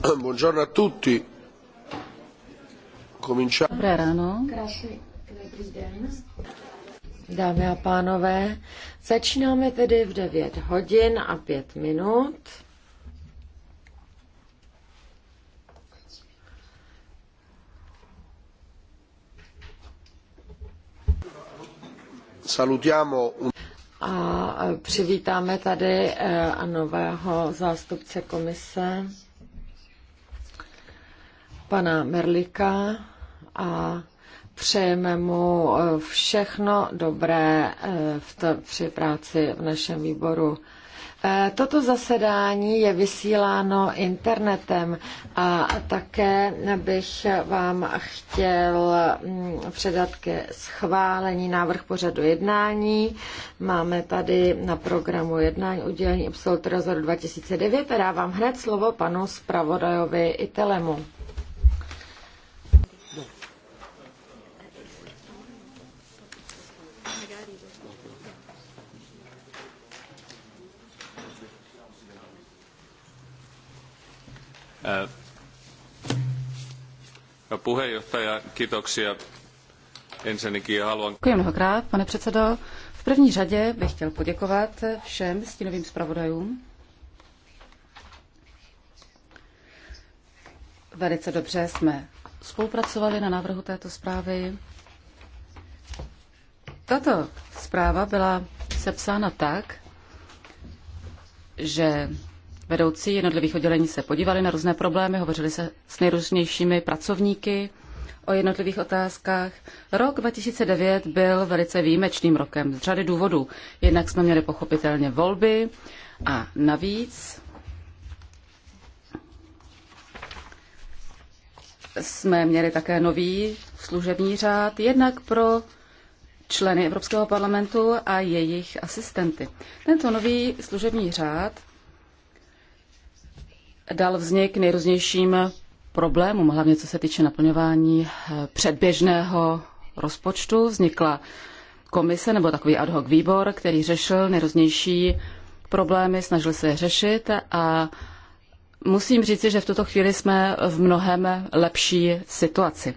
Dobré ráno. Dámy a pánové, začínáme tedy v 9 hodin a 5 minut. Salutiamo un... A přivítáme tady eh, nového zástupce komise pana Merlika a přejeme mu eh, všechno dobré eh, v t- při práci v našem výboru. Eh, toto zasedání je vysíláno internetem a také bych vám chtěl mm, předat ke schválení návrh pořadu jednání. Máme tady na programu jednání udělení Absolut Rozor 2009 a dávám hned slovo panu zpravodajovi Itelemu. No, puheenjohtaja, kiitoksia. Ensinnäkin haluan... mnohokrát, pane předsedo. V první řadě bych chtěl poděkovat všem stínovým zpravodajům. Velice dobře jsme spolupracovali na návrhu této zprávy. Tato zpráva byla sepsána tak, že vedoucí jednotlivých oddělení se podívali na různé problémy, hovořili se s nejrůznějšími pracovníky o jednotlivých otázkách. Rok 2009 byl velice výjimečným rokem z řady důvodů. Jednak jsme měli pochopitelně volby a navíc jsme měli také nový služební řád, jednak pro členy Evropského parlamentu a jejich asistenty. Tento nový služební řád dal vznik nejrůznějším problémům, hlavně co se týče naplňování eh, předběžného rozpočtu. Vznikla komise nebo takový ad hoc výbor, který řešil nejrůznější problémy, snažil se je řešit a musím říci, že v tuto chvíli jsme v mnohem lepší situaci.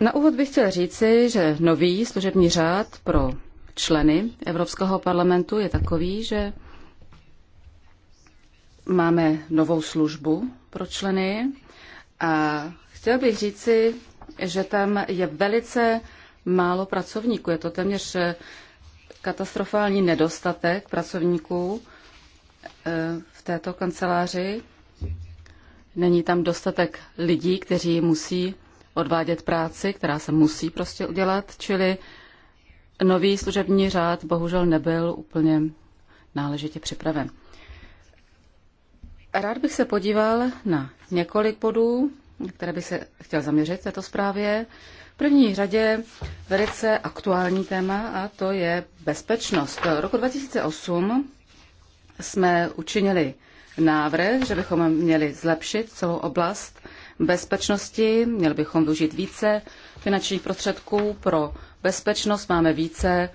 Na úvod bych chtěl říci, že nový služební řád pro členy Evropského parlamentu je takový, že Máme novou službu pro členy a chtěl bych říci, že tam je velice málo pracovníků. Je to téměř eh, katastrofální nedostatek pracovníků eh, v této kanceláři. Není tam dostatek lidí, kteří musí odvádět práci, která se musí prostě udělat, čili nový služební řád bohužel nebyl úplně náležitě připraven. Rád bych se podíval na několik bodů, které bych se chtěl zaměřit v této zprávě. V první řadě velice aktuální téma a to je bezpečnost. V roku 2008 jsme učinili návrh, že bychom měli zlepšit celou oblast bezpečnosti, měli bychom využít více finančních prostředků pro bezpečnost, máme více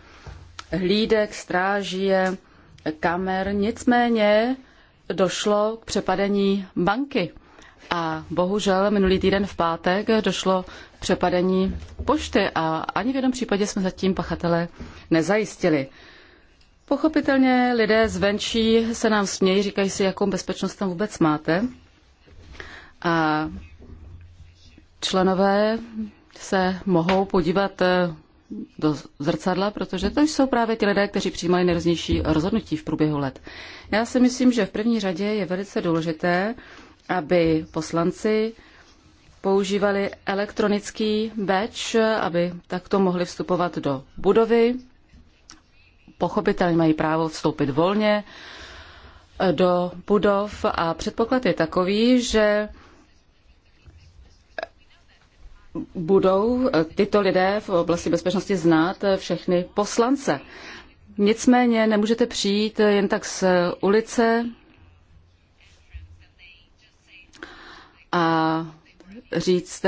hlídek, stráží, kamer, nicméně došlo k přepadení banky. A bohužel minulý týden v pátek došlo k přepadení pošty a ani v jednom případě jsme zatím pachatele nezajistili. Pochopitelně lidé zvenčí se nám smějí, říkají si, jakou bezpečnost tam vůbec máte. A členové se mohou podívat eh, do zrcadla, protože to jsou právě ti lidé, kteří přijímali nejrůznější rozhodnutí v průběhu let. Já si myslím, že v první řadě je velice důležité, aby poslanci používali elektronický badge, aby takto mohli vstupovat do budovy. Pochopitelně mají právo vstoupit volně do budov a předpoklad je takový, že budou tyto lidé v oblasti bezpečnosti znát všechny poslance. Nicméně nemůžete přijít jen tak z ulice a říct,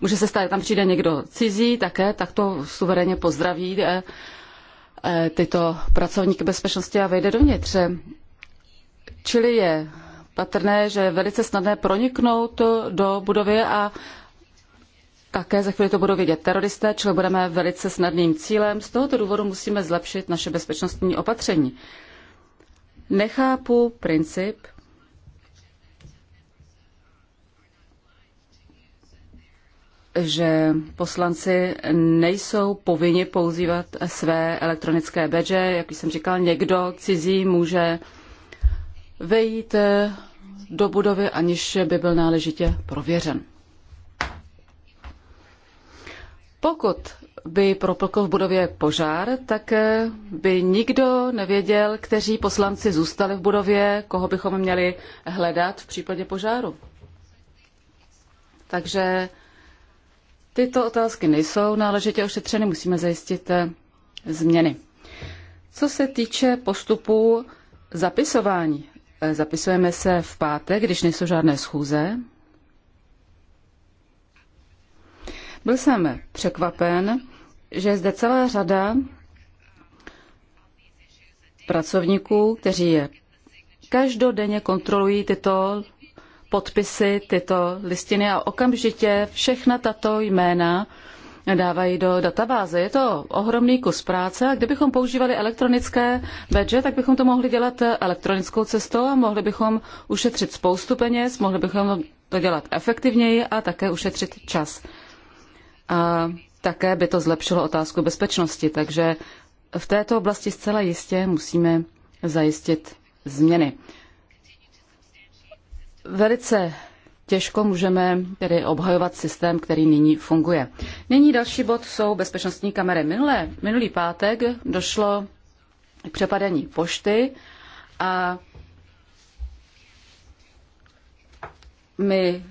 může se stát, tam přijde někdo cizí také, tak to suverénně pozdraví eh, eh, tyto pracovníky bezpečnosti a vejde dovnitř. Čili je patrné, že je velice snadné proniknout do budovy a také za chvíli to budou vědět teroristé, čili budeme velice snadným cílem. Z tohoto důvodu musíme zlepšit naše bezpečnostní opatření. Nechápu princip, že poslanci nejsou povinni používat své elektronické badge. Jak jsem říkal, někdo cizí může vejít do budovy, aniž by byl náležitě prověřen. Pokud by propukl v budově požár, tak eh, by nikdo nevěděl, kteří poslanci zůstali v budově, koho bychom měli hledat v případě požáru. Takže tyto otázky nejsou náležitě ošetřeny, musíme zajistit eh, změny. Co se týče postupu zapisování, eh, zapisujeme se v pátek, když nejsou žádné schůze, Byl jsem překvapen, že zde celá řada pracovníků, kteří je každodenně kontrolují tyto podpisy, tyto listiny a okamžitě všechna tato jména dávají do databáze. Je to ohromný kus práce a kdybychom používali elektronické badge, tak bychom to mohli dělat elektronickou cestou a mohli bychom ušetřit spoustu peněz, mohli bychom to dělat efektivněji a také ušetřit čas a také by to zlepšilo otázku bezpečnosti. Takže v této oblasti zcela jistě musíme zajistit změny. Velice těžko můžeme tedy obhajovat systém, který nyní funguje. Nyní další bod jsou bezpečnostní kamery. Minulé, minulý pátek došlo k přepadení pošty a my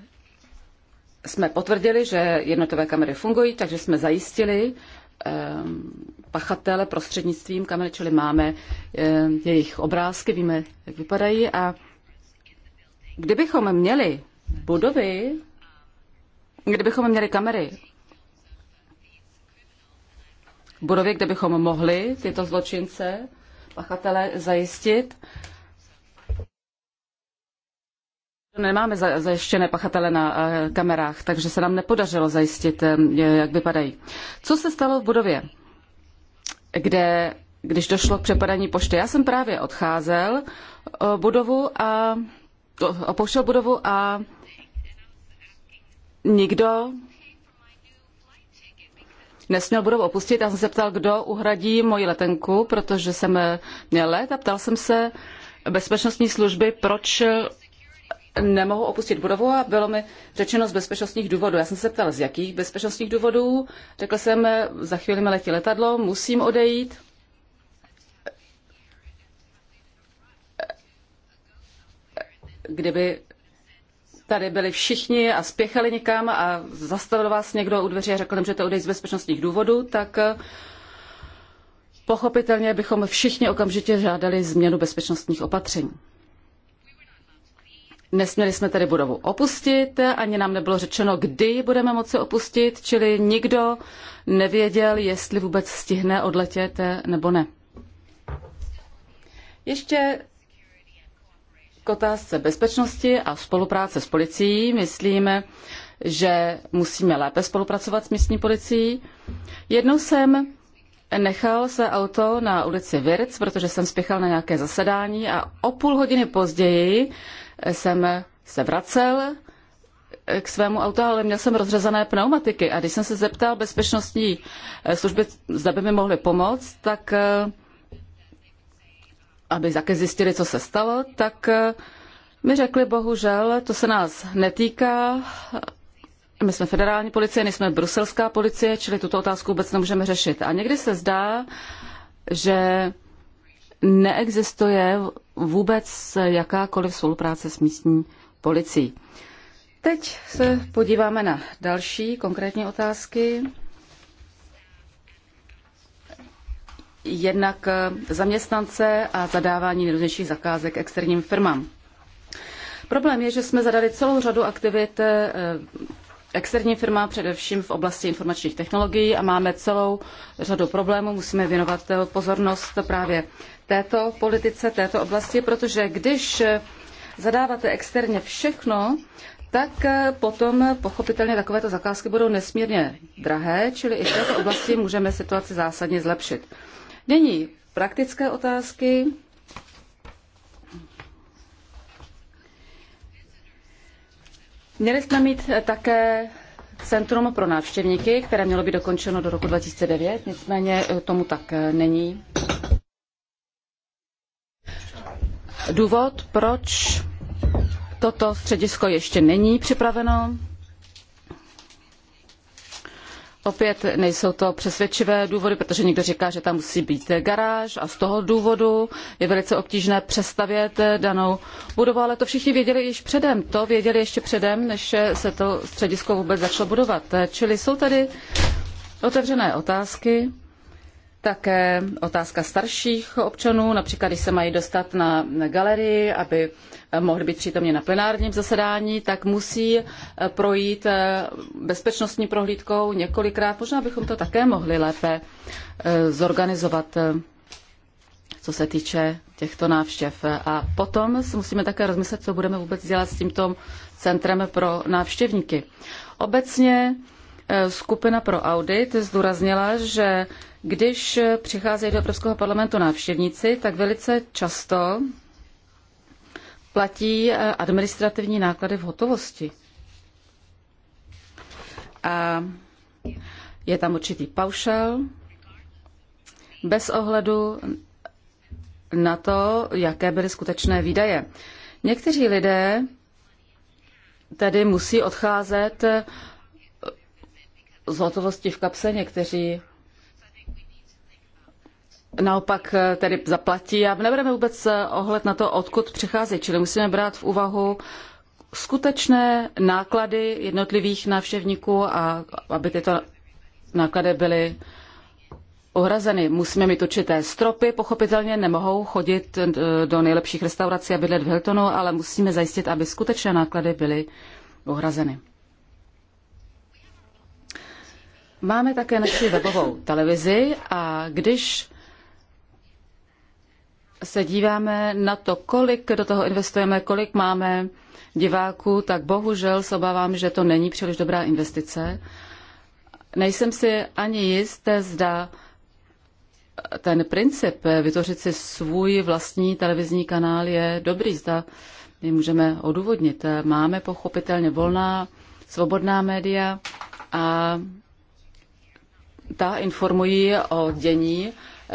jsme potvrdili, že jednotové kamery fungují, takže jsme zajistili eh, pachatele prostřednictvím kamery, čili máme eh, jejich obrázky, víme, jak vypadají. A kdybychom měli budovy, kdybychom měli kamery budově, kde bychom mohli tyto zločince, pachatele zajistit, Nemáme zajištěné pachatele na eh, kamerách, takže se nám nepodařilo zajistit, eh, jak vypadají. Co se stalo v budově, kde, když došlo k přepadání pošty? Já jsem právě odcházel eh, budovu a opouštěl budovu a nikdo nesměl budovu opustit. Já jsem se ptal, kdo uhradí moji letenku, protože jsem měl let a ptal jsem se bezpečnostní služby, proč nemohu opustit budovu a bylo mi řečeno z bezpečnostních důvodů. Já jsem se ptal, z jakých bezpečnostních důvodů. Řekl jsem, za chvíli mi letí letadlo, musím odejít. Kdyby tady byli všichni a spěchali někam a zastavil vás někdo u dveří a řekl, že to odejít z bezpečnostních důvodů, tak eh, pochopitelně bychom všichni okamžitě žádali změnu bezpečnostních opatření. Nesměli jsme tedy budovu opustit, ani nám nebylo řečeno, kdy budeme moci opustit, čili nikdo nevěděl, jestli vůbec stihne odletět eh, nebo ne. Ještě k otázce bezpečnosti a spolupráce s policií. Myslíme, že musíme lépe spolupracovat s místní policií. Jednou jsem nechal své auto na ulici Virc, protože jsem spěchal na nějaké zasedání a o půl hodiny později jsem se vracel k svému autu, ale měl jsem rozřezané pneumatiky. A když jsem se zeptal bezpečnostní eh, služby, zda by mi mohly pomoct, tak eh, aby také zjistili, co se stalo, tak eh, mi řekli, bohužel, to se nás netýká. My jsme federální policie, nejsme bruselská policie, čili tuto otázku vůbec nemůžeme řešit. A někdy se zdá, že neexistuje vůbec jakákoliv spolupráce s místní policií. Teď se podíváme na další konkrétní otázky. Jednak zaměstnance a zadávání nejrůznějších zakázek externím firmám. Problém je, že jsme zadali celou řadu aktivit eh, externí firma, především v oblasti informačních technologií a máme celou řadu problémů. Musíme věnovat eh, pozornost právě této politice, této oblasti, protože když zadáváte externě všechno, tak potom pochopitelně takovéto zakázky budou nesmírně drahé, čili i v této oblasti můžeme situaci zásadně zlepšit. Nyní praktické otázky. Měli jsme mít také Centrum pro návštěvníky, které mělo být dokončeno do roku 2009, nicméně tomu tak není důvod, proč toto středisko ještě není připraveno. Opět nejsou to přesvědčivé důvody, protože někdo říká, že tam musí být garáž a z toho důvodu je velice obtížné přestavět danou budovu, ale to všichni věděli již předem. To věděli ještě předem, než se to středisko vůbec začalo budovat. Čili jsou tady otevřené otázky také otázka starších občanů, například když se mají dostat na galerii, aby mohli být přítomně na plenárním zasedání, tak musí eh, projít eh, bezpečnostní prohlídkou několikrát. Možná bychom to také mohli lépe eh, zorganizovat, co se týče těchto návštěv. A potom si musíme také rozmyslet, co budeme vůbec dělat s tímto centrem pro návštěvníky. Obecně skupina pro audit zdůraznila, že když přicházejí do Evropského parlamentu návštěvníci, tak velice často platí eh, administrativní náklady v hotovosti. A je tam určitý paušal, bez ohledu na to, jaké byly skutečné výdaje. Někteří lidé tedy musí odcházet z hotovosti v kapse, někteří naopak eh, tedy zaplatí a nebereme vůbec eh, ohled na to, odkud přichází. Čili musíme brát v úvahu skutečné náklady jednotlivých návštěvníků a aby tyto náklady byly ohrazeny. Musíme mít určité stropy, pochopitelně nemohou chodit eh, do nejlepších restaurací a bydlet v Hiltonu, ale musíme zajistit, aby skutečné náklady byly ohrazeny. Máme také naši webovou televizi a když se díváme na to, kolik do toho investujeme, kolik máme diváků, tak bohužel se obávám, že to není příliš dobrá investice. Nejsem si ani jisté, zda ten princip vytvořit si svůj vlastní televizní kanál je dobrý, zda my můžeme odůvodnit. Máme pochopitelně volná, svobodná média a ta informují o dění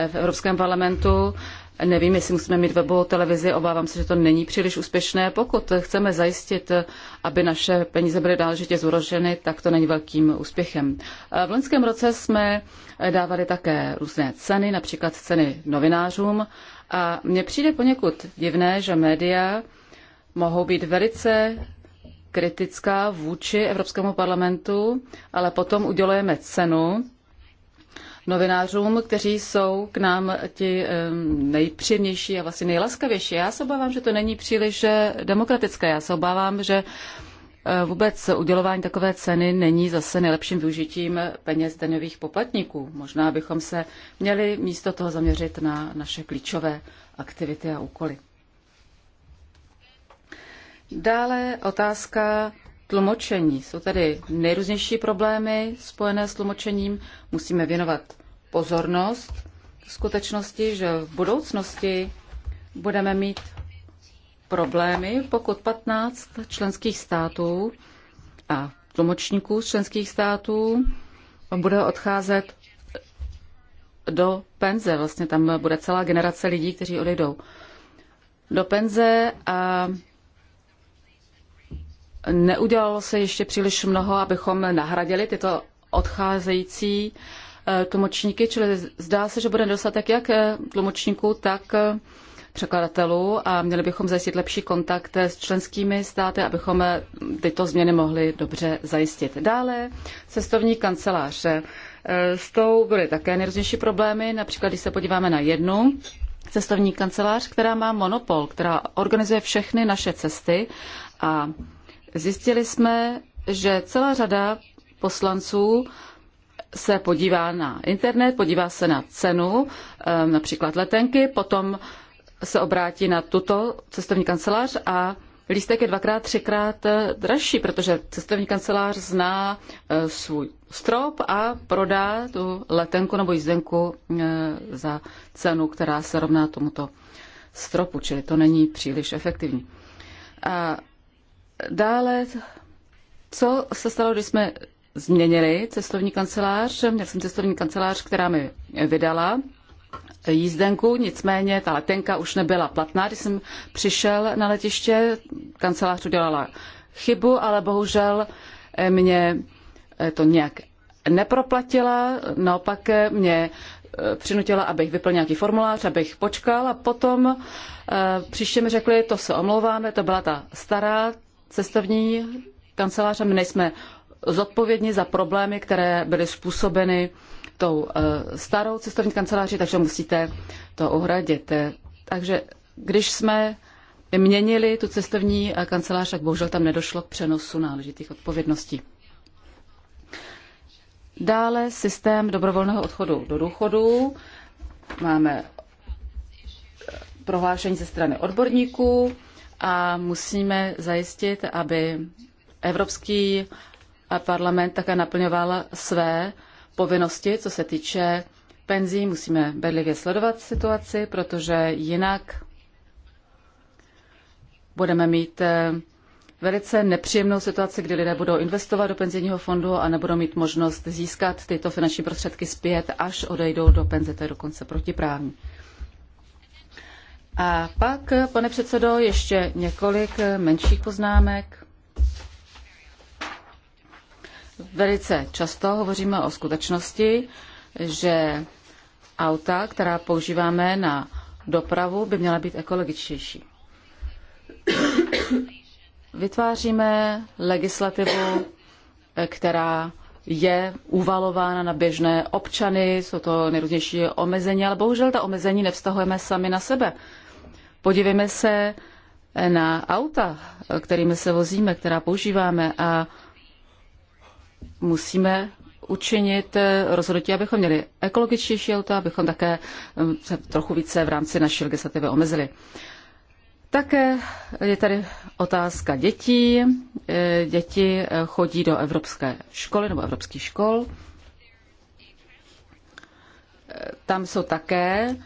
v Evropském parlamentu. Nevím, jestli musíme mít webovou televizi, obávám se, že to není příliš úspěšné. Pokud chceme zajistit, aby naše peníze byly náležitě zúroženy, tak to není velkým úspěchem. Eh, v loňském roce jsme eh, dávali také různé ceny, například ceny novinářům. A mně přijde poněkud divné, že média mohou být velice kritická vůči Evropskému parlamentu, ale potom udělujeme cenu novinářům, kteří jsou k nám ti nejpříjemnější a vlastně nejlaskavější. Já se obávám, že to není příliš eh, demokratické. Já se obávám, že eh, vůbec udělování takové ceny není zase nejlepším využitím peněz daňových poplatníků. Možná bychom se měli místo toho zaměřit na naše klíčové aktivity a úkoly. Dále otázka tlumočení. Jsou tady nejrůznější problémy spojené s tlumočením. Musíme věnovat pozornost v skutečnosti, že v budoucnosti budeme mít problémy, pokud 15 členských států a tlumočníků z členských států bude odcházet do penze. Vlastně tam bude celá generace lidí, kteří odejdou do penze a Neudělalo se ještě příliš mnoho, abychom nahradili tyto odcházející eh, tlumočníky, čili zdá se, že bude nedostatek jak eh, tlumočníků, tak eh, překladatelů a měli bychom zajistit lepší kontakt s členskými státy, abychom tyto změny mohli dobře zajistit. Dále cestovní kanceláře. S tou byly také nejrůznější problémy, například když se podíváme na jednu, cestovní kancelář, která má monopol, která organizuje všechny naše cesty a Zjistili jsme, že celá řada poslanců se podívá na internet, podívá se na cenu, eh, například letenky, potom se obrátí na tuto cestovní kancelář a lístek je dvakrát, třikrát eh, dražší, protože cestovní kancelář zná eh, svůj strop a prodá tu letenku nebo jízdenku za cenu, která se rovná tomuto stropu, čili to není příliš efektivní. Dále, co se stalo, když jsme změnili cestovní kancelář? Měl jsem cestovní kancelář, která mi vydala jízdenku, nicméně ta letenka už nebyla platná. Když jsem přišel na letiště, kancelář udělala chybu, ale bohužel eh, mě eh, to nějak neproplatila, naopak eh, mě přinutila, abych vyplnil nějaký formulář, abych počkal a potom příště mi řekli, to se omlouváme, to byla ta stará cestovní kanceláře. My nejsme zodpovědní za problémy, které byly způsobeny tou eh, starou cestovní kanceláří, takže musíte to uhradit. Takže když jsme měnili tu cestovní eh, kancelář, tak bohužel tam nedošlo k přenosu náležitých odpovědností. Dále systém dobrovolného odchodu do důchodu. Máme prohlášení ze strany odborníků, a musíme zajistit, aby Evropský parlament také naplňoval své povinnosti, co se týče penzí. Musíme bedlivě sledovat situaci, protože jinak budeme mít eh, velice nepříjemnou situaci, kdy lidé budou investovat do penzijního fondu a nebudou mít možnost získat tyto finanční prostředky zpět, až odejdou do penze. To je dokonce protiprávní. A pak, pane předsedo, ještě několik menších poznámek. Velice často hovoříme o skutečnosti, že auta, která používáme na dopravu, by měla být ekologičtější. Vytváříme legislativu, která je uvalována na běžné občany, jsou to nejrůznější omezení, ale bohužel ta omezení nevztahujeme sami na sebe. Podívejme se na auta, kterými se vozíme, která používáme a musíme učinit rozhodnutí, abychom měli ekologičtější auta, abychom také um, se trochu více v rámci naší legislativy omezili. Také je tady otázka dětí. Eh, děti eh, chodí do evropské školy nebo evropských škol. Eh, tam jsou také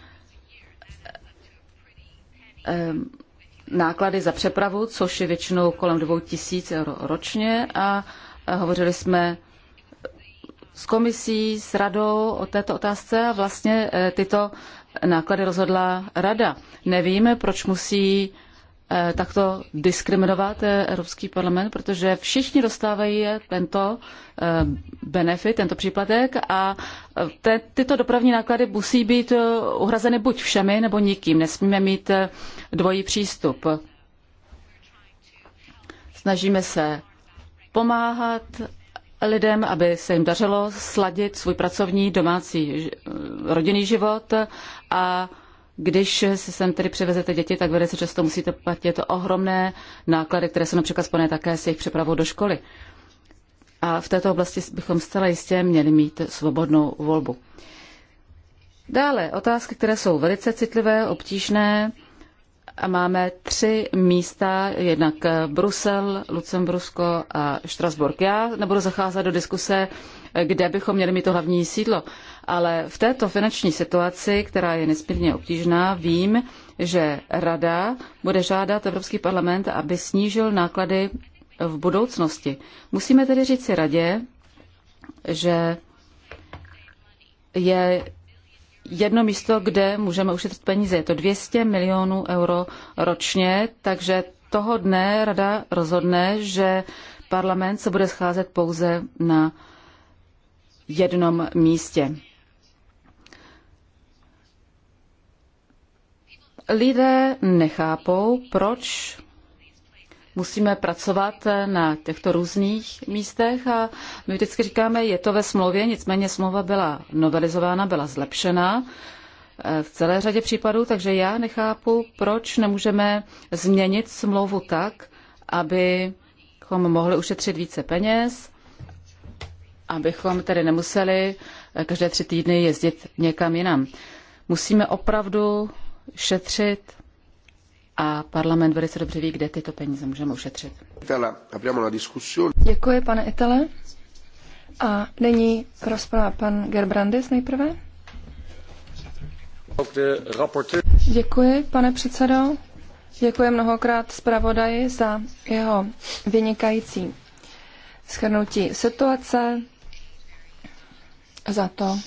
Eh, náklady za přepravu, což je většinou kolem 2000 euro ročně a eh, hovořili jsme s komisí, s radou o této otázce a vlastně eh, tyto náklady rozhodla rada. Nevíme, proč musí Eh, takto diskriminovat eh, Evropský parlament, protože všichni dostávají eh, tento benefit, tento příplatek a te, tyto dopravní náklady musí být uhrazeny buď všemi nebo nikým. Nesmíme mít dvojí přístup. Snažíme se pomáhat lidem, aby se jim dařilo sladit svůj pracovní, domácí, rodinný život a když se sem tedy přivezete děti, tak velice často musíte platit ohromné náklady, které jsou například spojené také s jejich přepravou do školy. A v této oblasti bychom zcela jistě měli mít svobodnou volbu. Dále otázky, které jsou velice citlivé, obtížné. A máme tři místa, jednak Brusel, Lucembursko a Štrasburg. Já nebudu zacházet do diskuse kde bychom měli mít to hlavní sídlo. Ale v této finanční situaci, která je nesmírně obtížná, vím, že Rada bude žádat Evropský parlament, aby snížil náklady v budoucnosti. Musíme tedy říct si Radě, že je jedno místo, kde můžeme ušetřit peníze. Je to 200 milionů euro ročně, takže toho dne rada rozhodne, že parlament se bude scházet pouze na jednom místě. Lidé nechápou, proč musíme pracovat na těchto různých místech a my vždycky říkáme, je to ve smlouvě, nicméně smlouva byla novelizována, byla zlepšena eh, v celé řadě případů, takže já nechápu, proč nemůžeme změnit smlouvu tak, abychom mohli ušetřit více peněz abychom tedy nemuseli eh, každé tři týdny jezdit někam jinam. Musíme opravdu šetřit a parlament velice dobře ví, kde tyto peníze můžeme ušetřit. Děkuji, pane Itele. A nyní rozprává pan Gerbrandis nejprve. Děkuji, pane předsedo. Děkuji mnohokrát zpravodaji za jeho vynikající schrnutí situace, za to,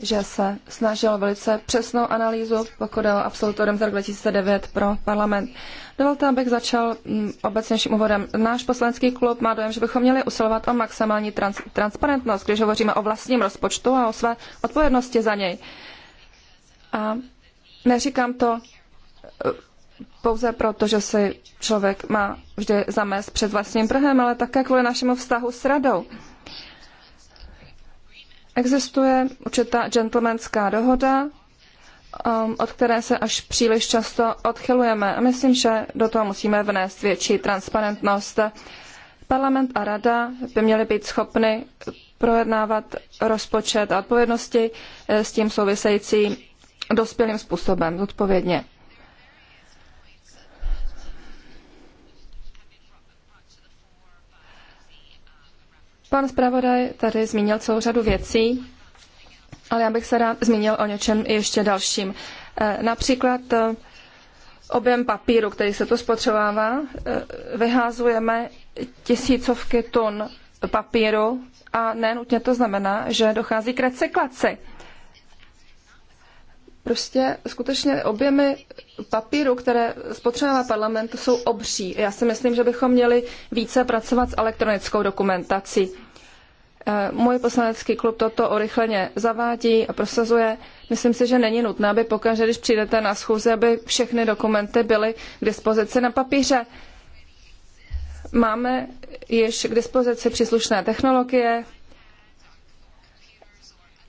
že se snažil velice přesnou analýzu, pokud jel absolutorem za rok 2009 pro parlament. Dovolte, abych začal mm, obecnějším úvodem. Náš poslanecký klub má dojem, že bychom měli usilovat o maximální trans- transparentnost, když hovoříme o vlastním rozpočtu a o své odpovědnosti za něj. A neříkám to eh, pouze proto, že si člověk má vždy zamést před vlastním prhem, ale také kvůli našemu vztahu s radou. Existuje určitá gentlemanská dohoda, um, od které se až příliš často odchylujeme. Myslím, že do toho musíme vnést větší transparentnost. Parlament a rada by měly být schopny projednávat rozpočet a odpovědnosti eh, s tím související dospělým způsobem, zodpovědně. Pan zpravodaj tady zmínil celou řadu věcí, ale já bych se rád zmínil o něčem ještě dalším. E, například e, objem papíru, který se tu spotřebává, e, vyházujeme tisícovky tun papíru a nenutně to znamená, že dochází k recyklaci. Prostě skutečně objemy papíru, které spotřebovává parlament, jsou obří. Já si myslím, že bychom měli více pracovat s elektronickou dokumentací. Eh, můj poslanecký klub toto urychleně zavádí a prosazuje. Myslím si, že není nutné, aby pokaždé, když přijdete na schůzi, aby všechny dokumenty byly k dispozici na papíře. Máme již k dispozici příslušné technologie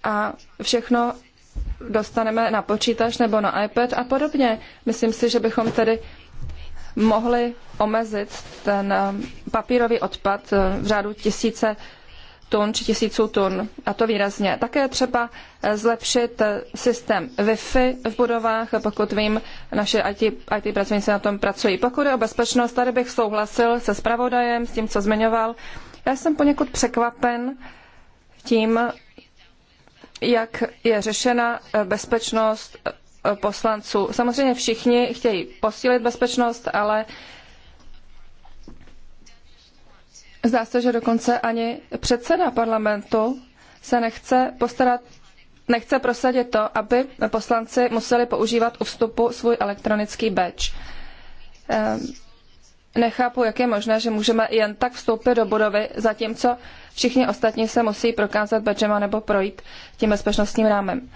a všechno dostaneme na počítač nebo na iPad a podobně. Myslím si, že bychom tedy mohli omezit ten eh, papírový odpad eh, v řádu tisíce tun či tisíců tun, a to výrazně. Také třeba eh, zlepšit eh, systém Wi-Fi v budovách, pokud vím, naše IT, IT pracovníci na tom pracují. Pokud je o bezpečnost, tady bych souhlasil se zpravodajem, s tím, co zmiňoval. Já jsem poněkud překvapen tím, jak je řešena eh, bezpečnost poslanců. Samozřejmě všichni chtějí posílit bezpečnost, ale Zdá se, že dokonce ani předseda parlamentu se nechce postarat, nechce prosadit to, aby poslanci museli používat u vstupu svůj elektronický badge. Ehm, nechápu, jak je možné, že můžeme jen tak vstoupit do budovy, zatímco všichni ostatní se musí prokázat badgema nebo projít tím bezpečnostním rámem.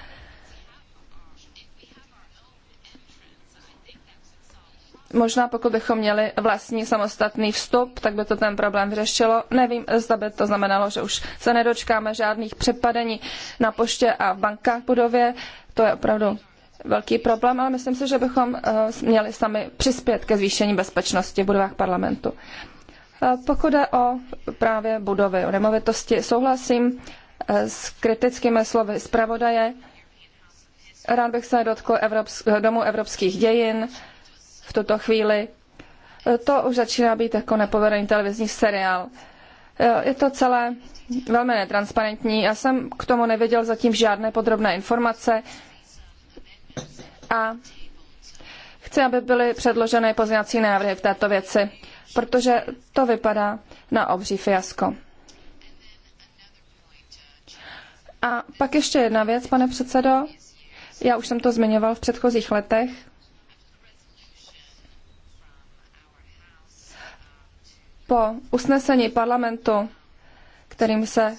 Možná pokud bychom měli vlastní samostatný vstup, tak by to ten problém vyřešilo. Nevím, zda by to znamenalo, že už se nedočkáme žádných přepadení na poště a v bankách budově. To je opravdu velký problém, ale myslím si, že bychom eh, měli sami přispět ke zvýšení bezpečnosti v budovách parlamentu. Eh, pokud je o právě budovy, o nemovitosti, souhlasím eh, s kritickými slovy zpravodaje. Rád bych se dotkl Evropsk- domu evropských dějin, v tuto chvíli. E, to už začíná být jako nepovedený televizní seriál. E, je to celé velmi netransparentní. Já jsem k tomu nevěděl zatím žádné podrobné informace a chci, aby byly předloženy pozněcí návrhy v této věci, protože to vypadá na obří fiasko. A pak ještě jedna věc, pane předsedo. Já už jsem to zmiňoval v předchozích letech. po usnesení parlamentu, kterým se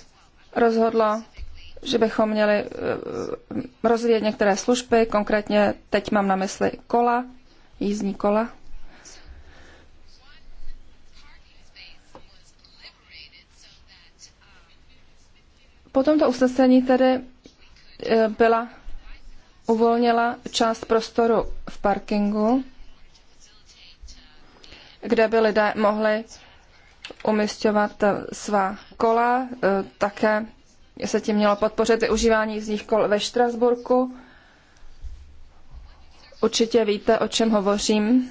rozhodlo, že bychom měli eh, rozvíjet některé služby, konkrétně teď mám na mysli kola, jízdní kola. Po tomto usnesení tedy eh, byla uvolněla část prostoru v parkingu, kde by lidé mohli umisťovat svá kola. E, také se tím mělo podpořit využívání z nich kol ve Štrasburku. Určitě víte, o čem hovořím.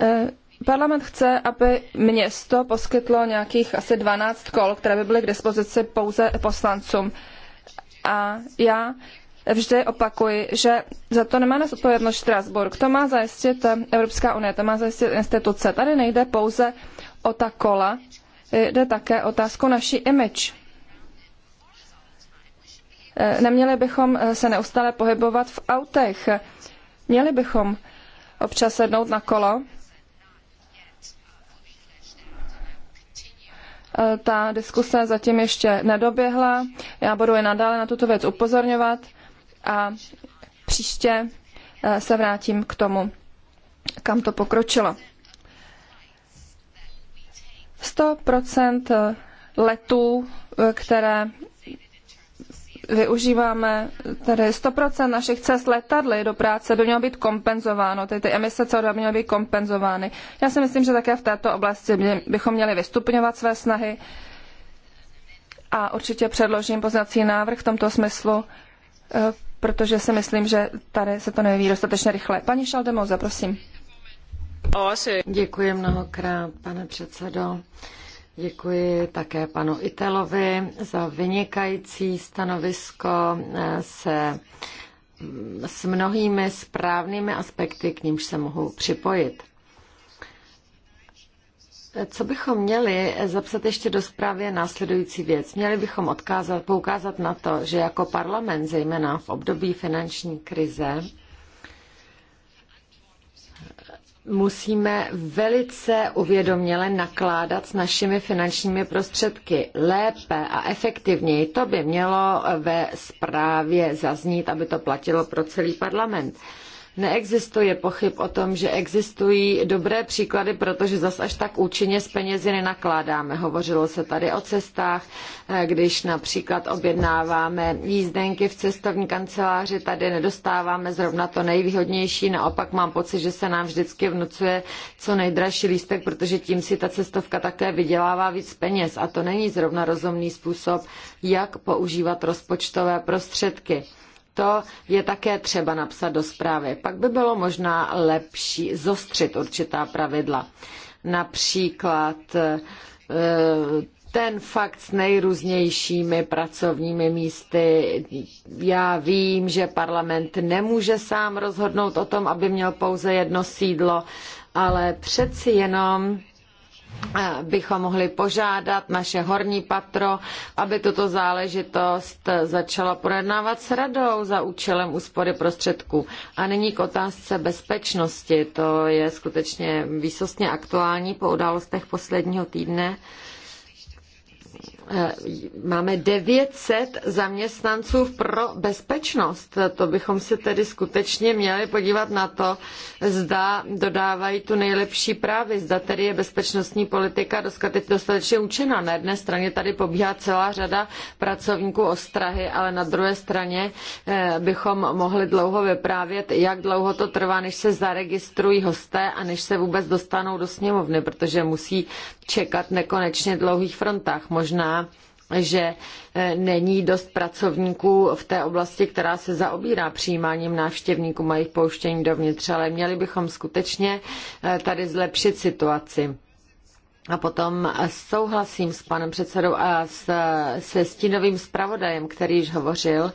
E, Parlament chce, aby město poskytlo nějakých asi 12 kol, které by byly k dispozici pouze poslancům. A já vždy opakuji, že za to nemá odpovědnost Strasburg. To má zajistit eh, Evropská unie, to má zajistit instituce. Tady nejde pouze o ta kola, jde také o otázku naší image. Eh, neměli bychom eh, se neustále pohybovat v autech. Měli bychom občas sednout na kolo. Ta diskuse zatím ještě nedoběhla. Já budu i nadále na tuto věc upozorňovat a příště eh, se vrátím k tomu, kam to pokročilo. 100% eh, letů, eh, které využíváme, tedy 100% našich cest letadly do práce by mělo být kompenzováno, tedy ty emise CO2 by měly být kompenzovány. Já si myslím, že také v této oblasti bychom měli vystupňovat své snahy a určitě předložím poznací návrh v tomto smyslu protože si myslím, že tady se to neví dostatečně rychle. Paní Šaldemoza, prosím. Děkuji mnohokrát, pane předsedo. Děkuji také panu Italovi za vynikající stanovisko eh, se mm, s mnohými správnými aspekty, k nímž se mohu připojit. Co bychom měli zapsat ještě do zprávy je následující věc. Měli bychom odkázat, poukázat na to, že jako parlament, zejména v období finanční krize, musíme velice uvědoměle nakládat s našimi finančními prostředky lépe a efektivněji. To by mělo ve zprávě zaznít, aby to platilo pro celý parlament. Neexistuje pochyb o tom, že existují dobré příklady, protože zas až tak účinně s penězi nenakládáme. Hovořilo se tady o cestách, eh, když například objednáváme jízdenky v cestovní kanceláři, tady nedostáváme zrovna to nejvýhodnější, naopak mám pocit, že se nám vždycky vnucuje co nejdražší lístek, protože tím si ta cestovka také vydělává víc peněz a to není zrovna rozumný způsob, jak používat rozpočtové prostředky to je také třeba napsat do zprávy. Pak by bylo možná lepší zostřit určitá pravidla. Například e, ten fakt s nejrůznějšími pracovními místy. Já vím, že parlament nemůže sám rozhodnout o tom, aby měl pouze jedno sídlo, ale přeci jenom bychom mohli požádat naše horní patro, aby tuto záležitost začala projednávat s radou za účelem úspory prostředků. A nyní k otázce bezpečnosti. To je skutečně výsostně aktuální po událostech posledního týdne. Eh, máme 900 zaměstnanců pro bezpečnost. To bychom se tedy skutečně měli podívat na to, zda dodávají tu nejlepší právy, zda tedy je bezpečnostní politika dostatečně účinná. Na jedné straně tady pobíhá celá řada pracovníků ostrahy, ale na druhé straně eh, bychom mohli dlouho vyprávět, jak dlouho to trvá, než se zaregistrují hosté a než se vůbec dostanou do sněmovny, protože musí čekat nekonečně dlouhých frontách. Možná že e, není dost pracovníků v té oblasti, která se zaobírá přijímáním návštěvníků a jejich pouštění dovnitř, ale měli bychom skutečně e, tady zlepšit situaci. A potom souhlasím s panem předsedou a s, se stínovým zpravodajem, který již hovořil,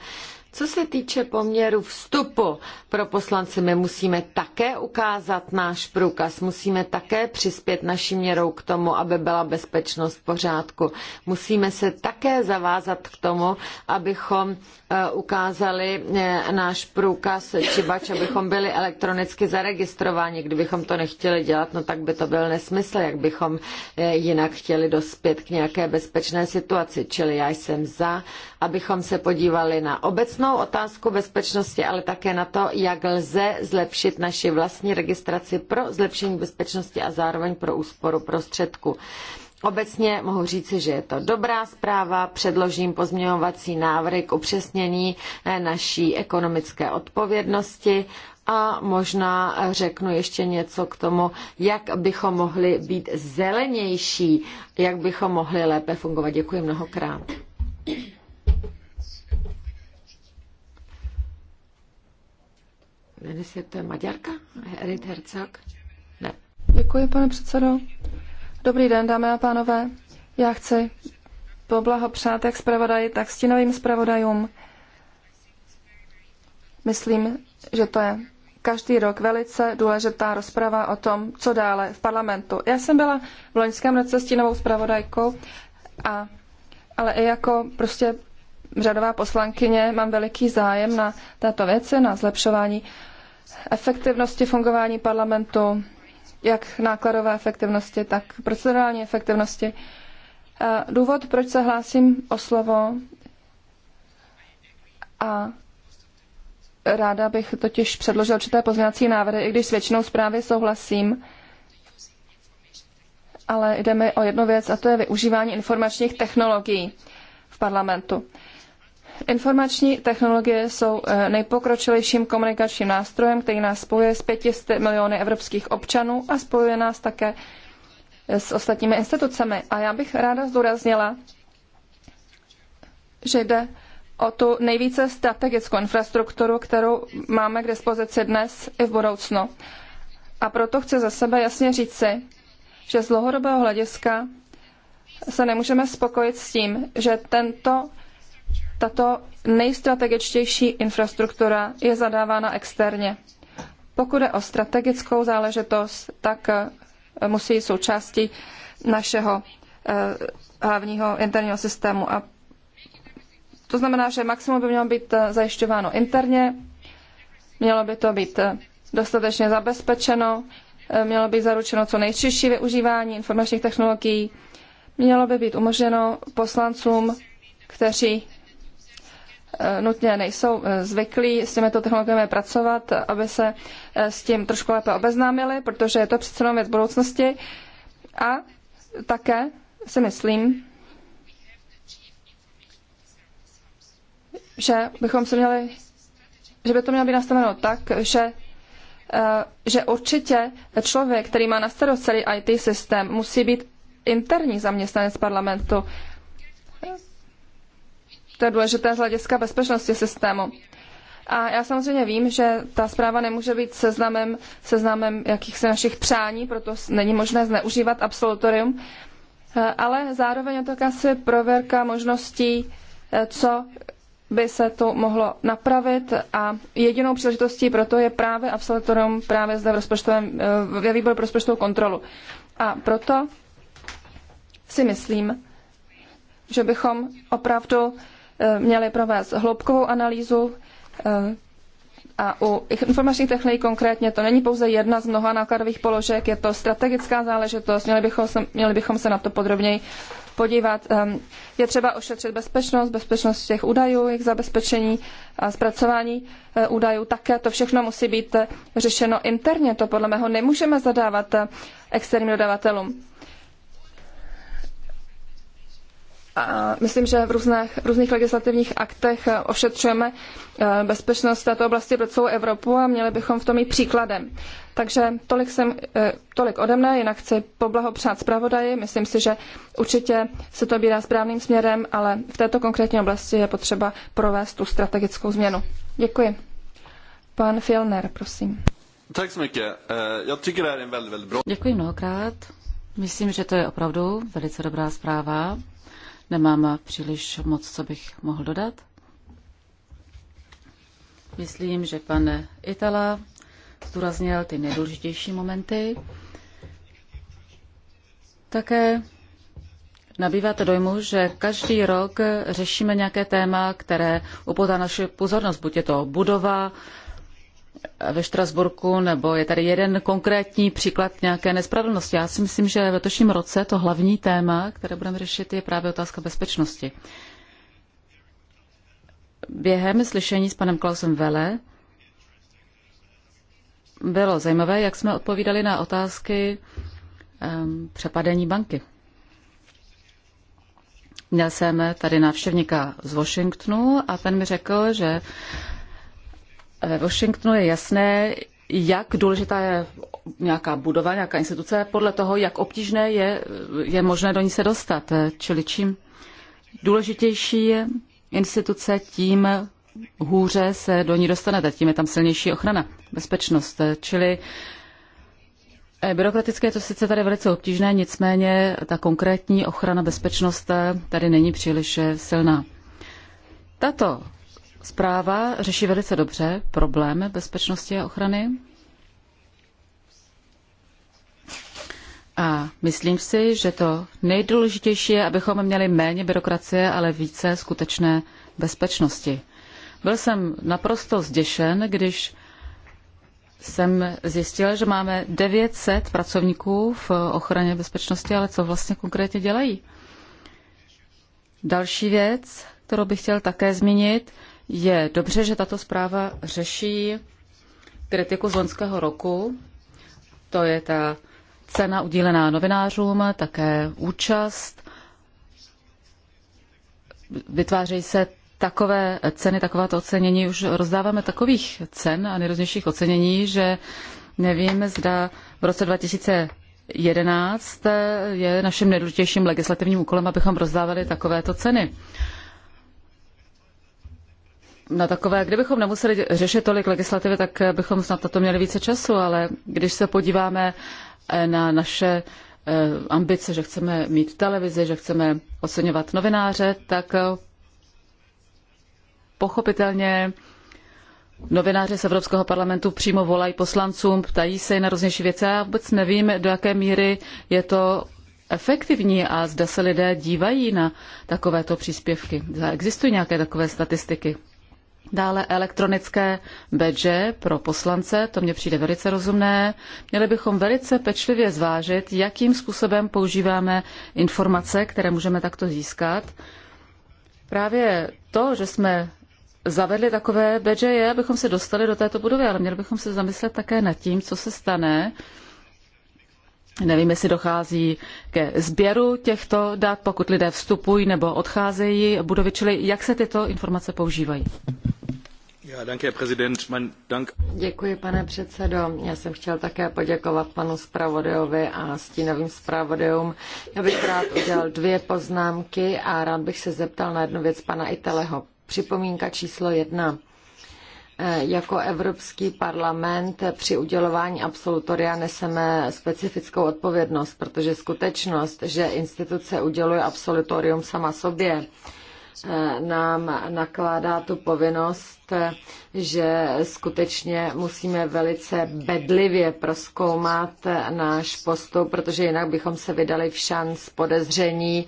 co se týče poměru vstupu pro poslance, my musíme také ukázat náš průkaz, musíme také přispět naší měrou k tomu, aby byla bezpečnost v pořádku. Musíme se také zavázat k tomu, abychom eh, ukázali eh, náš průkaz či bač, abychom byli elektronicky zaregistrováni. Kdybychom to nechtěli dělat, no tak by to byl nesmysl, jak bychom eh, jinak chtěli dospět k nějaké bezpečné situaci. Čili já jsem za, abychom se podívali na obecné jasnou otázku bezpečnosti, ale také na to, jak lze zlepšit naši vlastní registraci pro zlepšení bezpečnosti a zároveň pro úsporu prostředků. Obecně mohu říci, že je to dobrá zpráva, předložím pozměňovací návrh k upřesnění eh, naší ekonomické odpovědnosti a možná řeknu ještě něco k tomu, jak bychom mohli být zelenější, jak bychom mohli lépe fungovat. Děkuji mnohokrát. Jmenuje to Maďarka? Erit Herzog? Ne. Děkuji, pane předsedo. Dobrý den, dámy a pánové. Já chci poblahopřát jak zpravodaji, tak stínovým zpravodajům. Myslím, že to je každý rok velice důležitá rozprava o tom, co dále v parlamentu. Já jsem byla v loňském roce stínovou zpravodajkou, a, ale i jako prostě řadová poslankyně mám veliký zájem na této věci, na zlepšování efektivnosti fungování parlamentu, jak nákladové efektivnosti, tak procedurální efektivnosti. E, důvod, proč se hlásím o slovo a ráda bych totiž předložil určité pozměňovací návrhy, i když s většinou zprávy souhlasím, ale jde mi o jednu věc a to je využívání informačních technologií v parlamentu. Informační technologie jsou eh, nejpokročilejším komunikačním nástrojem, který nás spojuje s 500 miliony evropských občanů a spojuje nás také eh, s ostatními institucemi. A já bych ráda zdůraznila, že jde o tu nejvíce strategickou infrastrukturu, kterou máme k dispozici dnes i v budoucnu. A proto chci za sebe jasně říci, že z dlouhodobého hlediska se nemůžeme spokojit s tím, že tento tato nejstrategičtější infrastruktura je zadávána externě. Pokud je o strategickou záležitost, tak eh, musí součástí našeho eh, hlavního interního systému. A to znamená, že maximum by mělo být eh, zajišťováno interně, mělo by to být dostatečně zabezpečeno, mělo být zaručeno co nejčistší využívání informačních technologií, mělo by být umožněno poslancům, kteří Eh, nutně nejsou eh, zvyklí s těmito technologiemi pracovat, aby se eh, s tím trošku lépe obeznámili, protože je to přece jenom věc budoucnosti. A také si myslím, že bychom se měli, že by to mělo být nastaveno tak, že že určitě člověk, který má na starost celý IT systém, musí být interní zaměstnanec parlamentu, to je důležité z hlediska bezpečnosti systému. A já samozřejmě vím, že ta zpráva nemůže být seznamem, seznamem jakýchsi našich přání, proto není možné zneužívat absolutorium, eh, ale zároveň je to jakási proverka možností, eh, co by se to mohlo napravit a jedinou příležitostí pro to je právě absolutorium právě zde v rozpočtovém, eh, ve výboru pro rozpočtovou kontrolu. A proto si myslím, že bychom opravdu měli provést hloubkovou analýzu eh, a u informačních technologií konkrétně to není pouze jedna z mnoha nákladových položek, je to strategická záležitost, měli bychom se, měli bychom se na to podrobněji podívat. Ehm, je třeba ošetřit bezpečnost, bezpečnost těch údajů, jejich zabezpečení a zpracování eh, údajů také. To všechno musí být eh, řešeno interně, to podle mého nemůžeme zadávat externím dodavatelům. myslím, že v různých, různých legislativních aktech eh, ošetřujeme eh, bezpečnost této oblasti pro celou Evropu a měli bychom v tom i příkladem. Takže tolik, jsem, eh, tolik ode mne, jinak chci poblahopřát zpravodaji. Myslím si, že určitě se to bírá správným směrem, ale v této konkrétní oblasti je potřeba provést tu strategickou změnu. Děkuji. Pan Fielner, prosím. Tak Děkuji mnohokrát. Myslím, že to je opravdu velice dobrá zpráva. Nemám příliš moc, co bych mohl dodat. Myslím, že pan Itala zdůraznil ty nejdůležitější momenty. Také nabýváte dojmu, že každý rok řešíme nějaké téma, které upotá naši pozornost. Buď je to budova, ve Štrasburku, nebo je tady jeden konkrétní příklad nějaké nespravedlnosti. Já si myslím, že v letošním roce to hlavní téma, které budeme řešit, je právě otázka bezpečnosti. Během slyšení s panem Klausem Vele bylo zajímavé, jak jsme odpovídali na otázky um, přepadení banky. Měl jsem tady návštěvníka z Washingtonu a ten mi řekl, že Eh, ve Washingtonu je jasné, jak důležitá je nějaká budova, nějaká instituce, podle toho, jak obtížné je, je možné do ní se dostat. Eh, čili čím důležitější je instituce, tím hůře se do ní dostanete, tím je tam silnější ochrana, bezpečnost. Eh, čili byrokratické je to sice tady velice obtížné, nicméně ta konkrétní ochrana bezpečnost tady není příliš silná. Tato Zpráva řeší velice dobře problém bezpečnosti a ochrany. A myslím si, že to nejdůležitější je, abychom měli méně byrokracie, ale více skutečné bezpečnosti. Byl jsem naprosto zděšen, když jsem zjistil, že máme 900 pracovníků v ochraně bezpečnosti, ale co vlastně konkrétně dělají? Další věc, kterou bych chtěl také zmínit, je dobře, že tato zpráva řeší kritiku z loňského roku. To je ta cena udílená novinářům, také účast. Vytvářejí se takové ceny, takováto ocenění, už rozdáváme takových cen a nejrůznějších ocenění, že nevím, zda v roce 2011 je naším nejdůležitějším legislativním úkolem, abychom rozdávali takovéto ceny na takové, kdybychom nemuseli řešit tolik legislativy, tak bychom snad na to měli více času, ale když se podíváme eh, na naše eh, ambice, že chceme mít televizi, že chceme oceňovat novináře, tak eh, pochopitelně novináři z Evropského parlamentu přímo volají poslancům, ptají se na různější věci. Já vůbec nevím, do jaké míry je to efektivní a zda se lidé dívají na takovéto příspěvky. Existují nějaké takové statistiky? Dále elektronické badge pro poslance, to mně přijde velice rozumné. Měli bychom velice pečlivě zvážit, jakým způsobem používáme informace, které můžeme takto získat. Právě to, že jsme zavedli takové badge, je, abychom se dostali do této budovy, ale měli bychom se zamyslet také nad tím, co se stane, Nevím, jestli dochází ke sběru těchto dat, pokud lidé vstupují nebo odcházejí budovy, čili jak se tyto informace používají. Děkuji, pane předsedající Já jsem chtěl také poděkovat panu zpravodajovi a stínovým zpravodajům. Já bych rád udělal dvě poznámky a rád bych se zeptal na jednu věc pana itälého. Připomínka číslo jedna e, jako Evropský parlament při udělování absolutoria neseme specifickou odpovědnost, protože skutečnost, že instituce uděluje absolutorium sama sobě, e, nám nakládá tu povinnost že skutečně musíme velice bedlivě proskoumat náš postup, protože jinak bychom se vydali v šanc podezření,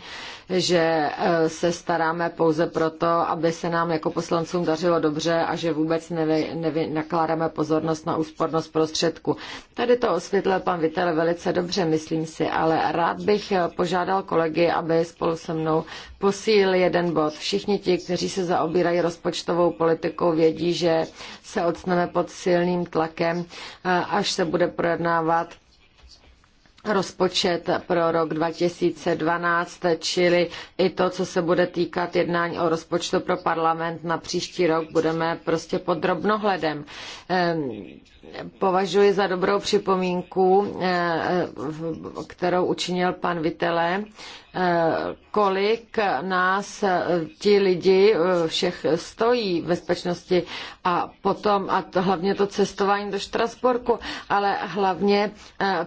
že eh, se staráme pouze proto, aby se nám jako poslancům dařilo dobře a že vůbec nevy, nevy, nakládáme pozornost na úspornost prostředku. Tady to osvětlil pan Vitel velice dobře, myslím si, ale rád bych eh, požádal kolegy, aby spolu se mnou posílili jeden bod. Všichni ti, kteří se zaobírají rozpočtovou politikou, vědí, že se odstaneme pod silným tlakem, až se bude projednávat rozpočet pro rok 2012, čili i to, co se bude týkat jednání o rozpočtu pro parlament na příští rok, budeme prostě pod drobnohledem. Ehm, považuji za dobrou připomínku, eh, kterou učinil pan Vitele, eh, kolik nás eh, ti lidi všech stojí v bezpečnosti a potom a to, hlavně to cestování do Štrasburku, ale hlavně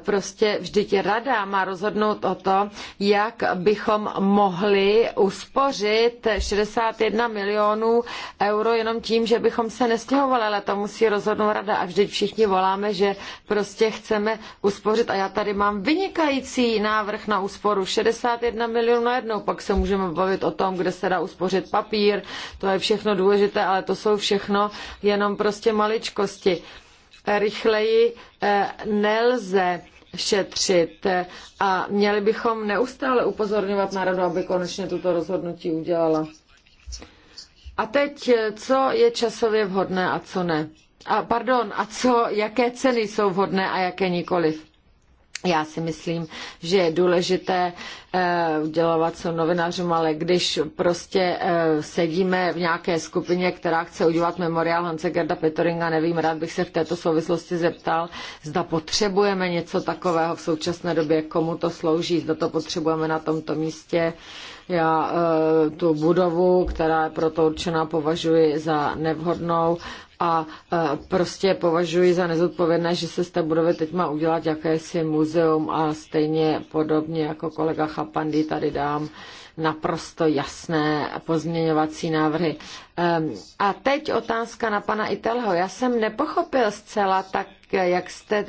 prostě vždyť rada má rozhodnout o tom, jak bychom mohli uspořit 61 milionů euro jenom tím, že bychom se nestěhovali, ale to musí rozhodnout rada a vždyť všichni všichni voláme, že prostě chceme uspořit. A já tady mám vynikající návrh na úsporu 61 milionů jednou. Pak se můžeme bavit o tom, kde se dá uspořit papír. To je všechno důležité, ale to jsou všechno jenom prostě maličkosti. Rychleji eh, nelze šetřit a měli bychom neustále upozorňovat národu, aby konečně tuto rozhodnutí udělala. A teď, eh, co je časově vhodné a co ne? a, pardon, a co, jaké ceny jsou vhodné a jaké nikoliv. Já si myslím, že je důležité eh, udělovat co novinářům, ale když prostě eh, sedíme v nějaké skupině, která chce udělat memoriál Hanse Gerda Petoringa, nevím, rád bych se v této souvislosti zeptal, zda potřebujeme něco takového v současné době, komu to slouží, zda to potřebujeme na tomto místě. Já eh, tu budovu, která je proto určená, považuji za nevhodnou a e, prostě považuji za nezodpovědné, že se z té budovy teď má udělat jakési muzeum a stejně podobně jako kolega Chapandy tady dám naprosto jasné pozměňovací návrhy. A teď otázka na pana Itelho. Já jsem nepochopil zcela tak, jak jste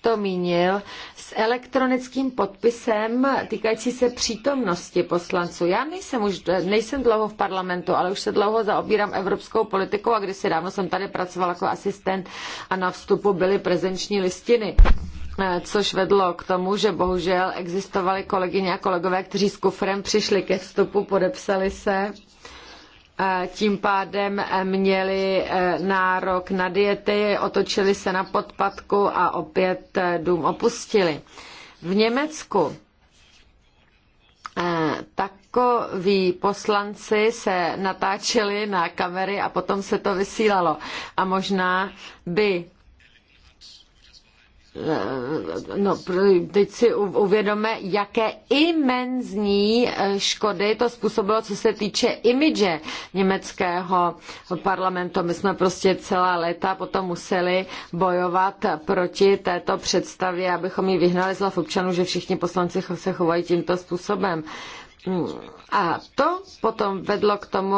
to mínil s elektronickým podpisem týkající se přítomnosti poslanců. Já nejsem už nejsem dlouho v parlamentu, ale už se dlouho zaobírám evropskou politikou a kdysi dávno jsem tady pracovala jako asistent a na vstupu byly prezenční listiny eh, což vedlo k tomu, že bohužel existovali kolegyně a kolegové, kteří s kufrem přišli ke vstupu, podepsali se tím pádem eh, měli eh, nárok na diety, otočili se na podpatku a opět eh, dům opustili. V Německu takoví poslanci se natáčeli na kamery a potom se to vysílalo. A možná by No, teď si uvědome, jaké imenzní eh, škody to způsobilo, co se týče imidže německého parlamentu. My jsme prostě celá léta potom museli bojovat proti této představě, abychom ji vyhnali z občanů, že všichni poslanci se chovají tímto způsobem. Mm, a to potom vedlo k tomu,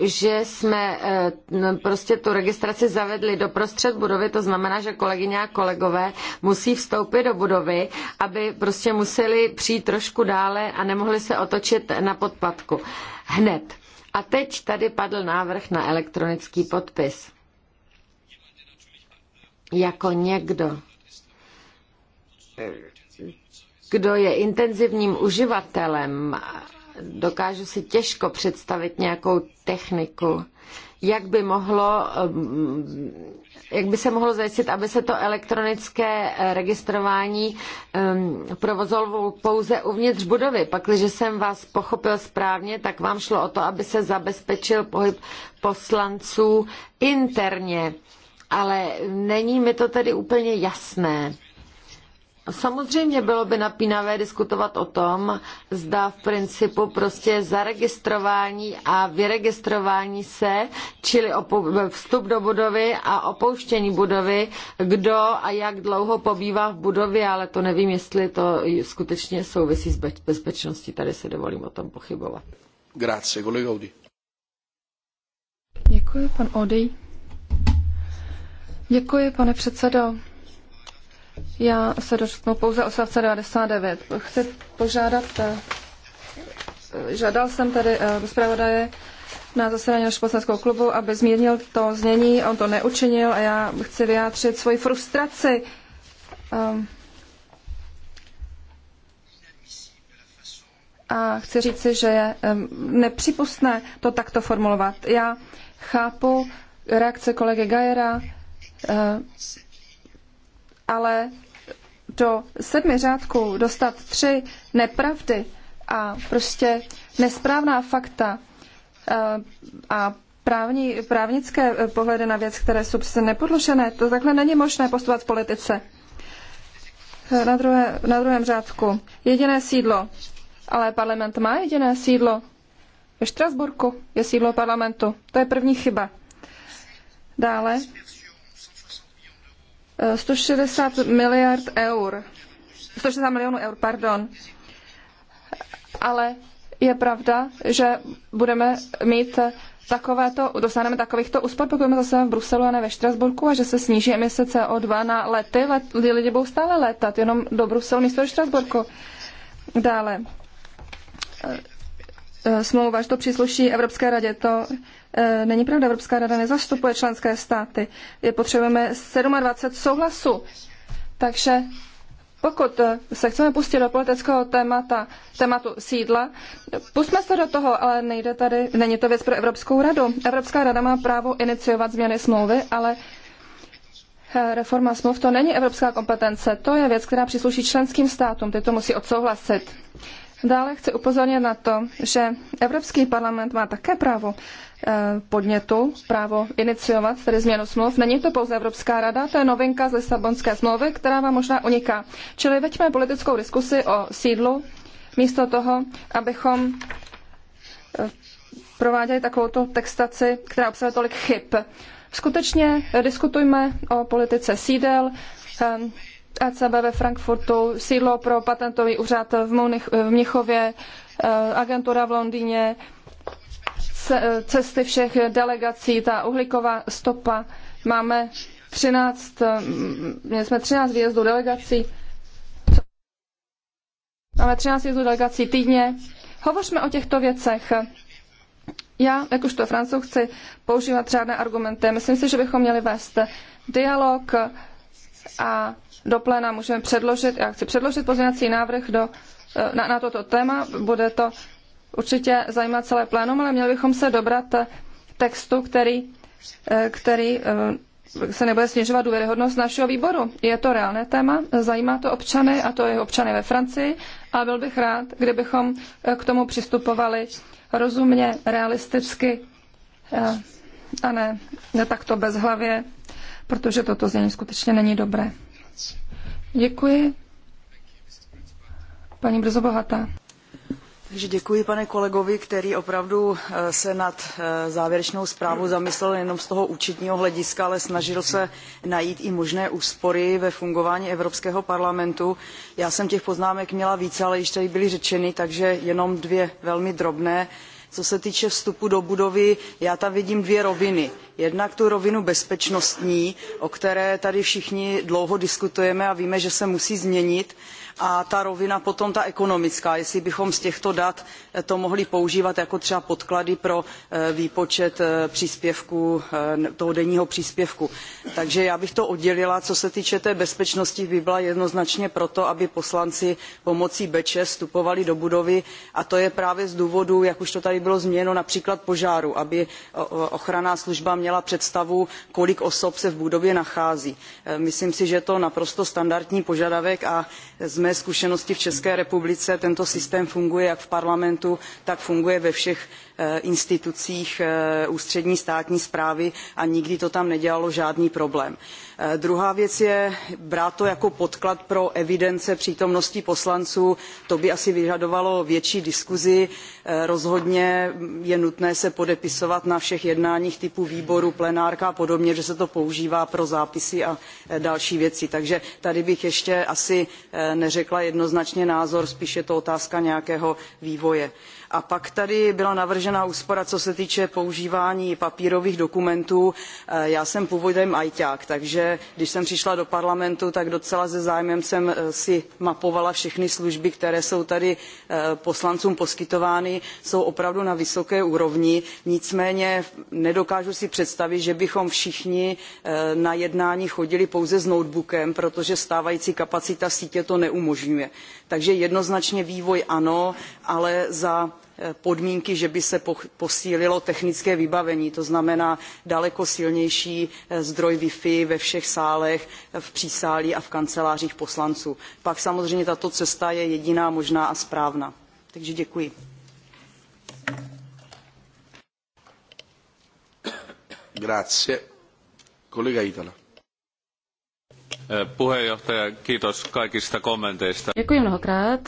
že jsme eh, no, prostě tu registraci zavedli do prostřed budovy, to znamená, že kolegyně a kolegové musí vstoupit do budovy, aby prostě museli přijít trošku dále a nemohli se otočit na podpatku. Hned. A teď tady padl návrh na elektronický podpis. Jako někdo, eh, kdo je intenzivním uživatelem dokážu si těžko představit nějakou techniku, jak by mohlo um, jak by se mohlo zajistit, aby se to elektronické eh, registrování um, provozovalo pouze uvnitř budovy. Pak, když jsem vás pochopil správně, tak vám šlo o to, aby se zabezpečil pohyb poslanců interně. Ale není mi to tedy úplně jasné. Samozřejmě bylo by napínavé diskutovat o tom, zda v principu prostě zaregistrování a vyregistrování se, čili vstup do budovy a opouštění budovy, kdo a jak dlouho pobývá v budově, ale to nevím, jestli to skutečně souvisí s bezpečností. Tady se dovolím o tom pochybovat. Grazie, kolega Audi. Děkuji, pan Ody. Děkuji, pane předsedo. Já se dotknu pouze odstavce 99. Chci požádat, eh, žádal jsem tedy eh, zpravodaje na zasedání našeho poslaneckého klubu, aby zmírnil to znění, on to neučinil a já chci vyjádřit svoji frustraci. Ehm, a chci říci, že je ehm, nepřípustné to takto formulovat. Já chápu reakce kolegy Gajera, eh, ale do sedmi řádků dostat tři nepravdy a prostě nesprávná fakta eh, a právní, právnické eh, pohledy na věc, které jsou prostě nepodložené, to takhle není možné postupovat v politice. Eh, na, druhé, na druhém řádku. Jediné sídlo. Ale parlament má jediné sídlo. Ve Štrasburku je sídlo parlamentu. To je první chyba. Dále 160 eh, miliard eur. 160 milionů eur, pardon. Ale je pravda, že budeme mít takovéto, dosáhneme takovýchto úspor, pokud budeme zase v Bruselu a ne ve Štrasburku a že se sníží emise CO2 na lety, let, lidi budou stále letat, jenom do Bruselu místo do Štrasburku. Dále. Eh, eh, smlouva, že to přísluší Evropské radě, to E, není pravda, Evropská rada nezastupuje členské státy. Je potřebujeme 27 souhlasu. Takže pokud se chceme pustit do politického témata, tématu sídla, pustme se do toho, ale nejde tady, není to věc pro Evropskou radu. Evropská rada má právo iniciovat změny smlouvy, ale e, reforma smluv to není evropská kompetence, to je věc, která přísluší členským státům, ty to musí odsouhlasit. Dále chci upozornit na to, že Evropský parlament má také právo eh, podnětu, právo iniciovat, tedy změnu smluv. Není to pouze Evropská rada, to je novinka z Lisabonské smlouvy, která vám možná uniká. Čili veďme politickou diskusi o sídlu, místo toho, abychom eh, prováděli takovou textaci, která obsahuje tolik chyb. Skutečně eh, diskutujme o politice sídel, ECB ve Frankfurtu, sídlo pro patentový úřad v, Munich, v Mnichově, e, agentura v Londýně, cesty všech delegací, ta uhlíková stopa. Máme 13, mm, měli jsme 13 výjezdů delegací. Máme 13 výjezdů delegací týdně. Hovořme o těchto věcech. Já, jakožto francouz, chci používat řádné argumenty. Myslím si, že bychom měli vést dialog a do pléna můžeme předložit, já chci předložit pozměňovací návrh do, eh, na, na toto téma, bude to určitě zajímat celé plénum, ale měli bychom se dobrat eh, textu, který, eh, který se nebude snižovat důvěryhodnost našeho výboru. Je to reálné téma, zajímá to občany, a to je občany ve Francii, a byl bych rád, kdybychom k tomu přistupovali rozumně, realisticky a ne, ne takto bezhlavě, protože toto znění skutečně není dobré. Děkuji. Paní Brzobohatá. Takže děkuji pane kolegovi, který opravdu eh, se nad eh, závěrečnou zprávou zamyslel jenom z toho účetního hlediska, ale snažil se najít i možné úspory ve fungování Evropského parlamentu. Já jsem těch poznámek měla více, ale již tady byly řečeny, takže jenom dvě velmi drobné co se týče vstupu do budovy já tam vidím dvě roviny jednak tu rovinu bezpečnostní o které tady všichni dlouho diskutujeme a víme že se musí změnit a a ta rovina potom ta ekonomická jestli bychom z těchto dat eh, to mohli používat jako třeba podklady pro eh, výpočet eh, příspěvku, toho denního příspěvku. Takže já bych to oddělila. Co se týče té bezpečnosti, by byla jednoznačně to, aby poslanci pomocí beče vstupovali do budovy a to je právě z důvodu, jak už to tady bylo změněno, například požáru, aby ochranná služba měla představu, kolik osob se v budově nachází. Myslím si, že je to naprosto standardní požadavek a z mé zkušenosti v České republice tento systém funguje jak v parlamentu, tak funguje ve všech eh, institucích eh, ústřední státní správy a nikdy to tam nedělalo žádný problém. Eh, druhá věc je brát to jako podklad pro evidence přítomnosti poslanců. To by asi vyžadovalo větší diskuzi. Eh, rozhodně je nutné se podepisovat na všech jednáních typu výboru, plenárka a podobně, že se to používá pro zápisy a eh, další věci. Takže tady bych ještě asi neřekla jednoznačně názor, spíš je to otázka nějakého vývoje. A pak tady byla navržena úspora, co se týče používání papírových dokumentů. Eh, já jsem původem ajťák, takže když jsem přišla do parlamentu, tak docela se zájmem jsem eh, si mapovala všechny služby, které jsou tady eh, poslancům poskytovány, jsou opravdu na vysoké úrovni. Nicméně nedokážu si představit, že bychom všichni na jednání chodili pouze s notebookem, protože stávající kapacita sítě to neumožňuje. Takže jednoznačně vývoj ano, ale za eh, podmínky, že by se posílilo technické vybavení, to znamená daleko silnější eh, zdroj Wi-Fi ve všech sálech, eh, v přísálí a v kancelářích poslanců. Pak samozřejmě tato cesta je jediná možná a správná. Takže děkuji. Grazie. Kolega Itala. Děkuji mnohokrát,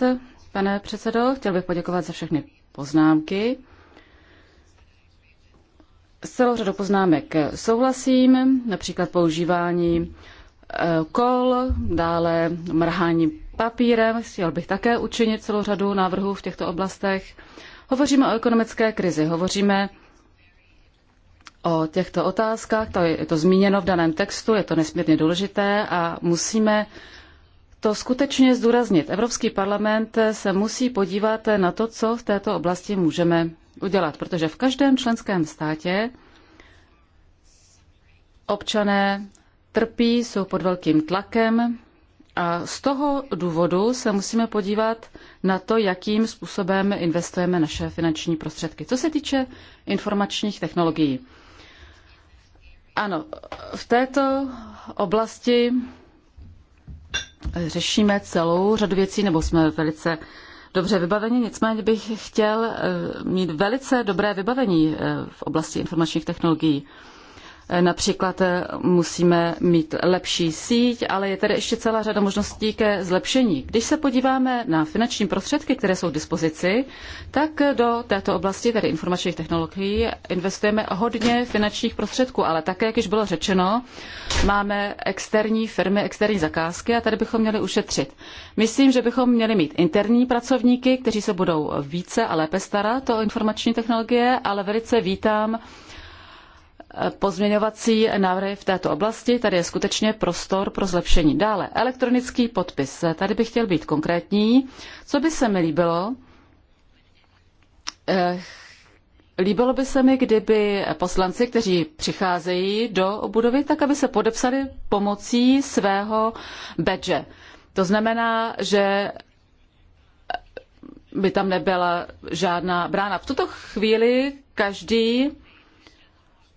pane předsedo. Chtěl bych poděkovat za všechny poznámky. S celou řadou poznámek souhlasím, například používání eh, kol, dále mrhání papírem. Chtěl bych také učinit celou řadu návrhů v těchto oblastech. Hovoříme o ekonomické krizi, hovoříme o těchto otázkách, to je, to zmíněno v daném textu, je to nesmírně důležité a musíme to skutečně zdůraznit. Evropský parlament se musí podívat na to, co v této oblasti můžeme udělat, protože v každém členském státě občané trpí, jsou pod velkým tlakem a z toho důvodu se musíme podívat na to, jakým způsobem investujeme naše finanční prostředky. Co se týče informačních technologií, ano, v této oblasti řešíme celou řadu věcí, nebo jsme velice dobře vybaveni, nicméně bych chtěl eh, mít velice dobré vybavení eh, v oblasti informačních technologií. Například eh, musíme mít lepší síť, ale je tady ještě celá řada možností ke zlepšení. Když se podíváme na finanční prostředky, které jsou k dispozici, tak do této oblasti, tedy informačních technologií, investujeme hodně finančních prostředků, ale také, jak již bylo řečeno, máme externí firmy, externí zakázky a tady bychom měli ušetřit. Myslím, že bychom měli mít interní pracovníky, kteří se budou více a lépe starat o informační technologie, ale velice vítám pozměňovací návrhy v této oblasti. Tady je skutečně prostor pro zlepšení. Dále elektronický podpis. Tady bych chtěl být konkrétní. Co by se mi líbilo? Eh, líbilo by se mi, kdyby poslanci, kteří přicházejí do budovy, tak aby se podepsali pomocí svého badge. To znamená, že by tam nebyla žádná brána. V tuto chvíli každý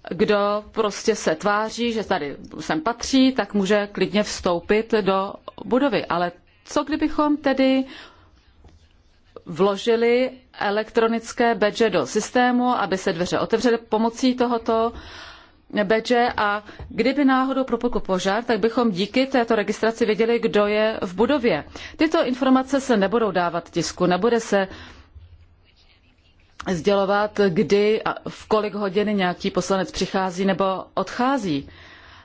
kdo prostě se tváří, že tady sem patří, tak může klidně vstoupit do budovy. Ale co kdybychom tedy vložili elektronické badge do systému, aby se dveře otevřely pomocí tohoto badge a kdyby náhodou propukl požár, tak bychom díky této registraci věděli, kdo je v budově. Tyto informace se nebudou dávat tisku, nebude se sdělovat, kdy a v kolik hodin nějaký poslanec přichází nebo odchází.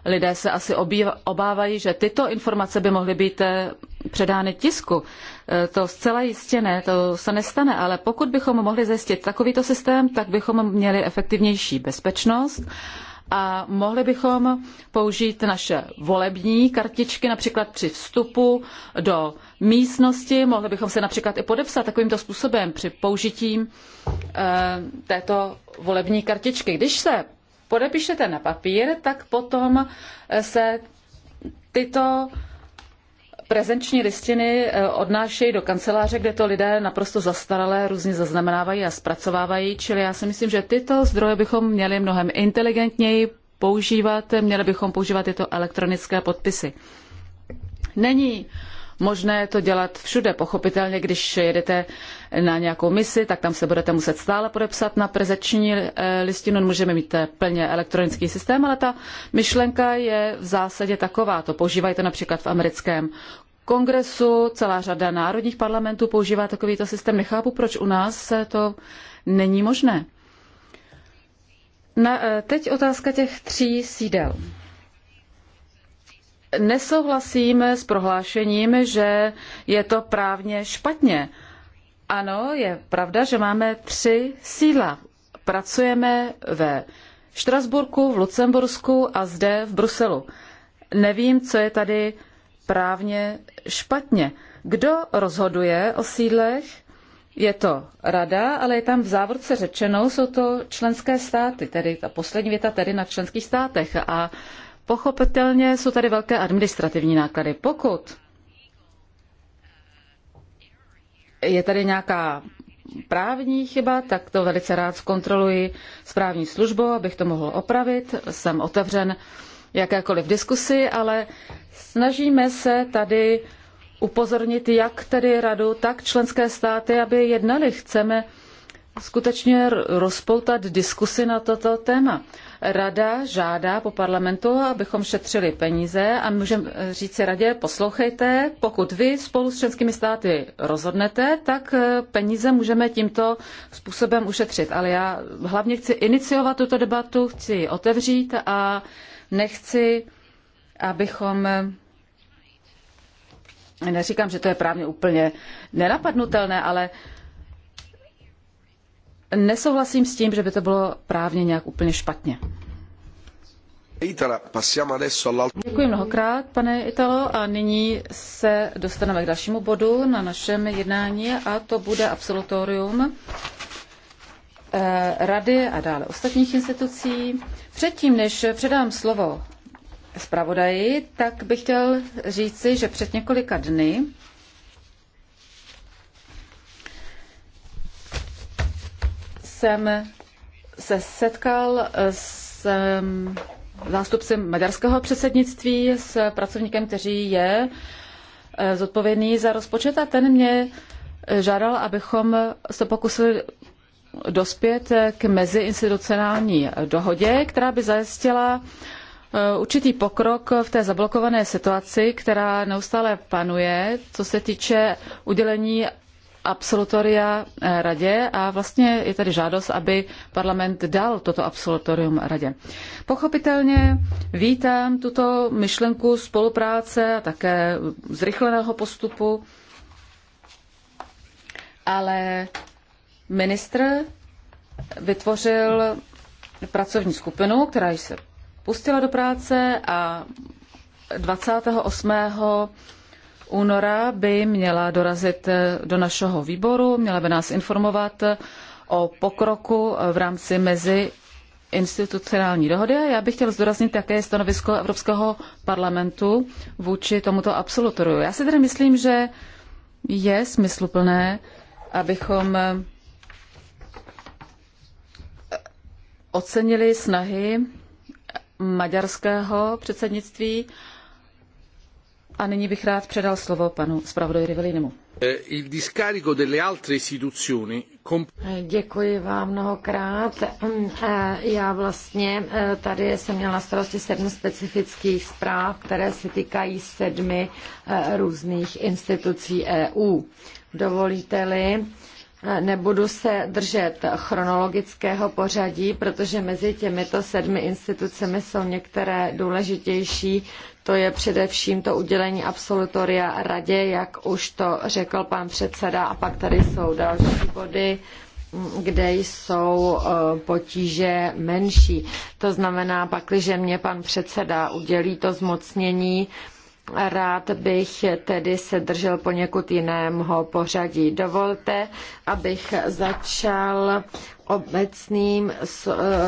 Lidé se asi obávají, že tyto informace by mohly být eh, předány tisku. Eh, to zcela jistě ne, to se nestane, ale pokud bychom mohli zajistit takovýto systém, tak bychom měli efektivnější bezpečnost a mohli bychom použít naše volební kartičky například při vstupu do místnosti. Mohli bychom se například i podepsat takovýmto způsobem při použití eh, této volební kartičky. Když se podepíšete na papír, tak potom eh, se tyto prezenční listiny eh, odnášejí do kanceláře, kde to lidé naprosto zastaralé různě zaznamenávají a zpracovávají, čili já si myslím, že tyto zdroje bychom měli mnohem inteligentněji používat, měli bychom používat tyto elektronické podpisy. Není možné to dělat všude. Pochopitelně, když jedete na nějakou misi, tak tam se budete muset stále podepsat na prezeční eh, listinu. Můžeme mít eh, plně elektronický systém, ale ta myšlenka je v zásadě taková. To používají to například v americkém kongresu, celá řada národních parlamentů používá takovýto systém. Nechápu, proč u nás to není možné. Na, eh, teď otázka těch tří sídel. Nesouhlasím s prohlášením, že je to právně špatně. Ano, je pravda, že máme tři sídla. Pracujeme ve Štrasburku, v Lucembursku a zde v Bruselu. Nevím, co je tady právně špatně. Kdo rozhoduje o sídlech? Je to rada, ale je tam v závorce řečeno, jsou to členské státy, tedy ta poslední věta tedy na členských státech. A Pochopitelně jsou tady velké administrativní náklady. Pokud je tady nějaká právní chyba, tak to velice rád zkontroluji s právní službou, abych to mohl opravit. Jsem otevřen jakékoliv diskusi, ale snažíme se tady upozornit jak tedy radu, tak členské státy, aby jednali. Chceme skutečně rozpoutat diskusy na toto téma. Rada žádá po parlamentu, abychom šetřili peníze a můžeme říct si radě, poslouchejte, pokud vy spolu s členskými státy rozhodnete, tak eh, peníze můžeme tímto způsobem ušetřit. Ale já hlavně chci iniciovat tuto debatu, chci ji otevřít a nechci, abychom eh, neříkám, že to je právně úplně nenapadnutelné, ale nesouhlasím s tím, že by to bylo právně nějak úplně špatně. Děkuji mnohokrát, pane Italo, a nyní se dostaneme k dalšímu bodu na našem jednání a to bude absolutorium eh, rady a dále ostatních institucí. Předtím, než předám slovo zpravodaji, tak bych chtěl říci, že před několika dny jsem se setkal s zástupcem maďarského předsednictví, s pracovníkem, který je e, zodpovědný za rozpočet a ten mě žádal, abychom se pokusili dospět k meziinstitucionální dohodě, která by zajistila e, určitý pokrok v té zablokované situaci, která neustále panuje, co se týče udělení absolutoria eh, radě a vlastně je tady žádost, aby parlament dal toto absolutorium radě. Pochopitelně vítám tuto myšlenku spolupráce a také zrychleného postupu, ale ministr vytvořil pracovní skupinu, která se pustila do práce a 28 února by měla dorazit eh, do našeho výboru, měla by nás informovat eh, o pokroku eh, v rámci mezi institucionální dohody a já bych chtěl zdůraznit také stanovisko Evropského parlamentu vůči tomuto absolutoriu. Já si tedy myslím, že je smysluplné, abychom ocenili snahy maďarského předsednictví a nyní bych rád předal slovo panu zpravodaji Rivelinimu. Eh, Děkuji vám mnohokrát. Eh, já vlastně eh, tady jsem měla na starosti sedm specifických zpráv, které se týkají sedmi různých institucí EU. Dovolíte-li, Nebudu se držet chronologického pořadí, protože mezi těmito sedmi institucemi jsou některé důležitější, to je především to udělení absolutoria radě, jak už to řekl pan předseda, a pak tady jsou další body kde jsou e, potíže menší. To znamená, pakliže mě pan předseda udělí to zmocnění, Rád bych tedy se držel poněkud jiného pořadí. Dovolte, abych začal obecným eh,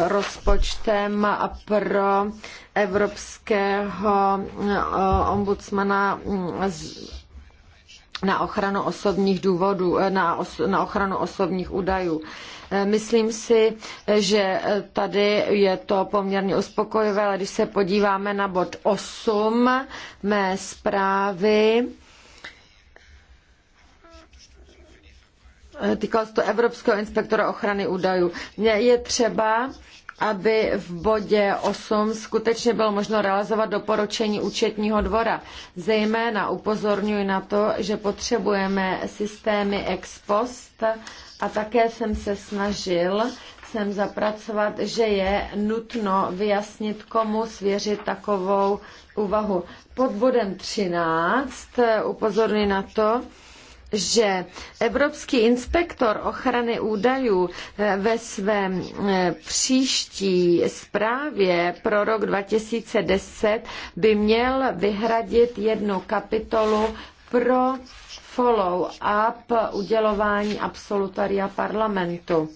rozpočtem pro evropského eh, ombudsmana mm, na ochranu osobních důvodů, eh, na, os, na ochranu osobních údajů. Myslím si, že tady je to poměrně uspokojivé, ale když se podíváme na bod 8 mé zprávy, týkalo se to Evropského inspektora ochrany údajů. Je třeba, aby v bodě 8 skutečně bylo možno realizovat doporučení účetního dvora. Zejména upozorňuji na to, že potřebujeme systémy ex post a také jsem se snažil sem zapracovat, že je nutno vyjasnit, komu svěřit takovou úvahu. Pod bodem 13 upozorňuji na to, že Evropský inspektor ochrany údajů eh, ve svém eh, příští zprávě pro rok 2010 by měl vyhradit jednu kapitolu pro follow-up udělování absolutoria parlamentu.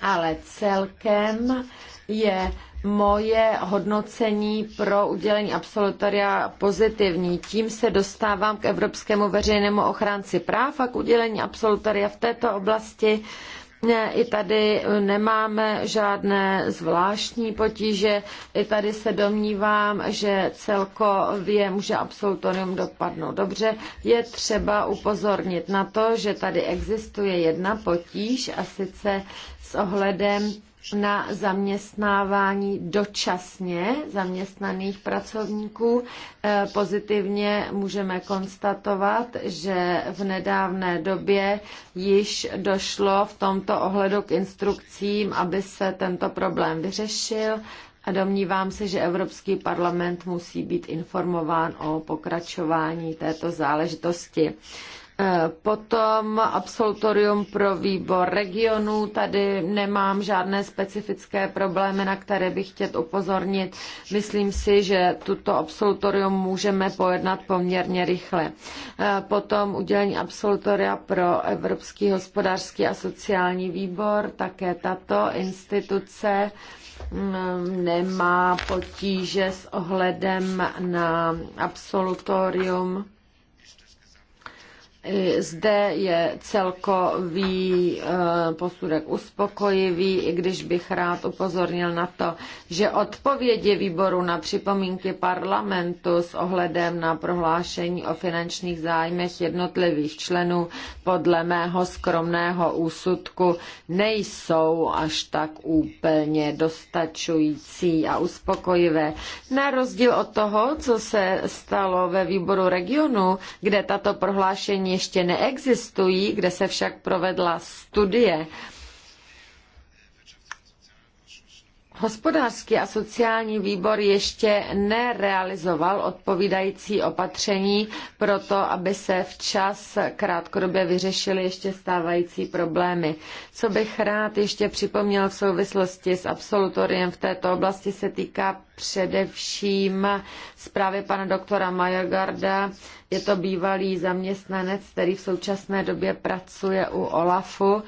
Ale celkem je moje hodnocení pro udělení absolutoria pozitivní. Tím se dostávám k Evropskému veřejnému ochránci práv a k udělení absolutoria v této oblasti. I tady nemáme žádné zvláštní potíže. I tady se domnívám, že celkově může absolutorium dopadnout dobře. Je třeba upozornit na to, že tady existuje jedna potíž a sice s ohledem na zaměstnávání dočasně zaměstnaných pracovníků. Eh, pozitivně můžeme konstatovat, že v nedávné době již došlo v tomto ohledu k instrukcím, aby se tento problém vyřešil a domnívám se, že Evropský parlament musí být informován o pokračování této záležitosti. Eh, potom absolutorium pro výbor regionů. Tady nemám žádné specifické problémy, na které bych chtěl upozornit. Myslím si, že tuto absolutorium můžeme pojednat poměrně rychle. Eh, potom udělení absolutoria pro Evropský hospodářský a sociální výbor. Také tato instituce mm, nemá potíže s ohledem na absolutorium zde je celkový eh, posudek uspokojivý, i když bych rád upozornil na to, že odpovědi výboru na připomínky parlamentu s ohledem na prohlášení o finančních zájmech jednotlivých členů podle mého skromného úsudku nejsou až tak úplně dostačující a uspokojivé. Na rozdíl od toho, co se stalo ve výboru regionu, kde tato prohlášení ještě neexistují, kde se však provedla studie Hospodářský a sociální výbor ještě nerealizoval odpovídající opatření pro to, aby se včas krátkodobě vyřešily ještě stávající problémy. Co bych rád ještě připomněl v souvislosti s absolutoriem v této oblasti se týká především zprávy pana doktora Majorgarda. Je to bývalý zaměstnanec, který v současné době pracuje u OLAFu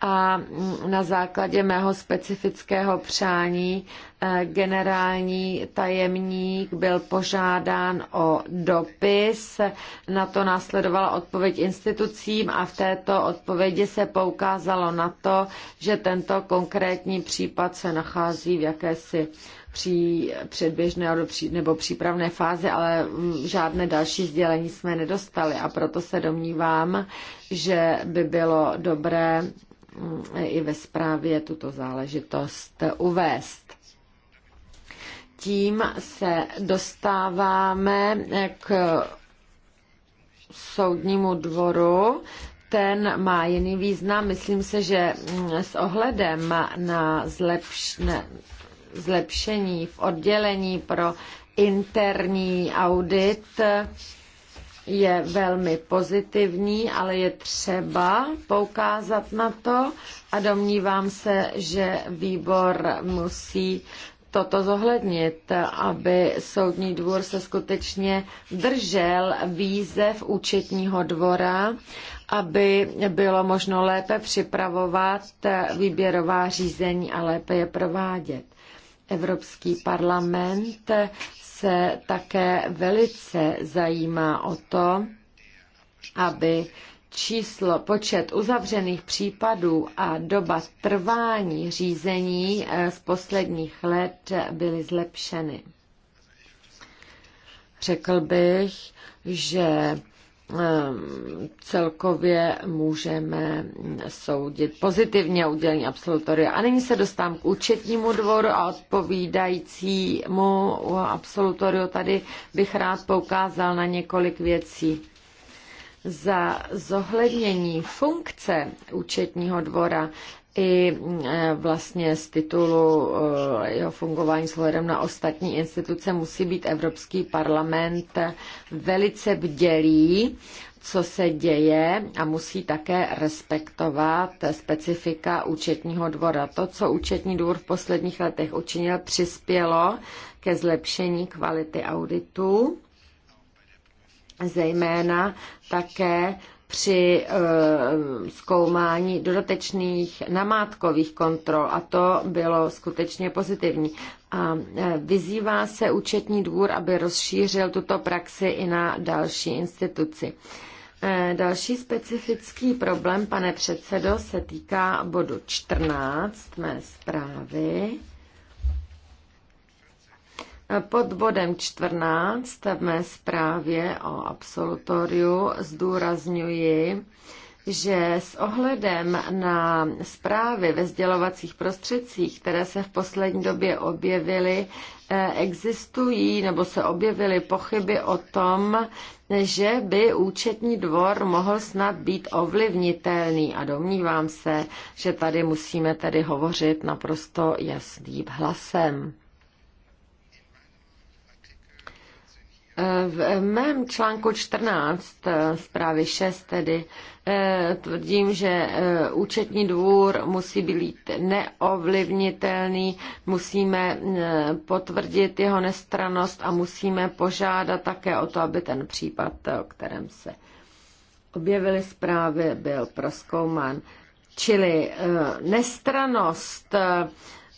a na základě mého specifického přání eh, generální tajemník byl požádán o dopis, na to následovala odpověď institucím a v této odpovědi se poukázalo na to, že tento konkrétní případ se nachází v jakési při předběžné nebo přípravné fázi, ale žádné další sdělení jsme nedostali a proto se domnívám, že by bylo dobré i ve zprávě tuto záležitost uvést. Tím se dostáváme k soudnímu dvoru. Ten má jiný význam. Myslím se, že s ohledem na zlepšení v oddělení pro interní audit je velmi pozitivní, ale je třeba poukázat na to a domnívám se, že výbor musí toto zohlednit, aby soudní dvůr se skutečně držel výzev účetního dvora, aby bylo možno lépe připravovat výběrová řízení a lépe je provádět. Evropský parlament se také velice zajímá o to, aby číslo, počet uzavřených případů a doba trvání řízení eh, z posledních let byly zlepšeny. Řekl bych, že Ehm, celkově můžeme soudit pozitivně udělení absolutoria. A nyní se dostám k účetnímu dvoru a odpovídajícímu absolutoriu. Tady bych rád poukázal na několik věcí. Za zohlednění funkce účetního dvora i e, vlastně z titulu e, jeho fungování s hledem na ostatní instituce musí být Evropský parlament velice bdělý, co se děje a musí také respektovat specifika účetního dvora. To, co účetní dvůr v posledních letech učinil, přispělo ke zlepšení kvality auditu, zejména také při eh, zkoumání dodatečných namátkových kontrol a to bylo skutečně pozitivní. A eh, vyzývá se účetní dvůr, aby rozšířil tuto praxi i na další instituci. Eh, další specifický problém, pane předsedo, se týká bodu 14 mé zprávy. Pod bodem 14 v mé zprávě o absolutoriu zdůrazňuji, že s ohledem na zprávy ve sdělovacích prostředcích, které se v poslední době objevily, eh, existují nebo se objevily pochyby o tom, že by účetní dvor mohl snad být ovlivnitelný a domnívám se, že tady musíme tedy hovořit naprosto jasným hlasem. V mém článku 14, zprávy 6 tedy, eh, tvrdím, že eh, účetní dvůr musí být neovlivnitelný, musíme eh, potvrdit jeho nestranost a musíme požádat také o to, aby ten případ, o kterém se objevily zprávy, byl proskoumán. Čili nestranost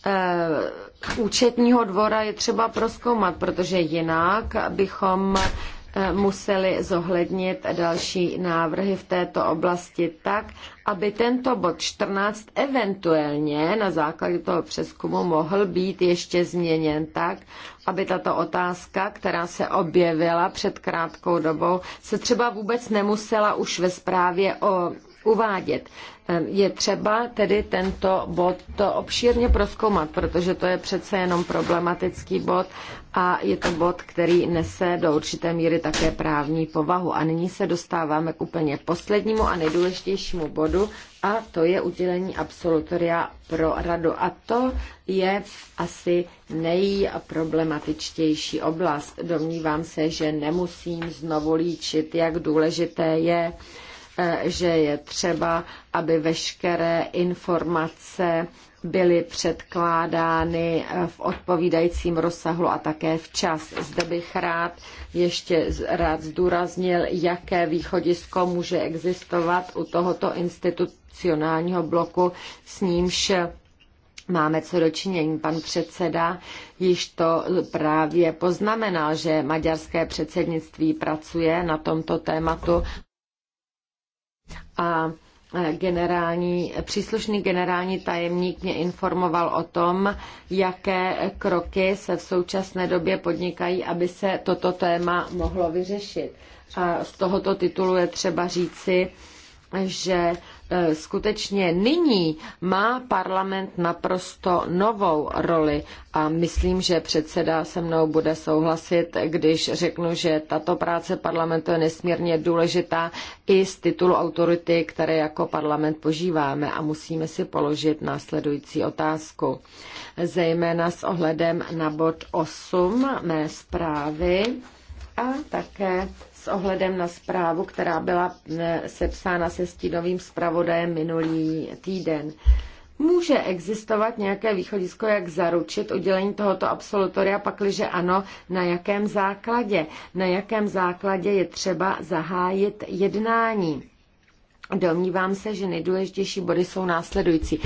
Eh, účetního dvora je třeba proskoumat, protože jinak bychom eh, museli zohlednit další návrhy v této oblasti tak, aby tento bod 14 eventuálně na základě toho přeskumu mohl být ještě změněn tak, aby tato otázka, která se objevila před krátkou dobou, se třeba vůbec nemusela už ve zprávě o uvádět. Ehm, je třeba tedy tento bod to obšírně proskoumat, protože to je přece jenom problematický bod a je to bod, který nese do určité míry také právní povahu. A nyní se dostáváme k úplně poslednímu a nejdůležitějšímu bodu a to je udělení absolutoria pro radu. A to je asi nejproblematičtější oblast. Domnívám se, že nemusím znovu líčit, jak důležité je E, že je třeba, aby veškeré informace byly předkládány e, v odpovídajícím rozsahu a také včas. Zde bych rád ještě rád zdůraznil, jaké východisko může existovat u tohoto institucionálního bloku, s nímž máme co dočinění. Pan předseda již to právě poznamenal, že maďarské předsednictví pracuje na tomto tématu a eh, generální, příslušný generální tajemník mě informoval o tom, jaké kroky se v současné době podnikají, aby se toto téma mohlo vyřešit. A z tohoto titulu je třeba říci, že E, skutečně nyní má parlament naprosto novou roli a myslím, že předseda se mnou bude souhlasit, když řeknu, že tato práce parlamentu je nesmírně důležitá i z titulu autority, které jako parlament požíváme a musíme si položit následující otázku. Zejména s ohledem na bod 8 mé zprávy a také s ohledem na zprávu, která byla eh, sepsána se stínovým zpravodajem minulý týden. Může existovat nějaké východisko, jak zaručit udělení tohoto absolutoria, pakliže ano, na jakém základě? Na jakém základě je třeba zahájit jednání? Domnívám se, že nejdůležitější body jsou následující.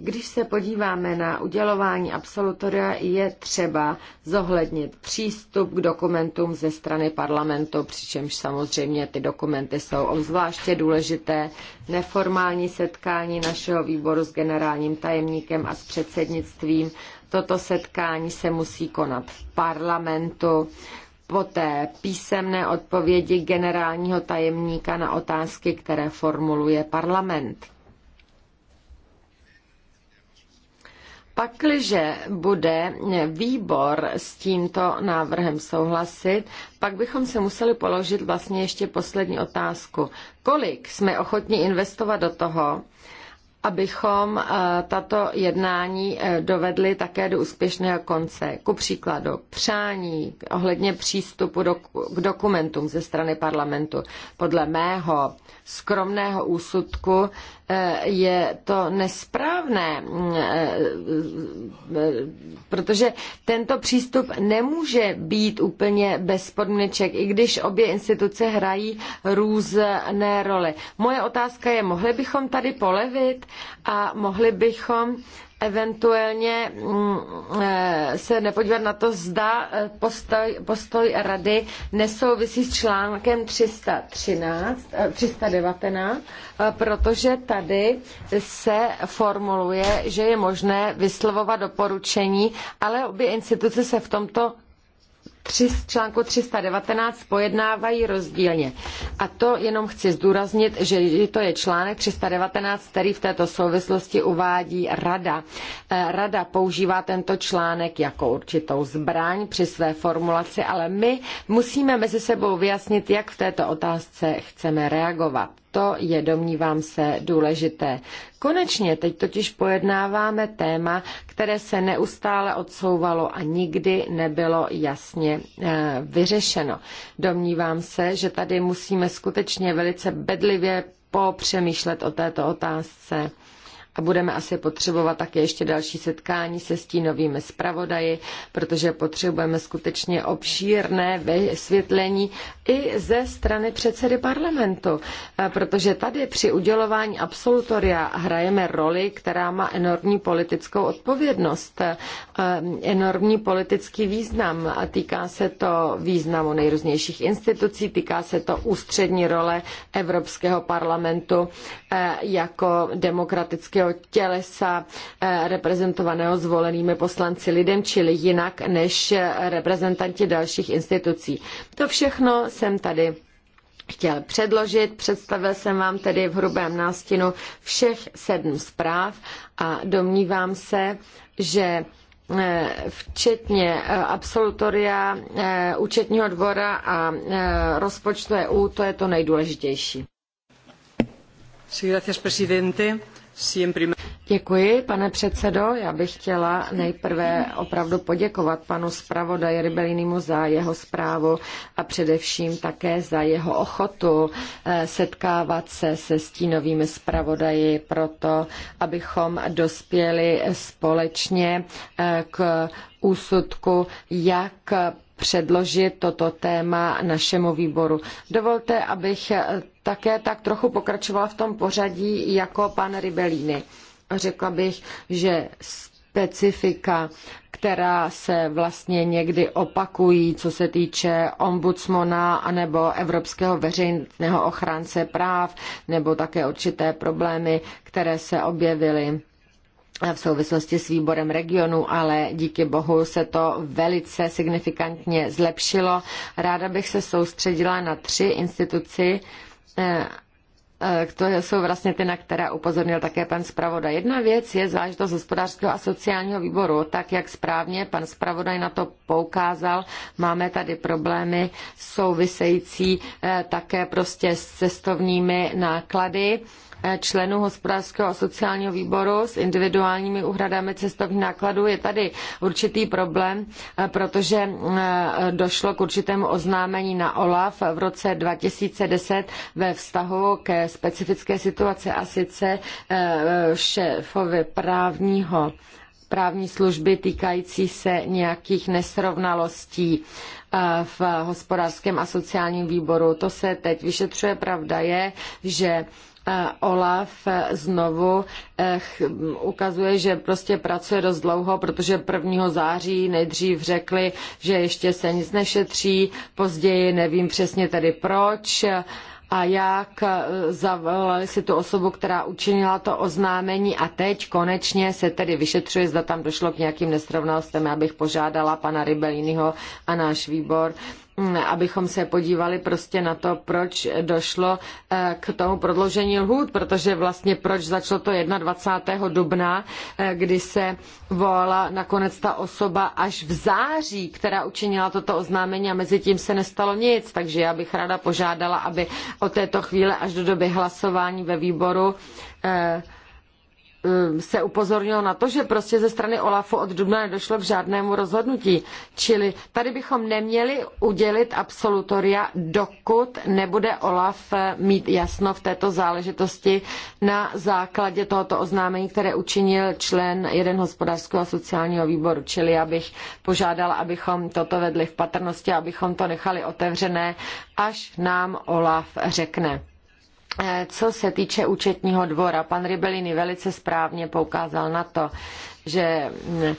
Když se podíváme na udělování absolutoria, je třeba zohlednit přístup k dokumentům ze strany parlamentu, přičemž samozřejmě ty dokumenty jsou obzvláště důležité. Neformální setkání našeho výboru s generálním tajemníkem a s předsednictvím. Toto setkání se musí konat v parlamentu poté písemné odpovědi generálního tajemníka na otázky, které formuluje parlament. Pakliže bude výbor s tímto návrhem souhlasit, pak bychom se museli položit vlastně ještě poslední otázku. Kolik jsme ochotni investovat do toho, abychom eh, tato jednání eh, dovedli také do úspěšného konce. Ku příkladu přání ohledně přístupu do, k dokumentům ze strany parlamentu. Podle mého skromného úsudku eh, je to nesprávné, mm, protože tento přístup nemůže být úplně bez podmínek, i když obě instituce hrají různé role. Moje otázka je, mohli bychom tady polevit? a mohli bychom eventuálně mm, eh, se nepodívat na to, zda eh, postoj, postoj rady nesouvisí s článkem 313, 319, eh, protože tady se formuluje, že je možné vyslovovat doporučení, ale obě instituce se v tomto 3, článku 319 pojednávají rozdílně. A to jenom chci zdůraznit, že to je článek 319, který v této souvislosti uvádí Rada. Eh, Rada používá tento článek jako určitou zbraň při své formulaci, ale my musíme mezi sebou vyjasnit, jak v této otázce chceme reagovat to je, domnívám se, důležité. Konečně teď totiž pojednáváme téma, které se neustále odsouvalo a nikdy nebylo jasně eh, vyřešeno. Domnívám se, že tady musíme skutečně velice bedlivě popřemýšlet o této otázce a budeme asi potřebovat také ještě další setkání se stínovými zpravodaji, protože potřebujeme skutečně obšírné vysvětlení i ze strany předsedy parlamentu, eh, protože tady při udělování absolutoria hrajeme roli, která má enormní politickou odpovědnost, eh, enormní politický význam a týká se to významu nejrůznějších institucí, týká se to ústřední role Evropského parlamentu eh, jako demokratického politického tělesa eh, reprezentovaného zvolenými poslanci lidem, čili jinak než eh, reprezentanti dalších institucí. To všechno jsem tady chtěl předložit. Představil jsem vám tedy v hrubém nástinu všech sedm zpráv a domnívám se, že eh, včetně absolutoria účetního dvora a rozpočtu EU, to je to nejdůležitější. Sí, gracias, presidente. Děkuji, pane předsedo. Já bych chtěla nejprve opravdu poděkovat panu zpravodaji Rybelinimu za jeho zprávu a především také za jeho ochotu eh, setkávat se se stínovými zpravodaji proto, abychom dospěli společně eh, k úsudku, jak předložit toto téma našemu výboru. Dovolte, abych také tak trochu pokračovala v tom pořadí jako pan Ribelíny. Řekla bych, že specifika, která se vlastně někdy opakují, co se týče ombudsmana anebo Evropského veřejného ochránce práv, nebo také určité problémy, které se objevily v souvislosti s výborem regionu, ale díky bohu se to velice signifikantně zlepšilo. Ráda bych se soustředila na tři instituci, eh, eh, to jsou vlastně ty, na které upozornil také pan zpravodaj. Jedna věc je záležitost hospodářského a sociálního výboru. Tak, jak správně pan zpravodaj na to poukázal, máme tady problémy související eh, také prostě s cestovními náklady členů hospodářského a sociálního výboru s individuálními uhradami cestovních nákladů je tady určitý problém, eh, protože eh, došlo k určitému oznámení na OLAF v roce 2010 ve vztahu ke specifické situaci a sice eh, šéfovi právního právní služby týkající se nějakých nesrovnalostí v hospodářském a sociálním výboru. To se teď vyšetřuje. Pravda je, že Olaf znovu eh, ukazuje, že prostě pracuje dost dlouho, protože 1. září nejdřív řekli, že ještě se nic nešetří, později nevím přesně tedy proč a jak eh, zavolali si tu osobu, která učinila to oznámení a teď konečně se tedy vyšetřuje, zda tam došlo k nějakým nesrovnalostem. Já bych požádala pana Rybelínyho a náš výbor, abychom se podívali prostě na to, proč došlo eh, k tomu prodloužení lhůt, protože vlastně proč začalo to 21. dubna, eh, kdy se volala nakonec ta osoba až v září, která učinila toto oznámení a mezi tím se nestalo nic, takže já bych ráda požádala, aby o této chvíle až do doby hlasování ve výboru eh, Mm, se upozornilo na to, že prostě ze strany Olafu od Dubna nedošlo k žádnému rozhodnutí. Čili tady bychom neměli udělit absolutoria, dokud nebude Olaf eh, mít jasno v této záležitosti na základě tohoto oznámení, které učinil člen jeden hospodářského a sociálního výboru. Čili já bych požádala, abychom toto vedli v patrnosti, abychom to nechali otevřené, až nám Olaf řekne. Eh, co se týče účetního dvora, pan Ribelini velice správně poukázal na to, že mm,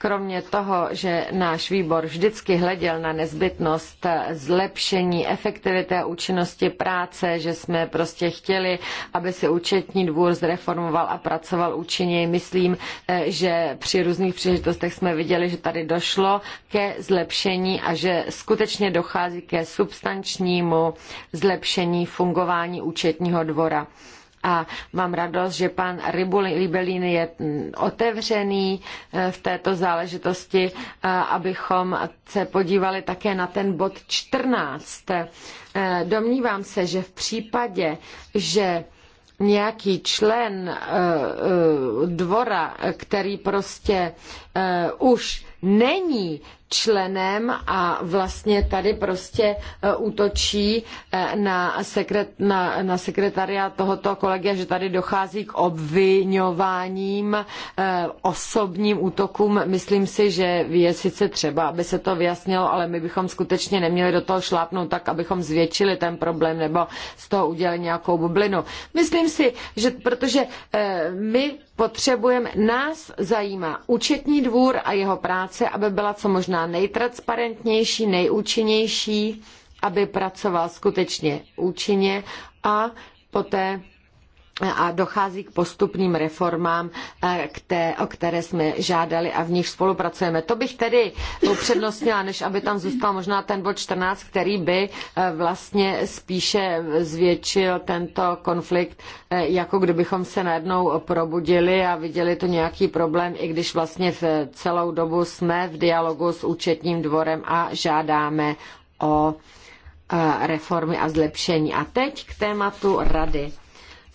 Kromě toho, že náš výbor vždycky hleděl na nezbytnost zlepšení efektivity a účinnosti práce, že jsme prostě chtěli, aby se účetní dvůr zreformoval a pracoval účinněji, myslím, eh, že při různých příležitostech jsme viděli, že tady došlo ke zlepšení a že skutečně dochází ke substančnímu zlepšení fungování účetního dvora a mám radost, že pan Ribelín je mm, otevřený eh, v této záležitosti, eh, abychom se podívali také na ten bod 14. Eh, domnívám se, že v případě, že nějaký člen dvora, který prostě Eh, už není členem a vlastně tady prostě eh, útočí eh, na, sekret, na, na sekretariát tohoto kolegia, že tady dochází k obvinováním, osobním útokům. Myslím si, že je sice třeba, aby se to vyjasnilo, ale my bychom skutečně neměli do toho šlápnout tak, abychom zvětšili ten problém nebo z toho udělali nějakou bublinu. Myslím si, že protože my potřebujeme, nás zajímá účetní dvůr a jeho práce, aby byla co možná nejtransparentnější, nejúčinnější, aby pracoval skutečně účinně a poté a dochází k postupným reformám, eh, které, o které jsme žádali a v nich spolupracujeme. To bych tedy upřednostnila, než aby tam zůstal možná ten bod 14, který by eh, vlastně spíše zvětšil tento konflikt, eh, jako kdybychom se najednou probudili a viděli tu nějaký problém, i když vlastně v celou dobu jsme v dialogu s účetním dvorem a žádáme o reformy a zlepšení. A teď k tématu rady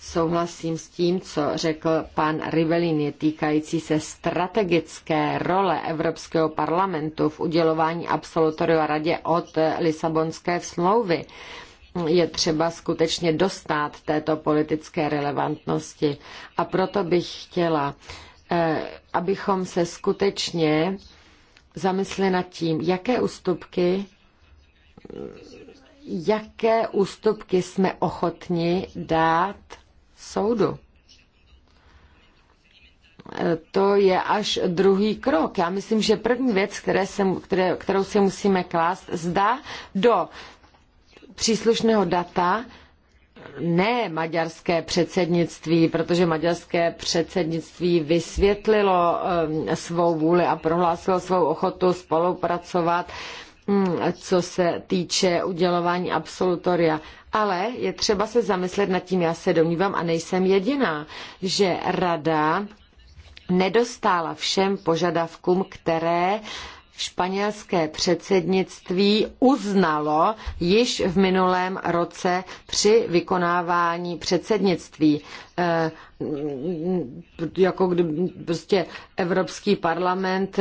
souhlasím s tím, co řekl pan Rivelini týkající se strategické role Evropského parlamentu v udělování absolutoria radě od Lisabonské smlouvy. Je třeba skutečně dostat této politické relevantnosti. A proto bych chtěla, eh, abychom se skutečně zamysleli nad tím, jaké ústupky jaké ústupky jsme ochotni dát soudu. E, to je až druhý krok. Já myslím, že první věc, které se, které, kterou si musíme klást, zda do příslušného data ne maďarské předsednictví, protože maďarské předsednictví vysvětlilo e, svou vůli a prohlásilo svou ochotu spolupracovat Mm, co se týče udělování absolutoria. Ale je třeba se zamyslet nad tím, já se domnívám a nejsem jediná, že rada nedostála všem požadavkům, které španělské předsednictví uznalo již v minulém roce při vykonávání předsednictví. E, jako kdy prostě Evropský parlament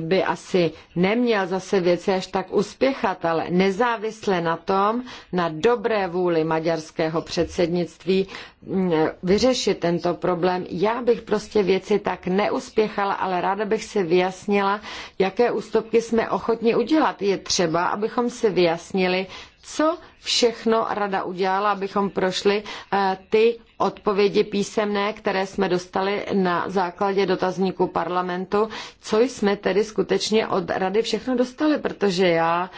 by asi neměl zase věci až tak uspěchat, ale nezávisle na tom, na dobré vůli maďarského předsednictví mm, vyřešit tento problém. Já bych prostě věci tak neuspěchala, ale ráda bych si vyjasnila, jaké ústupky jsme ochotni udělat. Je třeba, abychom si vyjasnili, co všechno rada udělala, abychom prošli eh, ty odpovědi písemné, které jsme dostali na základě dotazníku parlamentu, co jsme tedy skutečně od rady všechno dostali, protože já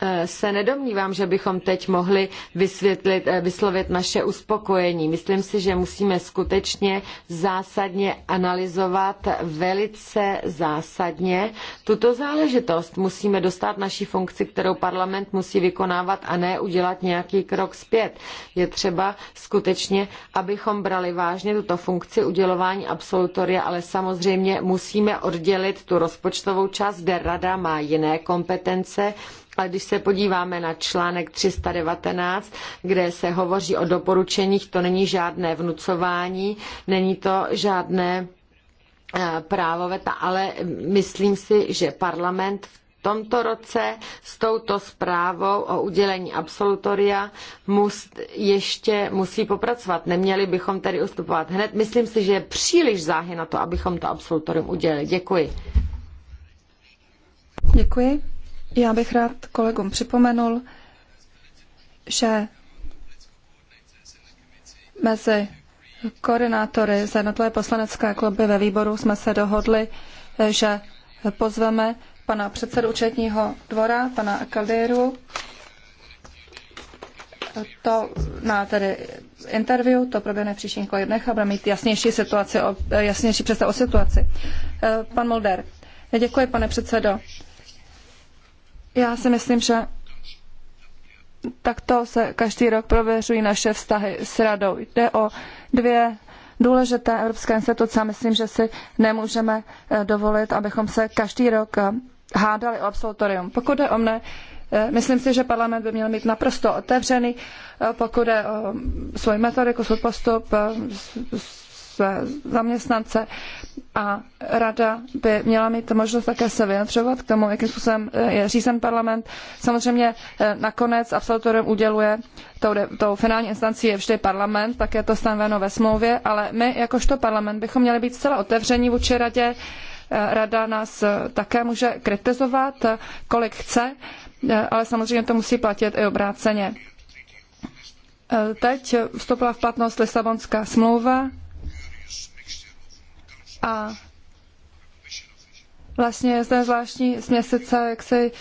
Eh, se nedomnívám, že bychom teď mohli vysvětlit, eh, vyslovit naše uspokojení. Myslím si, že musíme skutečně zásadně analyzovat velice zásadně tuto záležitost. Musíme dostat naší funkci, kterou parlament musí vykonávat a ne udělat nějaký krok zpět. Je třeba skutečně, abychom brali vážně tuto funkci udělování absolutoria, ale samozřejmě musíme oddělit tu rozpočtovou část, kde rada má jiné kompetence ale když se podíváme na článek 319, kde se hovoří o doporučeních, to není žádné vnucování, není to žádné eh, právo veta, ale myslím si, že parlament v tomto roce s touto zprávou o udělení absolutoria mus, ještě musí popracovat. Neměli bychom tedy ustupovat hned. Myslím si, že je příliš záhy na to, abychom to absolutorium udělili. Děkuji. Děkuji. Já bych rád kolegům připomenul, že mezi koordinátory za jednotlivé poslanecké kluby ve výboru jsme se dohodli, že pozveme pana předsedu účetního dvora, pana Kaldiru, to na tedy interview, to proběhne v příštích dnech a budeme mít jasnější, situaci, jasnější představu o situaci. Eh, pan Mulder, děkuji, pane předsedo. Já si myslím, že takto se každý rok prověřují naše vztahy s radou. Jde o dvě důležité evropské instituce a myslím, že si nemůžeme eh, dovolit, abychom se každý rok eh, hádali o absolutorium. Pokud jde o mne, eh, myslím si, že parlament by měl mít naprosto otevřený, pokud jde o svoji metodiku, svůj postup, své zaměstnance a rada by měla mít možnost také se vyjadřovat k tomu, jakým způsobem eh, je řízen parlament. Samozřejmě eh, nakonec absolutorium uděluje, tou, tou finální instancí je vždy parlament, tak je to stanoveno ve smlouvě, ale my jakožto parlament bychom měli být zcela otevření vůči radě. Eh, rada nás také může kritizovat, kolik chce, ale samozřejmě to musí platit i obráceně. Teď vstoupila v platnost Lisabonská smlouva, a vlastně je zde zvláštní směsice jaksi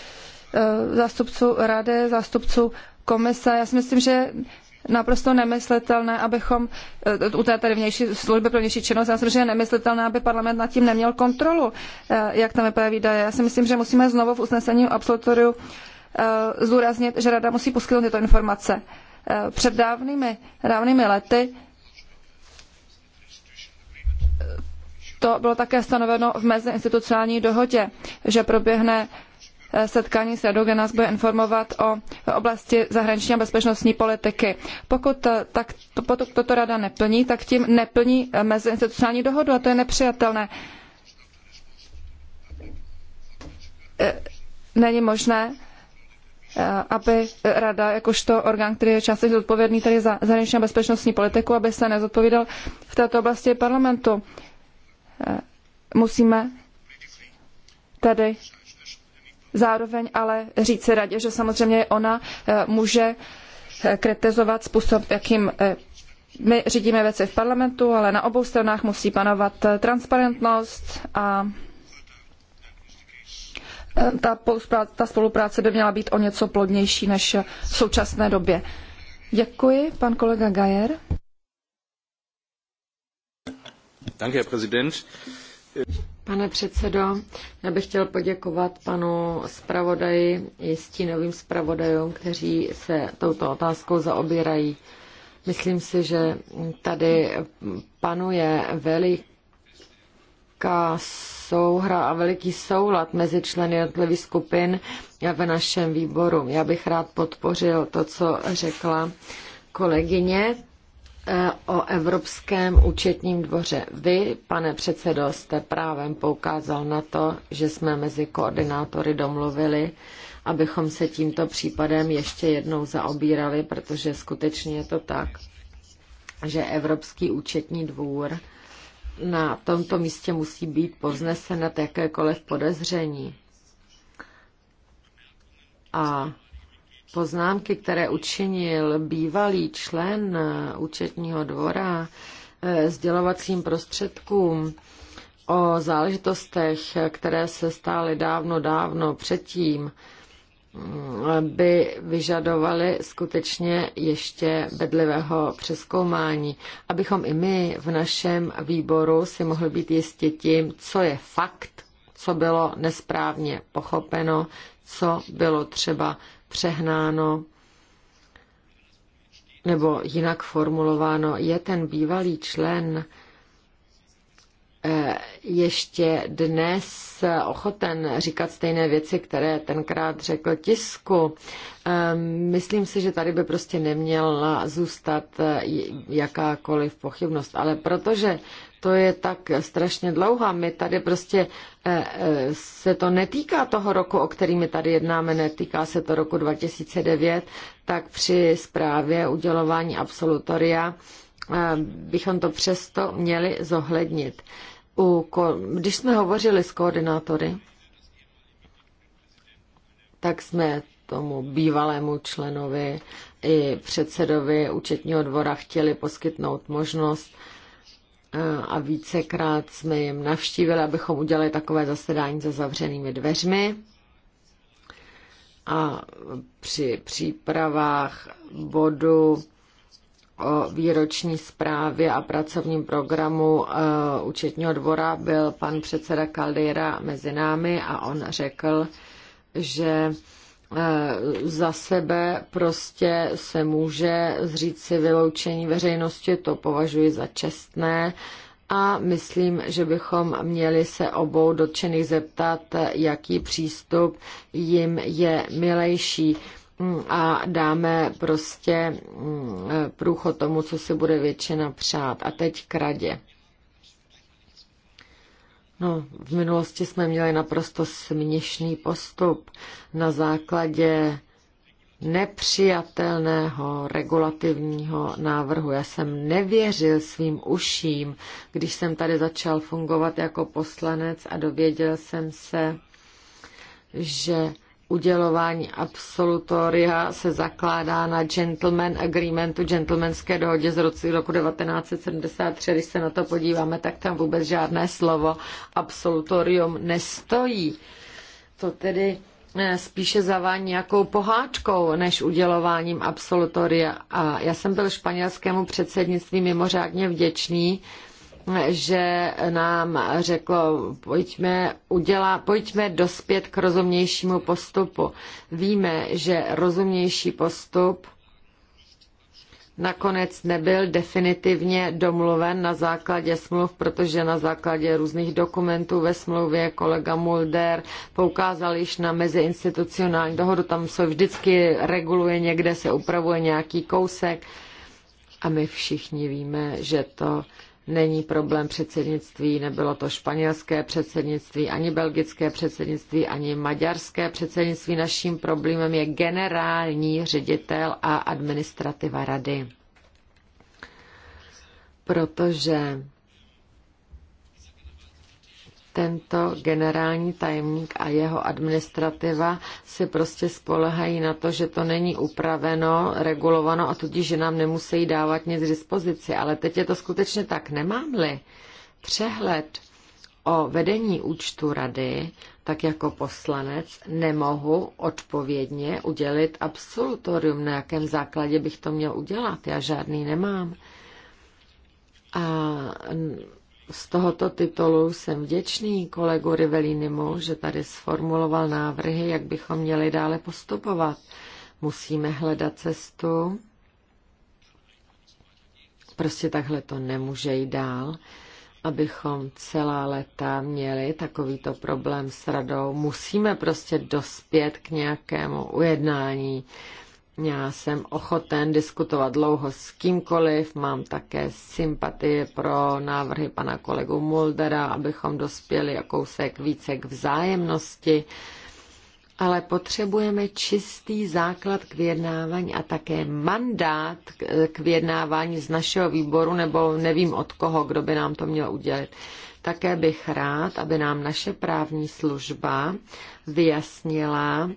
eh, zástupců rady, zástupců komise. Já si myslím, že naprosto nemyslitelné, abychom eh, u té tady vnější služby pro vnější činnost, já si myslím, že je nemyslitelné, aby parlament nad tím neměl kontrolu, eh, jak tam vypadá výdaje. Já si myslím, že musíme znovu v usnesení absolutoriu zdůraznit, že rada musí poskytnout tyto informace. Před dávnými, dávnými lety To bylo také stanoveno v meziinstitucionální dohodě, že proběhne eh, setkání s radou, kde nás bude informovat o oblasti zahraniční a bezpečnostní politiky. Pokud, eh, tak, toto rada neplní, tak tím neplní eh, meziinstitucionální dohodu a to je nepřijatelné. Není možné, aby rada, jakožto orgán, který je částečně zodpovědný za zahraniční a bezpečnostní politiku, aby se nezodpovídal v této oblasti parlamentu. Eh, musíme tady zároveň ale říci radě, že samozřejmě ona eh, může eh, kritizovat způsob, jakým my řídíme věci v parlamentu, ale na obou stranách musí panovat transparentnost a ta, ta spolupráce by měla být o něco plodnější než v současné době. Děkuji, pan kolega Gajer. Pane předsedo, já bych chtěl poděkovat panu zpravodaji i stínovým zpravodajům, kteří se touto otázkou zaobírají. Myslím si, že tady panuje veliká souhra a veliký soulad mezi členy jednotlivých skupin v našem výboru. Já bych rád podpořil to, co řekla kolegyně o Evropském účetním dvoře. Vy, pane předsedo, jste právem poukázal na to, že jsme mezi koordinátory domluvili, abychom se tímto případem ještě jednou zaobírali, protože skutečně je to tak, že Evropský účetní dvůr na tomto místě musí být povznesen na jakékoliv podezření. A poznámky, které učinil bývalý člen eh, účetního dvora eh, sdělovacím prostředkům o záležitostech, které se stály dávno, dávno předtím, mm, by vyžadovaly skutečně ještě bedlivého přeskoumání, abychom i my v našem výboru si mohli být jistě tím, co je fakt, co bylo nesprávně pochopeno, co bylo třeba přehnáno nebo jinak formulováno, je ten bývalý člen eh, ještě dnes ochoten říkat stejné věci, které tenkrát řekl tisku. Ehm, myslím si, že tady by prostě neměla zůstat eh, jakákoliv pochybnost, ale protože to je tak strašně dlouhá. My tady prostě eh, eh, se to netýká toho roku, o kterým my tady jednáme, netýká se to roku 2009, tak při zprávě udělování absolutoria eh, bychom to přesto měli zohlednit. U, když jsme hovořili s koordinátory, tak jsme tomu bývalému členovi i předsedovi účetního dvora chtěli poskytnout možnost a vícekrát jsme jim navštívili, abychom udělali takové zasedání za zavřenými dveřmi. A při přípravách bodu o výroční zprávě a pracovním programu uh, účetního dvora byl pan předseda Caldera mezi námi a on řekl, že Eh, za sebe prostě se může zříci vyloučení veřejnosti, to považuji za čestné a myslím, že bychom měli se obou dotčených zeptat, jaký přístup jim je milejší mm, a dáme prostě mm, eh, průchod tomu, co si bude většina přát. A teď k radě. No, v minulosti jsme měli naprosto směšný postup na základě nepřijatelného regulativního návrhu. Já jsem nevěřil svým uším, když jsem tady začal fungovat jako poslanec a dověděl jsem se, že udělování absolutoria se zakládá na gentleman agreementu, gentlemanské dohodě z roku, roku 1973. Když se na to podíváme, tak tam vůbec žádné slovo absolutorium nestojí. To tedy eh, spíše zavání nějakou pohádkou než udělováním absolutoria. A já jsem byl španělskému předsednictví mimořádně vděčný, že nám řeklo, pojďme, udělá, pojďme dospět k rozumnějšímu postupu. Víme, že rozumnější postup nakonec nebyl definitivně domluven na základě smluv, protože na základě různých dokumentů ve smlouvě kolega Mulder poukázal již na meziinstitucionální dohodu, tam se vždycky reguluje někde, se upravuje nějaký kousek a my všichni víme, že to není problém předsednictví, nebylo to španělské předsednictví, ani belgické předsednictví, ani maďarské předsednictví. Naším problémem je generální ředitel a administrativa rady. Protože tento generální tajemník a jeho administrativa si prostě spolehají na to, že to není upraveno, regulováno a tudíž, že nám nemusí dávat nic k dispozici. Ale teď je to skutečně tak. Nemám-li přehled o vedení účtu rady, tak jako poslanec nemohu odpovědně udělit absolutorium, na jakém základě bych to měl udělat. Já žádný nemám. A z tohoto titulu jsem vděčný kolegu Rivelinimu, že tady sformuloval návrhy, jak bychom měli dále postupovat. Musíme hledat cestu. Prostě takhle to nemůže jít dál abychom celá léta měli takovýto problém s radou. Musíme prostě dospět k nějakému ujednání. Já jsem ochoten diskutovat dlouho s kýmkoliv, mám také sympatie pro návrhy pana kolegu Muldera, abychom dospěli jako kousek více k vzájemnosti, ale potřebujeme čistý základ k vyjednávání a také mandát k vyjednávání z našeho výboru, nebo nevím od koho, kdo by nám to měl udělat. Také bych rád, aby nám naše právní služba vyjasnila,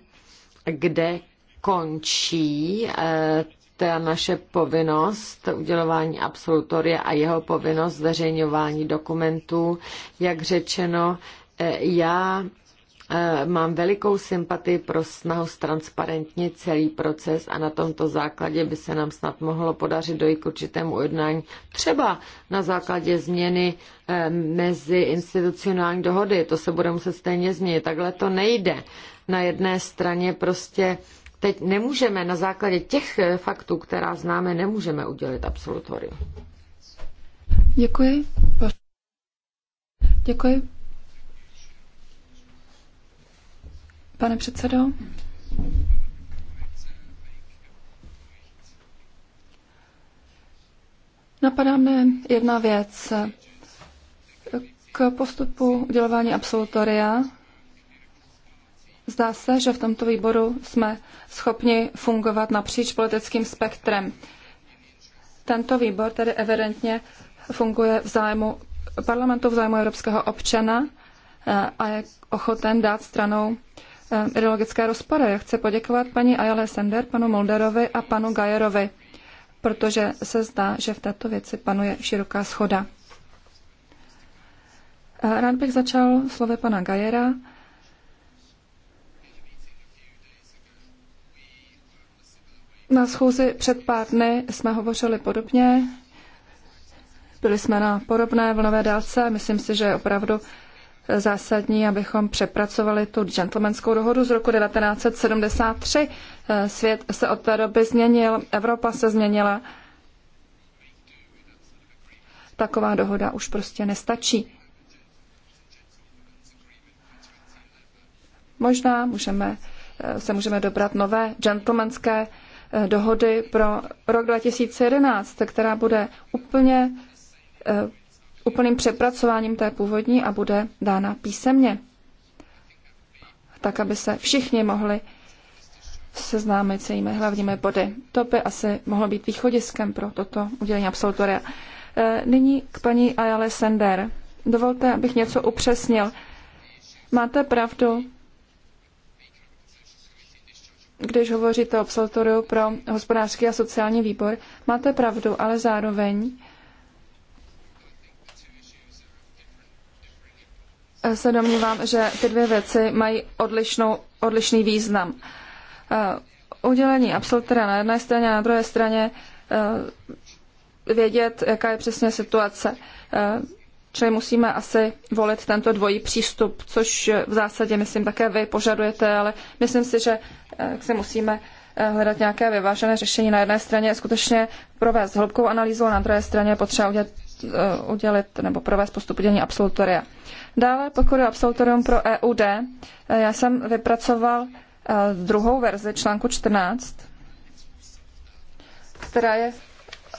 kde končí eh, ta naše povinnost udělování absolutoria a jeho povinnost zveřejňování dokumentů. Jak řečeno, eh, já eh, Mám velikou sympatii pro snahu ztransparentnit celý proces a na tomto základě by se nám snad mohlo podařit dojít k určitému ujednání, třeba na základě změny mezi institucionální dohody. To se bude muset stejně změnit. Takhle to nejde. Na jedné straně prostě Teď nemůžeme na základě těch eh, faktů, která známe, nemůžeme udělit absolutorium. Děkuji. Děkuji. Pane předsedo. Napadá mne jedna věc. K postupu udělování absolutoria Zdá se, že v tomto výboru jsme schopni fungovat napříč politickým spektrem. Tento výbor tedy evidentně funguje v zájmu parlamentu, v zájmu evropského občana eh, a je ochoten dát stranou eh, ideologické rozpory. Já chci poděkovat paní Ayale Sender, panu Mulderovi a panu Gajerovi, protože se zdá, že v této věci panuje široká schoda. Eh, rád bych začal slovy pana Gajera Na schůzi před pár dny jsme hovořili podobně. Byli jsme na podobné vlnové dálce. Myslím si, že je opravdu zásadní, abychom přepracovali tu gentlemanskou dohodu z roku 1973. Svět se od té doby změnil, Evropa se změnila. Taková dohoda už prostě nestačí. Možná můžeme, se můžeme dobrat nové gentlemanské Eh, dohody pro rok 2011, která bude úplně eh, úplným přepracováním té původní a bude dána písemně, tak aby se všichni mohli seznámit se jejími hlavními body. To by asi mohlo být východiskem pro toto udělení absolutoria. Eh, nyní k paní Ayale Sender. Dovolte, abych něco upřesnil. Máte pravdu, když hovoříte o absolutoriu pro hospodářský a sociální výbor, máte pravdu, ale zároveň eh, se domnívám, že ty dvě věci mají odlišnou, odlišný význam. Eh, udělení absolutora na jedné straně a na druhé straně eh, vědět, jaká je přesně situace. Čili musíme asi volit tento dvojí přístup, což v zásadě, myslím, také vy požadujete, ale myslím si, že eh, se musíme eh, hledat nějaké vyvážené řešení. Na jedné straně skutečně provést hloubkou analýzu, a na druhé straně potřeba udělat, eh, udělit nebo provést postup udělení absolutoria. Dále, pokud je absolutorium pro EUD, já jsem vypracoval druhou verzi článku 14, která je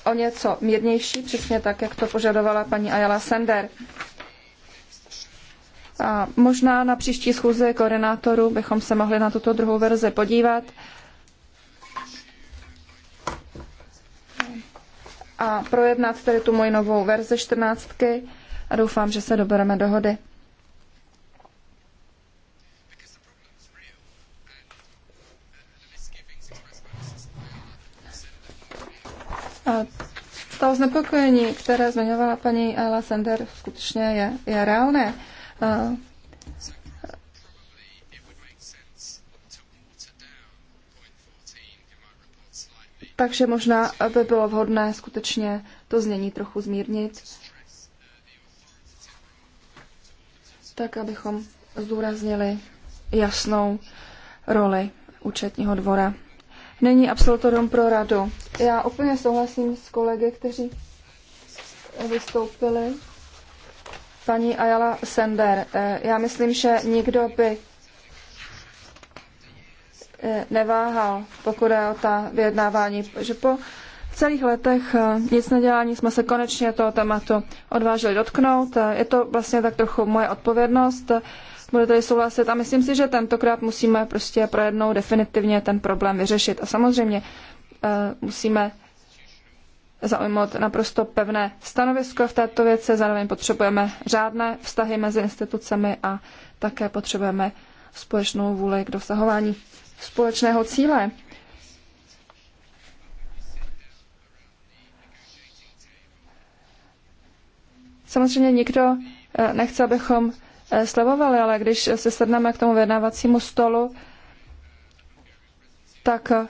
o něco mírnější, přesně tak, jak to požadovala paní Ayala Sender. A možná na příští schůze koordinátorů bychom se mohli na tuto druhou verzi podívat. A projednat tedy tu moji novou verzi 14. A doufám, že se dobereme dohody. To znepokojení, které zmiňovala paní Ayla Sender, skutečně je, je reálné. Takže možná by bylo vhodné skutečně to znění trochu zmírnit, tak abychom zdůraznili jasnou roli účetního dvora není absolutorium pro radu. Já úplně souhlasím s kolegy, kteří vystoupili. Paní Ayala Sender, eh, já myslím, že nikdo by eh, neváhal, pokud je o ta vyjednávání, že po celých letech eh, nic nedělání jsme se konečně toho tématu odvážili dotknout. Je to vlastně tak trochu moje odpovědnost tady souhlasit. A myslím si, že tentokrát musíme prostě pro definitivně ten problém vyřešit. A samozřejmě eh, musíme zaujmout naprosto pevné stanovisko v této věci. Zároveň potřebujeme řádné vztahy mezi institucemi a také potřebujeme společnou vůli k dosahování společného cíle. Samozřejmě nikdo eh, nechce, abychom Eh, slevovali, ale když se sedneme k tomu vyjednávacímu stolu, tak eh,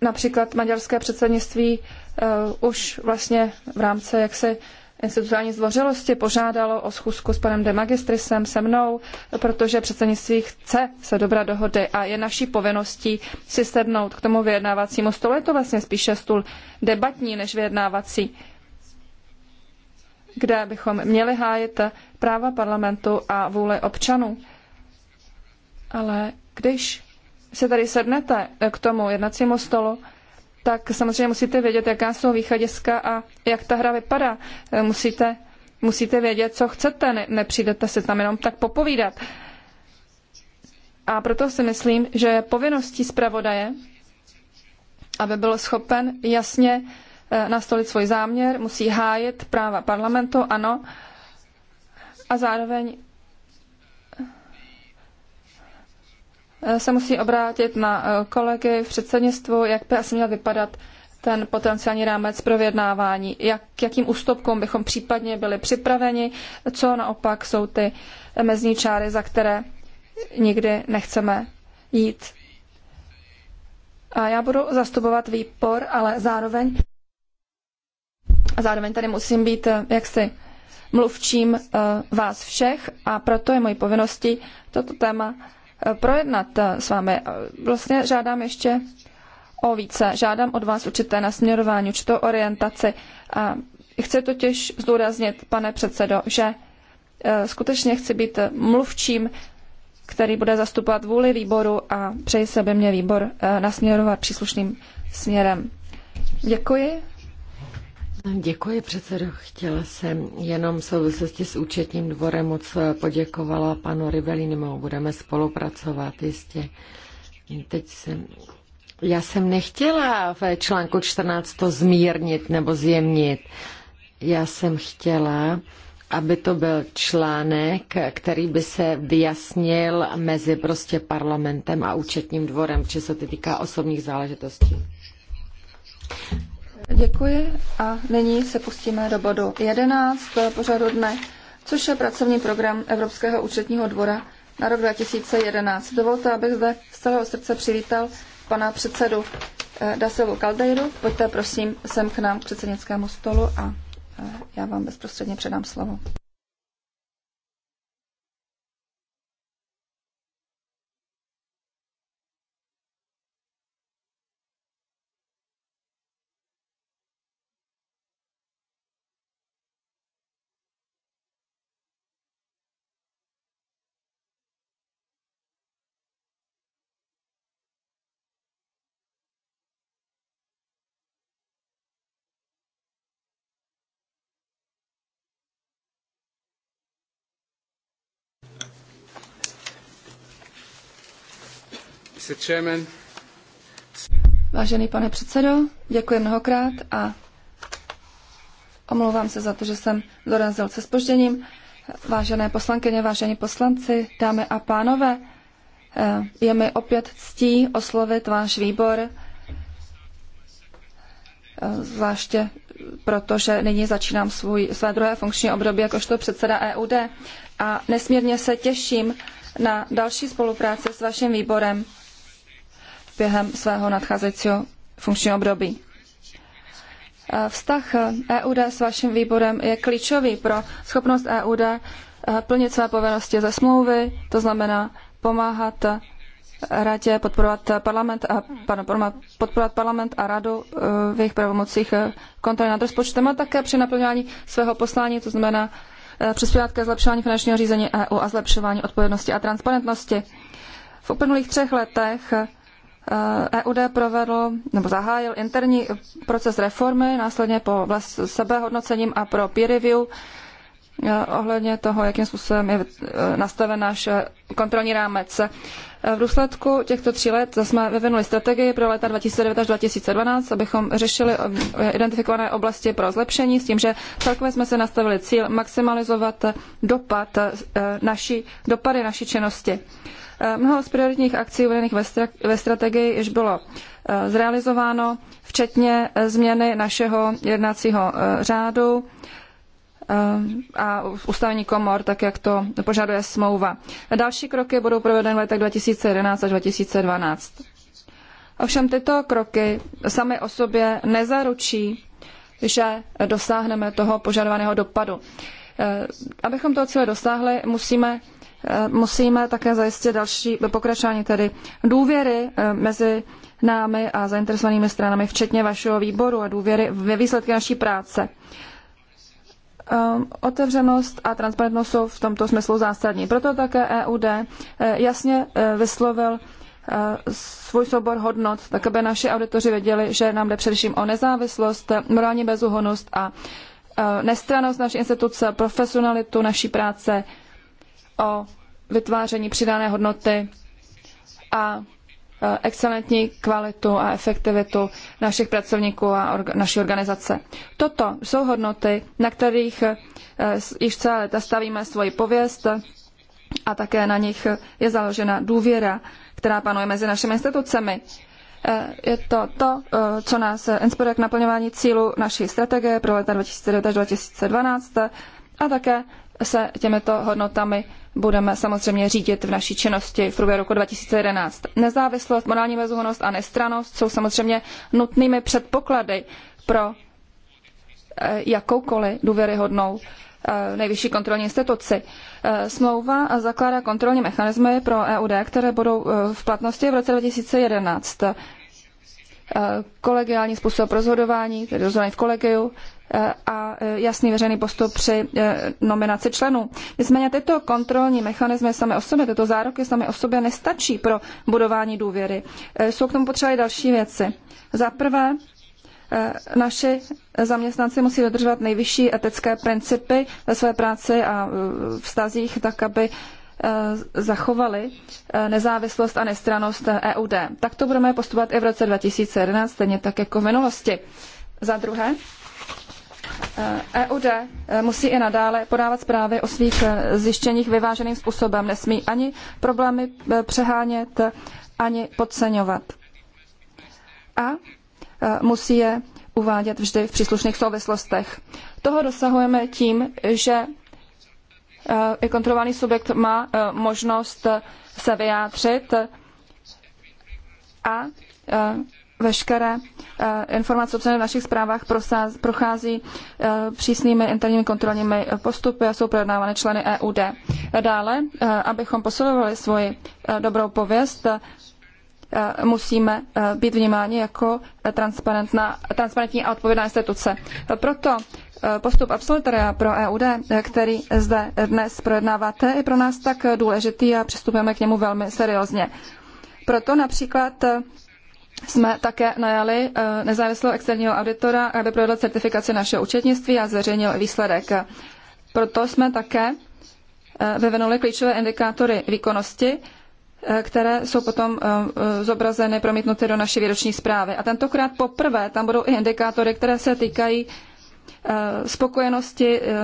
například maďarské předsednictví eh, už vlastně v rámci jaksi institucionální zdvořilosti požádalo o schůzku s panem Demagistrisem se mnou, protože předsednictví chce se dobrat dohody a je naší povinností si sednout k tomu vyjednávacímu stolu. Je to vlastně spíše stůl debatní než vyjednávací kde bychom měli hájit práva parlamentu a vůle občanů. Ale když se tady sednete k tomu jednacímu stolu, tak samozřejmě musíte vědět, jaká jsou východiska a jak ta hra vypadá. Musíte, musíte vědět, co chcete, ne, nepřijdete se tam jenom tak popovídat. A proto si myslím, že je povinností zpravodaje, aby byl schopen jasně Eh, nastolit svůj záměr, musí hájit práva parlamentu, ano, a zároveň eh, se musí obrátit na eh, kolegy v předsednictvu, jak by asi měl vypadat ten potenciální rámec pro vyjednávání, jak, jakým ústupkům bychom případně byli připraveni, co naopak jsou ty mezní čáry, za které nikdy nechceme jít. A já budu zastupovat výbor, ale zároveň a zároveň tady musím být eh, jaksi mluvčím eh, vás všech a proto je mojí povinností toto téma eh, projednat s vámi. Vlastně žádám ještě o více. Žádám od vás určité nasměrování, určitou orientaci. A chci totiž zdůraznit, pane předsedo, že skutečně chci být mluvčím, který bude zastupovat vůli výboru a přeji se, aby mě výbor nasměroval příslušným směrem. Děkuji. Děkuji předsedo. Chtěla jsem jenom v souvislosti s účetním dvorem moc poděkovala panu Rivelinimu. Budeme spolupracovat jistě. Teď jsem... Já jsem nechtěla v článku 14 to zmírnit nebo zjemnit. Já jsem chtěla, aby to byl článek, který by se vyjasnil mezi prostě parlamentem a účetním dvorem, či se to týká osobních záležitostí. Děkuji a nyní se pustíme do bodu 11 pořadu dne, což je pracovní program Evropského účetního dvora na rok 2011. Dovolte, abych zde z celého srdce přivítal pana předsedu eh, Dasilu Kaldejru. Pojďte prosím sem k nám k předsednickému stolu a eh, já vám bezprostředně předám slovo. Vážený pane předsedo, děkuji mnohokrát a omlouvám se za to, že jsem dorazil se spožděním. Vážené poslankyně, vážení poslanci, dámy a pánové, eh, je mi opět ctí oslovit váš výbor, eh, zvláště že nyní začínám svůj, své druhé funkční období jakožto předseda EUD a nesmírně se těším na další spolupráci s vaším výborem během svého nadcházejícího funkčního období. Eh, vztah EUD eh, e s vaším výborem je klíčový pro schopnost EUD eh, plnit své povinnosti ze smlouvy, to znamená pomáhat radě, podporovat parlament a, pardon, podporovat parlament a radu v jejich pravomocích kontroly nad rozpočtem a také při naplňování svého poslání, to znamená přispívat ke zlepšování finančního řízení EU a zlepšování odpovědnosti a transparentnosti. V uplynulých třech letech EUD eh, e provedl nebo zahájil interní proces reformy, následně po sebehodnocením a pro peer review eh, ohledně toho, jakým způsobem je eh, nastaven náš kontrolní rámec. V důsledku těchto tří let jsme vyvinuli strategii pro léta 2009 až 2012, abychom řešili identifikované oblasti pro zlepšení s tím, že celkově jsme se nastavili cíl maximalizovat dopad naší, dopady naší činnosti. Eh, mnoho z prioritních akcí uvedených ve strategii již bylo eh, zrealizováno, včetně eh, změny našeho jednacího řádu a ústavní komor, tak jak to požaduje smlouva. Další kroky budou provedeny v letech 2011 až 2012. Ovšem tyto kroky samy o sobě nezaručí, že dosáhneme toho požadovaného dopadu. Abychom toho cíle dosáhli, musíme musíme také zajistit další pokračování tedy důvěry eh, mezi námi a zainteresovanými stranami, včetně vašeho výboru a důvěry ve výsledky naší práce. Eh, otevřenost a transparentnost jsou v tomto smyslu zásadní. Proto také EUD eh, jasně vyslovil svůj soubor hodnot, tak aby naši auditoři věděli, že nám jde především o nezávislost, morální bezúhonnost a nestranost naší instituce, profesionalitu naší práce, o vytváření přidané hodnoty a e, excelentní kvalitu a efektivitu našich pracovníků a orga, naší organizace. Toto jsou hodnoty, na kterých e, již celé leta stavíme svoji pověst a také na nich je založena důvěra, která panuje mezi našimi institucemi. E, je to to, co nás inspiruje k naplňování cílu naší strategie pro leta 2009 až 2012 a také se těmito hodnotami budeme samozřejmě řídit v naší činnosti v průběhu roku 2011. Nezávislost, morální bezúhonost a nestranost jsou samozřejmě nutnými předpoklady pro eh, jakoukoliv důvěryhodnou eh, nejvyšší kontrolní instituci. Eh, smlouva zakládá kontrolní mechanismy pro EUD, které budou v platnosti v roce 2011 kolegiální způsob rozhodování, tedy rozhodování v kolegiu eh, a eh, jasný veřejný postup při eh, nominaci členů. Nicméně tyto kontrolní mechanismy samé o sobě, tyto záruky samé o sobě nestačí pro budování důvěry. Jsou k tomu potřeba i další věci. Za prvé, naši zaměstnanci musí dodržovat nejvyšší etické principy ve své práci a vztazích, tak aby Eh, zachovali eh, nezávislost a nestranost EUD. Eh, e tak to budeme postupovat i v roce 2011, stejně tak jako v minulosti. Za druhé, EUD e musí i nadále podávat zprávy o svých zjištěních vyváženým způsobem. Nesmí ani problémy přehánět, ani podceňovat. A musí je uvádět vždy v příslušných souvislostech. Toho dosahujeme tím, že Eh, i kontrolovaný subjekt má eh, možnost eh, se vyjádřit a veškeré informace obsažené v našich zprávách prochází přísnými interními kontrolními postupy a jsou projednávány členy EUD. Dále, abychom posilovali svoji dobrou pověst, musíme být vnímáni jako transparentní a odpovědná instituce. Proto Eh, postup absolutoria pro EUD, eh, který zde dnes projednáváte, je pro nás tak důležitý a přistupujeme k němu velmi seriózně. Proto například eh, jsme také najali nezávislého externího auditora, aby provedl certifikaci našeho účetnictví a zveřejnil výsledek. Proto jsme také vyvinuli klíčové indikátory výkonnosti, které jsou potom zobrazeny, promítnuty do naší výroční zprávy. A tentokrát poprvé tam budou i indikátory, které se týkají Eh, spokojenosti eh,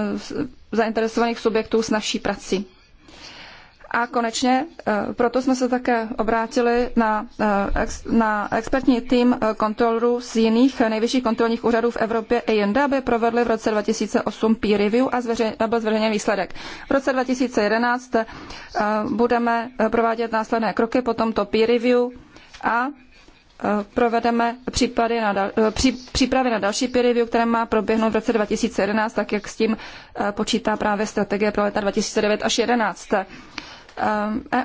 zainteresovaných subjektů s naší prací. A konečně, eh, proto jsme se také obrátili na, na expertní tým kontrolů z jiných nejvyšších kontrolních úřadů v Evropě i jinde, aby provedli v roce 2008 peer review a zveřej, byl zveřejněn výsledek. V roce 2011 budeme provádět následné kroky po tomto peer review a Eh, provedeme případy na dal, eh, pří, přípravy na další peer review, které má proběhnout v roce 2011, tak jak s tím eh, počítá právě strategie pro leta 2009 až 2011.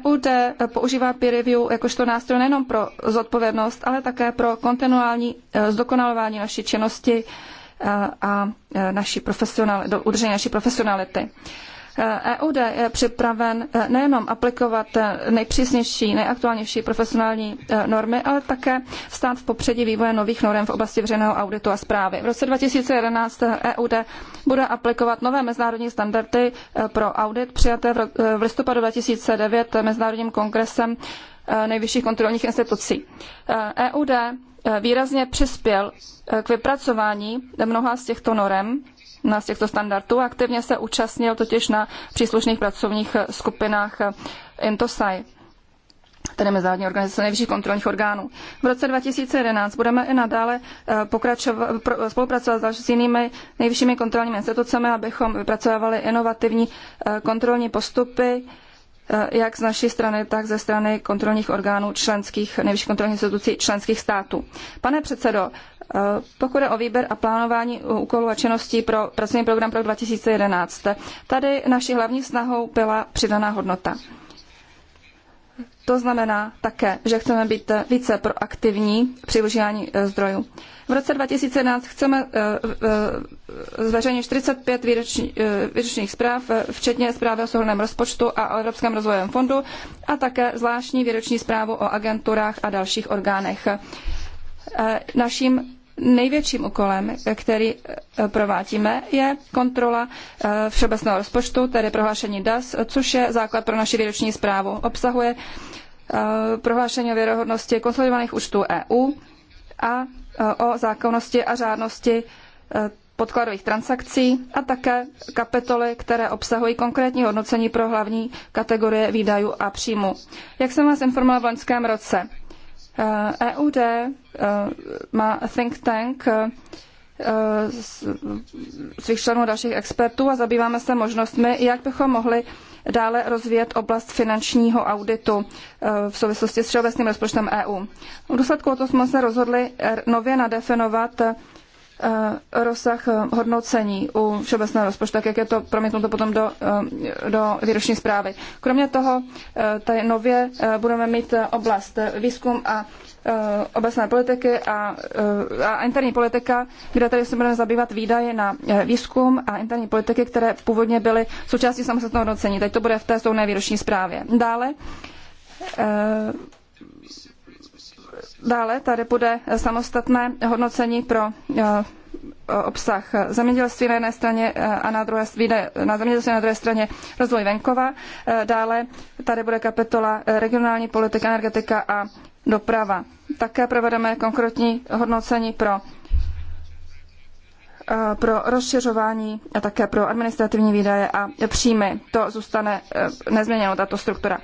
EUD e používá peer review jakožto nástroj nejenom pro zodpovědnost, ale také pro kontinuální zdokonalování naší činnosti a naší profesional, udržení naší profesionality. EUD eh, e je připraven eh, nejenom aplikovat eh, nejpřísnější, nejaktuálnější profesionální normy, ale také stát v popředí vývoje nových norm v oblasti veřejného auditu a zprávy. V roce 2011 EUD e bude aplikovat nové mezinárodní standardy pro audit přijaté v listopadu 2009 Mezinárodním kongresem nejvyšších kontrolních institucí. EUD e výrazně přispěl k vypracování mnoha z těchto norem z těchto standardů. Aktivně se účastnil totiž na příslušných pracovních skupinách Intosai tedy mezinárodní organizace nejvyšších kontrolních orgánů. V roce 2011 budeme i nadále eh, pokračovat, spolupracovat s jinými nejvyššími kontrolními institucemi, abychom vypracovali inovativní eh, kontrolní postupy, eh, jak z naší strany, tak ze strany kontrolních orgánů členských, nejvyšších kontrolních institucí členských států. Pane předsedo, Eh, pokud jde o výběr a plánování úkolů a činností pro pracovní program pro 2011, tady naší hlavní snahou byla přidaná hodnota. To znamená také, že chceme být více proaktivní při užívání eh, zdrojů. V roce 2011 chceme eh, zveřejnit 45 výročních zpráv, včetně zprávy o souhrném rozpočtu a o Evropském rozvojovém fondu a také zvláštní výroční zprávu o agenturách a dalších orgánech. Naším největším úkolem, který eh, provádíme, je kontrola eh, všeobecného rozpočtu, tedy prohlášení DAS, což je základ pro naši výroční zprávu. Obsahuje eh, prohlášení o věrohodnosti konsolidovaných účtů EU a o zákonnosti a řádnosti podkladových transakcí a také kapitoly, které obsahují konkrétní hodnocení pro hlavní kategorie výdajů a příjmu. Jak jsem vás informovala v loňském roce, EUD eh, e eh, má think tank eh, svých členů dalších expertů a zabýváme se možnostmi, jak bychom mohli dále rozvíjet oblast finančního auditu v souvislosti s všeobecným rozpočtem EU. V důsledku toho jsme se rozhodli nově nadefinovat Eh, rozsah eh, hodnocení u všeobecného rozpočtu, tak jak je to promítnuto potom do, eh, do výroční zprávy. Kromě toho, tady nově budeme mít oblast výzkum a obecné politiky a, a interní politika, kde tady se budeme zabývat výdaje na výzkum a interní politiky, které původně byly součástí samostatného hodnocení. Teď to bude v té souné výroční zprávě. Dále Dále tady bude samostatné hodnocení pro eh, obsah zemědělství na jedné straně eh, a na druhé na zemědělství na druhé straně rozvoj venkova. Eh, dále tady bude kapitola regionální politika, energetika a doprava. Také provedeme konkrétní hodnocení pro pro rozšiřování a také pro administrativní výdaje a příjmy. To zůstane nezměněno, tato struktura.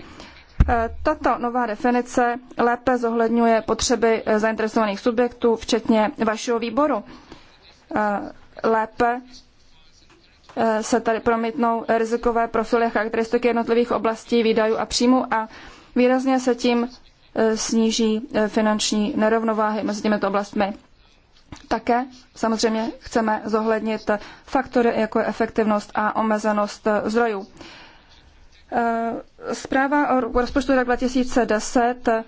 Eh, tato nová definice lépe zohledňuje potřeby eh, zainteresovaných subjektů, včetně vašeho výboru. Eh, lépe se tady promítnou rizikové profily a charakteristiky jednotlivých oblastí výdajů a příjmů a výrazně se tím sníží finanční nerovnováhy mezi těmito oblastmi. Také samozřejmě chceme zohlednit faktory, jako je efektivnost a omezenost zdrojů. Eh, zpráva o rozpočtu rok 2010 eh,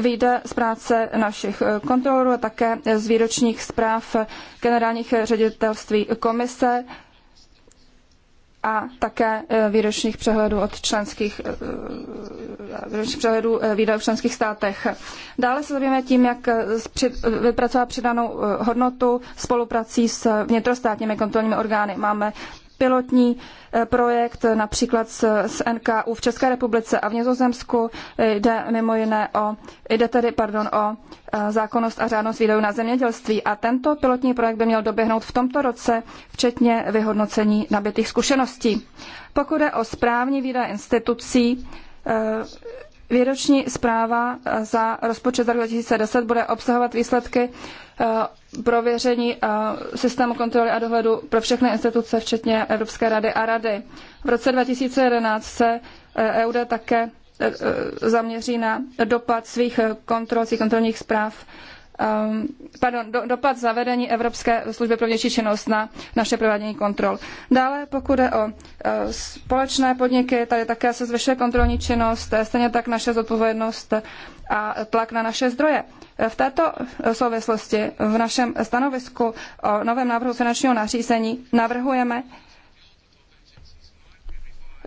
vyjde z práce našich eh, kontrolorů a také z výročních zpráv generálních ředitelství komise a také výročních přehledů od členských výročních přehledů výdajů v členských státech. Dále se zabýváme tím, jak vypracovat přidanou hodnotu spoluprací s vnitrostátními kontrolními orgány. Máme pilotní eh, projekt eh, například s, s NKU v České republice a v Nizozemsku. Jde mimo jiné o, jde tedy, pardon, o eh, zákonnost a řádnost výdajů na zemědělství. A tento pilotní projekt by měl doběhnout v tomto roce, včetně vyhodnocení nabitých zkušeností. Pokud je o správní výdaje institucí, Výroční zpráva za rozpočet za rok 2010 bude obsahovat výsledky eh, prověření eh, systému kontroly a dohledu pro všechny instituce, včetně Evropské rady a rady. V roce 2011 se eh, EUD také zaměří na dopad svých kontrol, svých kontrolních zpráv Um, pardon, do, dopad zavedení Evropské služby pro vnější činnost na naše provádění kontrol. Dále, pokud jde o uh, společné podniky, tady také se zvyšuje kontrolní činnost, stejně tak naše zodpovědnost a tlak na naše zdroje. V této eh, souvislosti v našem stanovisku o novém návrhu finančního nařízení navrhujeme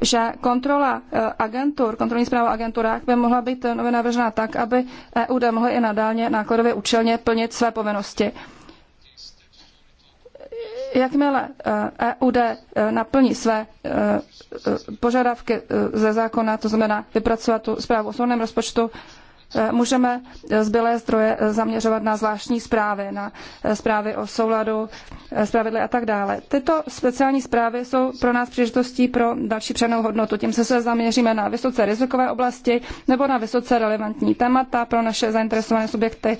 že kontrola eh, agentur, kontrolní zpráva agenturách by mohla být eh, nově navržena tak, aby EUD mohly i nadálně nákladově účelně plnit své povinnosti. Jakmile EUD eh, e naplní své požadavky ze zákona, to znamená vypracovat tu zprávu o svém rozpočtu, můžeme zbylé zdroje zaměřovat na zvláštní zprávy, na zprávy o souladu s pravidly a tak dále. Tyto speciální zprávy jsou pro nás příležitostí pro další přenou hodnotu. Tím se, se zaměříme na vysoce rizikové oblasti nebo na vysoce relevantní témata pro naše zainteresované subjekty,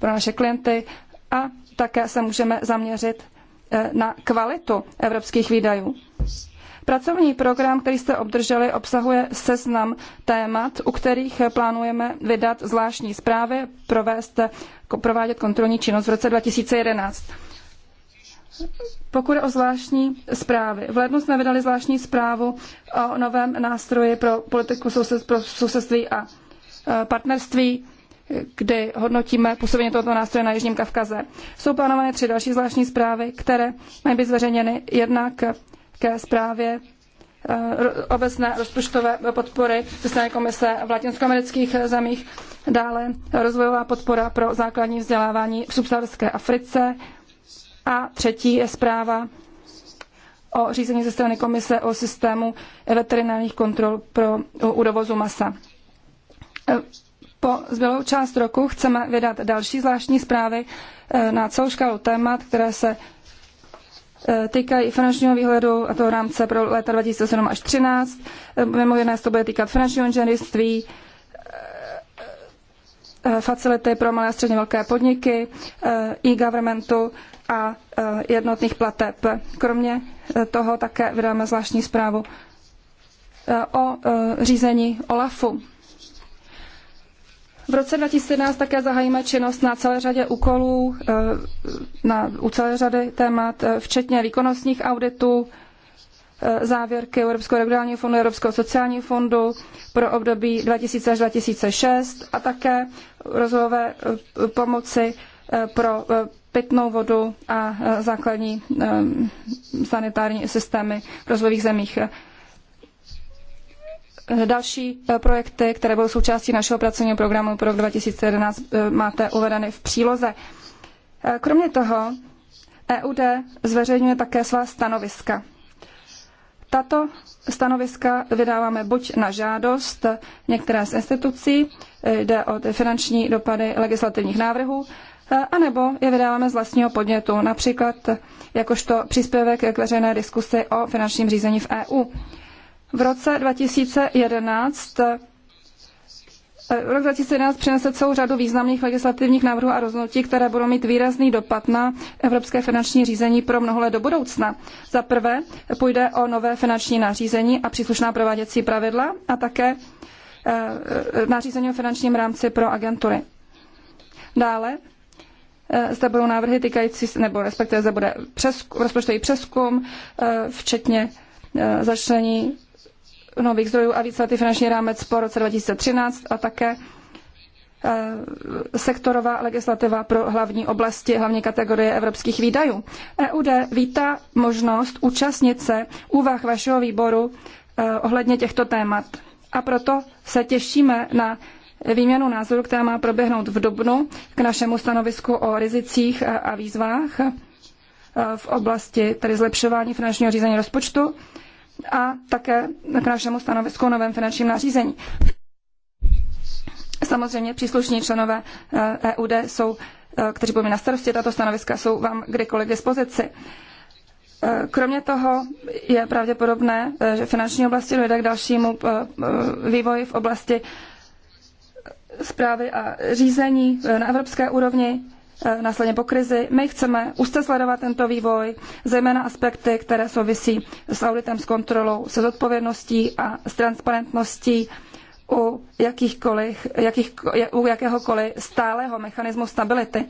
pro naše klienty a také se můžeme zaměřit eh, na kvalitu evropských výdajů. Pracovní program, který jste obdrželi, obsahuje seznam témat, u kterých plánujeme vydat zvláštní zprávy, provést, provádět kontrolní činnost v roce 2011. Pokud o zvláštní zprávy. V lednu jsme vydali zvláštní zprávu o novém nástroji pro politiku sousedství a e, partnerství, kdy hodnotíme působení tohoto nástroje na Jižním Kavkaze. Jsou plánované tři další zvláštní zprávy, které mají být zveřejněny jednak ke zprávě eh, obecné rozpočtové podpory České komise v latinskoamerických eh, zemích, dále rozvojová podpora pro základní vzdělávání v subsaharské Africe a třetí je zpráva o řízení ze strany komise o systému veterinárních kontrol pro u dovozu masa. Eh, po zbylou část roku chceme vydat další zvláštní zprávy na celou škálu témat, které se Eh, týkají finančního výhledu a toho rámce pro léta 2007 až 2013. Eh, mimo jiné to bude týkat finančního inženýrství, eh, facility pro malé a středně velké podniky, e-governmentu a jednotných plateb. Kromě toho také vydáme zvláštní zprávu o řízení OLAFu. V roce 2011 také zahájíme činnost na celé řadě úkolů, eh, na, u celé řady témat, eh, včetně výkonnostních auditů, eh, závěrky Evropského regionálního fondu, Evropského sociálního fondu pro období 2000 až 2006 a také rozvojové pomoci pro pitnou vodu a základní sanitární systémy v rozvojových zemích. Další eh, projekty, které budou součástí našeho pracovního programu pro rok 2011, eh, máte uvedeny v příloze. Eh, kromě toho EUD zveřejňuje také svá stanoviska. Tato stanoviska vydáváme buď na žádost některé z institucí, jde o ty finanční dopady legislativních návrhů, anebo je vydáváme z vlastního podnětu, například jakožto příspěvek k veřejné diskusi o finančním řízení v EU. V roce 2011 Rok 2011 přinese celou řadu významných legislativních návrhů a rozhodnutí, které budou mít výrazný dopad na evropské finanční řízení pro mnoho let do budoucna. Za prvé půjde o nové finanční nařízení a příslušná prováděcí pravidla a také eh, eh, nařízení o finančním rámci pro agentury. Dále eh, zde budou návrhy týkající, nebo respektive zde bude přeskum, rozpočtový přeskum, včetně začlení nových zdrojů a víceletý finanční rámec po roce 2013 a také eh, sektorová legislativa pro hlavní oblasti, hlavní kategorie evropských výdajů. EUD vítá možnost účastnit se úvah vašeho výboru eh, ohledně těchto témat. A proto se těšíme na výměnu názoru, která má proběhnout v dubnu k našemu stanovisku o rizicích a výzvách eh, v oblasti tedy zlepšování finančního řízení rozpočtu a také k našemu stanovisku o novém finančním nařízení. Samozřejmě příslušní členové EUD eh, e jsou, eh, kteří budou mít na starosti tato stanoviska, jsou vám kdykoliv k dispozici. Eh, kromě toho je pravděpodobné, že v finanční oblasti dojde k dalšímu vývoji v oblasti zprávy a řízení na evropské úrovni. Eh, následně po krizi. My chceme úzce sledovat tento vývoj, zejména aspekty, které souvisí s auditem, s kontrolou, se zodpovědností a s transparentností u, jakýchkoliv, jakých, u jakéhokoliv stálého mechanismu stability.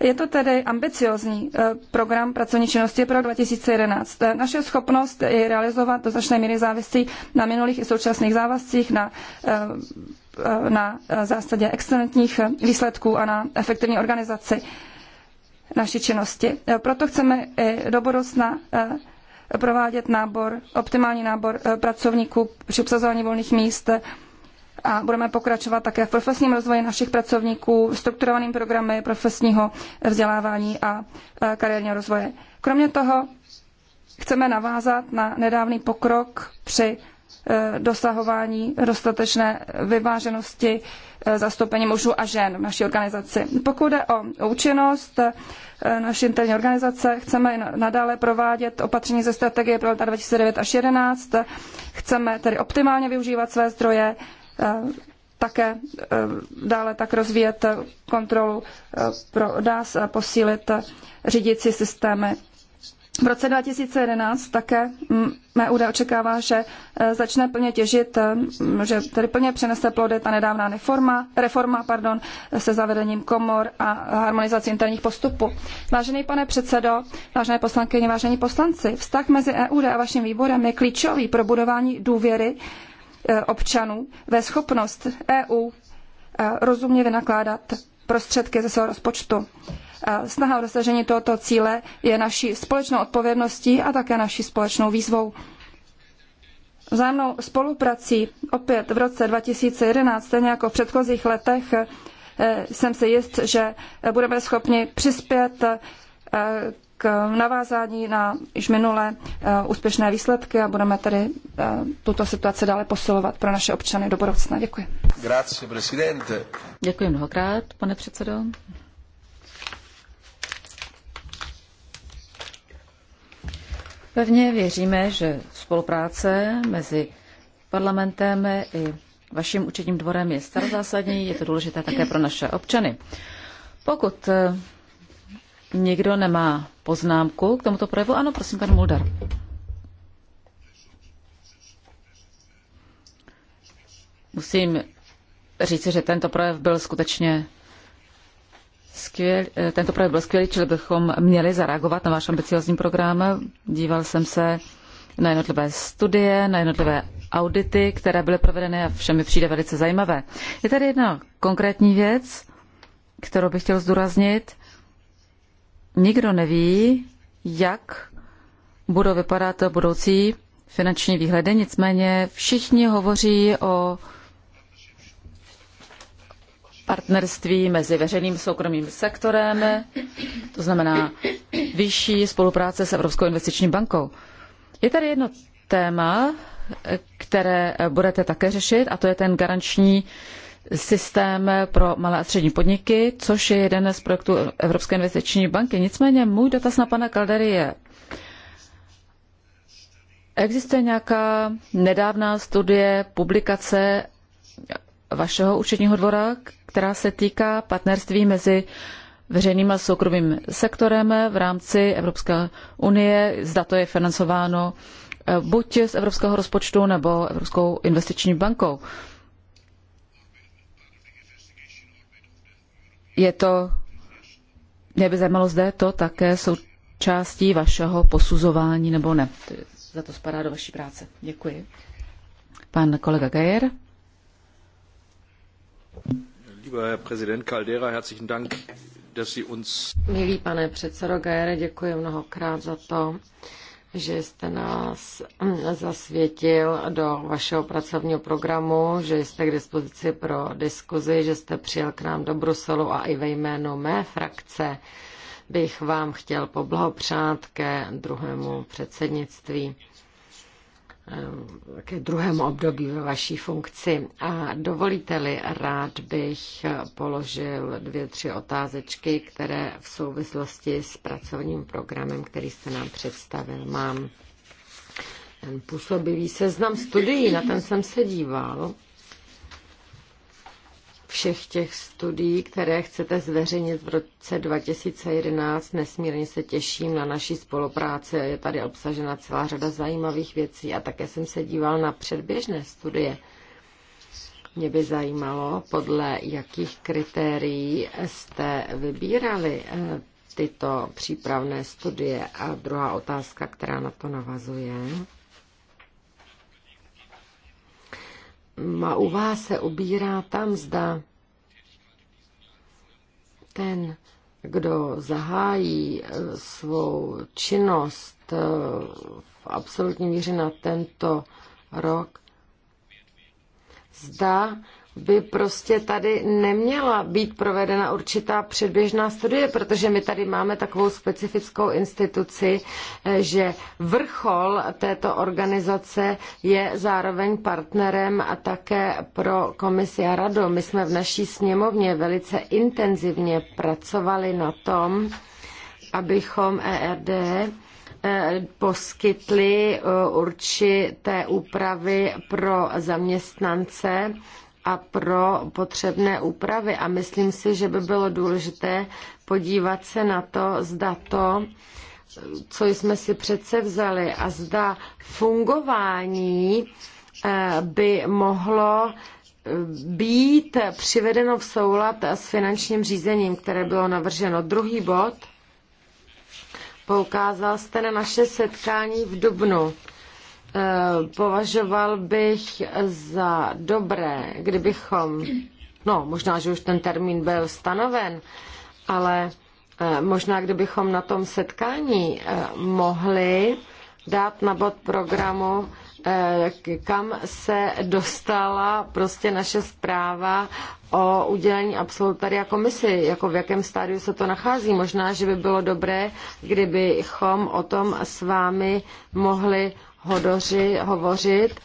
Je to tedy ambiciózní eh, program pracovní činnosti pro 2011. Eh, naše schopnost je realizovat do značné míry závisí na minulých i současných závazcích, na Eh, na zásadě excelentních výsledků a na efektivní organizaci naší činnosti. Eh, proto chceme i do budoucna eh, provádět nábor, optimální nábor pracovníků při obsazování volných míst a budeme pokračovat také v profesním rozvoji našich pracovníků, strukturovaným programy profesního vzdělávání a kariérního rozvoje. Kromě toho chceme navázat na nedávný pokrok při Eh, dosahování dostatečné vyváženosti eh, zastoupení mužů a žen v naší organizaci. Pokud jde o účinnost eh, naší interní organizace, chceme nadále provádět opatření ze strategie pro leta 2009 až 2011. Chceme tedy optimálně využívat své zdroje, také dále tak rozvíjet kontrolu pro DAS a posílit řídící systémy v roce 2011 také MUD očekává, že e, začne plně těžit, e, že tedy plně přenese plody ta nedávná reforma, reforma pardon, se zavedením komor a harmonizací interních postupů. Vážený pane předsedo, vážené poslankyně, vážení poslanci, vztah mezi EUD a vaším výborem je klíčový pro budování důvěry e, občanů ve schopnost EU rozumně vynakládat prostředky ze svého rozpočtu. Snaha o dosažení tohoto cíle je naší společnou odpovědností a také naší společnou výzvou. Vzájemnou spoluprací opět v roce 2011, stejně jako v předchozích letech, eh, jsem si jist, že budeme schopni přispět eh, k navázání na již minulé eh, úspěšné výsledky a budeme tedy tuto situaci dále posilovat pro naše občany do budoucna. Děkuji. Grazie, presidente. Děkuji mnohokrát, pane předsedo. Pevně věříme, že spolupráce mezi parlamentem i vaším účetním dvorem je starozásadní, je to důležité také pro naše občany. Pokud eh, někdo nemá poznámku k tomuto projevu, ano, prosím, pan Muldar. Musím říci, že tento projev byl skutečně skvěl, eh, tento projekt byl skvělý, čili bychom měli zareagovat na váš ambiciozní program. Díval jsem se na jednotlivé studie, na jednotlivé audity, které byly provedeny a všemi přijde velice zajímavé. Je tady jedna konkrétní věc, kterou bych chtěl zdůraznit. Nikdo neví, jak budou vypadat budoucí finanční výhledy, nicméně všichni hovoří o partnerství mezi veřejným a soukromým sektorem, to znamená vyšší spolupráce s Evropskou investiční bankou. Je tady jedno téma, které budete také řešit, a to je ten garanční systém pro malé a střední podniky, což je jeden z projektů Evropské investiční banky. Nicméně můj dotaz na pana Kaldery je, existuje nějaká nedávná studie, publikace vašeho účetního dvora, která se týká partnerství mezi veřejným a soukromým sektorem v rámci Evropské unie, zda to je financováno eh, buď z evropského rozpočtu nebo Evropskou investiční bankou. Je to, mě by zajímalo, zde to také součástí vašeho posuzování nebo ne. Za to spadá do vaší práce. Děkuji. Pan kolega Gajer. Milý pane předsedo Gajere, děkuji mnohokrát za to, že jste nás zasvětil do vašeho pracovního programu, že jste k dispozici pro diskuzi, že jste přijel k nám do Bruselu a i ve jménu mé frakce bych vám chtěl poblahopřát ke druhému předsednictví. Eh, ke druhému období ve vaší funkci. A dovolíte-li, rád bych položil dvě, tři otázečky, které v souvislosti s pracovním programem, který jste nám představil, mám. Ten působivý seznam studií, na ten jsem se díval všech těch studií, které chcete zveřejnit v roce 2011. Nesmírně se těším na naší spolupráci. Je tady obsažena celá řada zajímavých věcí a také jsem se díval na předběžné studie. Mě by zajímalo, podle jakých kritérií jste vybírali eh, tyto přípravné studie. A druhá otázka, která na to navazuje. má u vás se ubírá tam, zda ten, kdo zahájí eh, svou činnost eh, v absolutní míře na tento rok, zda by prostě tady neměla být provedena určitá předběžná studie, protože my tady máme takovou specifickou instituci, eh, že vrchol této organizace je zároveň partnerem a také pro komisi a radu. My jsme v naší sněmovně velice intenzivně pracovali na tom, abychom ERD eh, poskytli eh, určité úpravy pro zaměstnance a pro potřebné úpravy. A myslím si, že by bylo důležité podívat se na to, zda to, co jsme si přece vzali a zda fungování eh, by mohlo eh, být přivedeno v soulad s finančním řízením, které bylo navrženo. Druhý bod. Poukázal jste na naše setkání v Dubnu. Eh, považoval bych za dobré, kdybychom, no možná, že už ten termín byl stanoven, ale eh, možná, kdybychom na tom setkání eh, mohli dát na bod programu, kam se dostala prostě naše zpráva o udělení absolutaria komisi, jako v jakém stádiu se to nachází. Možná, že by bylo dobré, kdybychom o tom s vámi mohli hodoři, hovořit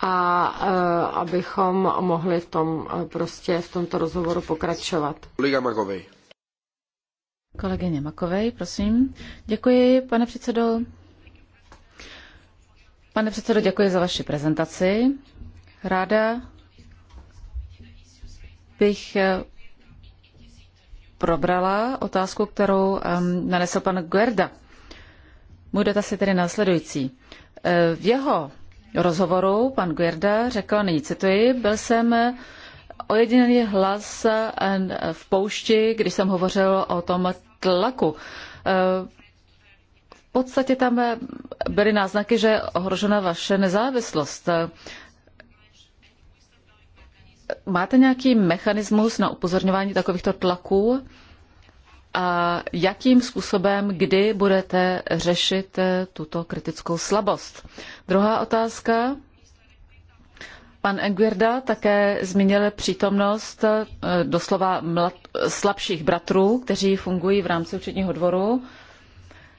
a e, abychom mohli v tom e, prostě v tomto rozhovoru pokračovat. Liga Makovej. Kolegyně Makovej, prosím. Děkuji, pane předsedo. Pane předsedo, děkuji za vaši prezentaci. Ráda bych e, probrala otázku, kterou um, nanesl pan Guerda. Můj dotaz je tedy následující. E, v jeho rozhovoru pan Guerda řekl, nyní cituji, byl jsem ojedinělý hlas e, v poušti, když jsem hovořil o tom tlaku. E, v podstatě tam byly náznaky, že je ohrožena vaše nezávislost. Máte nějaký mechanismus na upozorňování takovýchto tlaků? a jakým způsobem, kdy budete řešit eh, tuto kritickou slabost. Druhá otázka. Pan Enguirda také zmínil přítomnost eh, doslova mlad, slabších bratrů, kteří fungují v rámci účetního dvoru.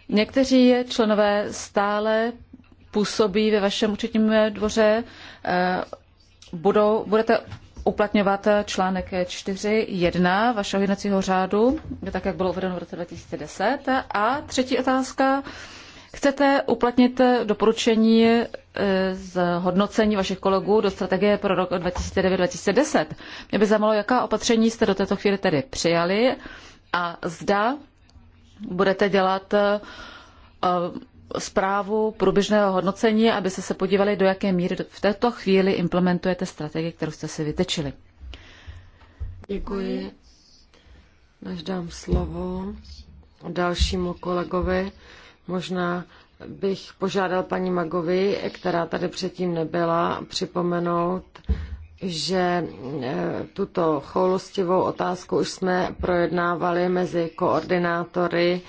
Někteří členové stále působí ve vašem účetním dvoře. Eh, budou, budete uplatňovat článek 4.1 vašeho jednacího řádu, tak jak bylo uvedeno v roce 2010. A třetí otázka. Chcete uplatnit doporučení e, z hodnocení vašich kolegů do strategie pro rok 2009-2010? Mě by zajímalo, jaká opatření jste do této chvíli tedy přijali a zda budete dělat e, zprávu průběžného hodnocení, aby se se podívali, do jaké míry v této chvíli implementujete strategii, kterou jste si vytečili. Děkuji. Než dám slovo dalšímu kolegovi, možná bych požádal paní Magovi, která tady předtím nebyla, připomenout, že e, tuto choulostivou otázku už jsme projednávali mezi koordinátory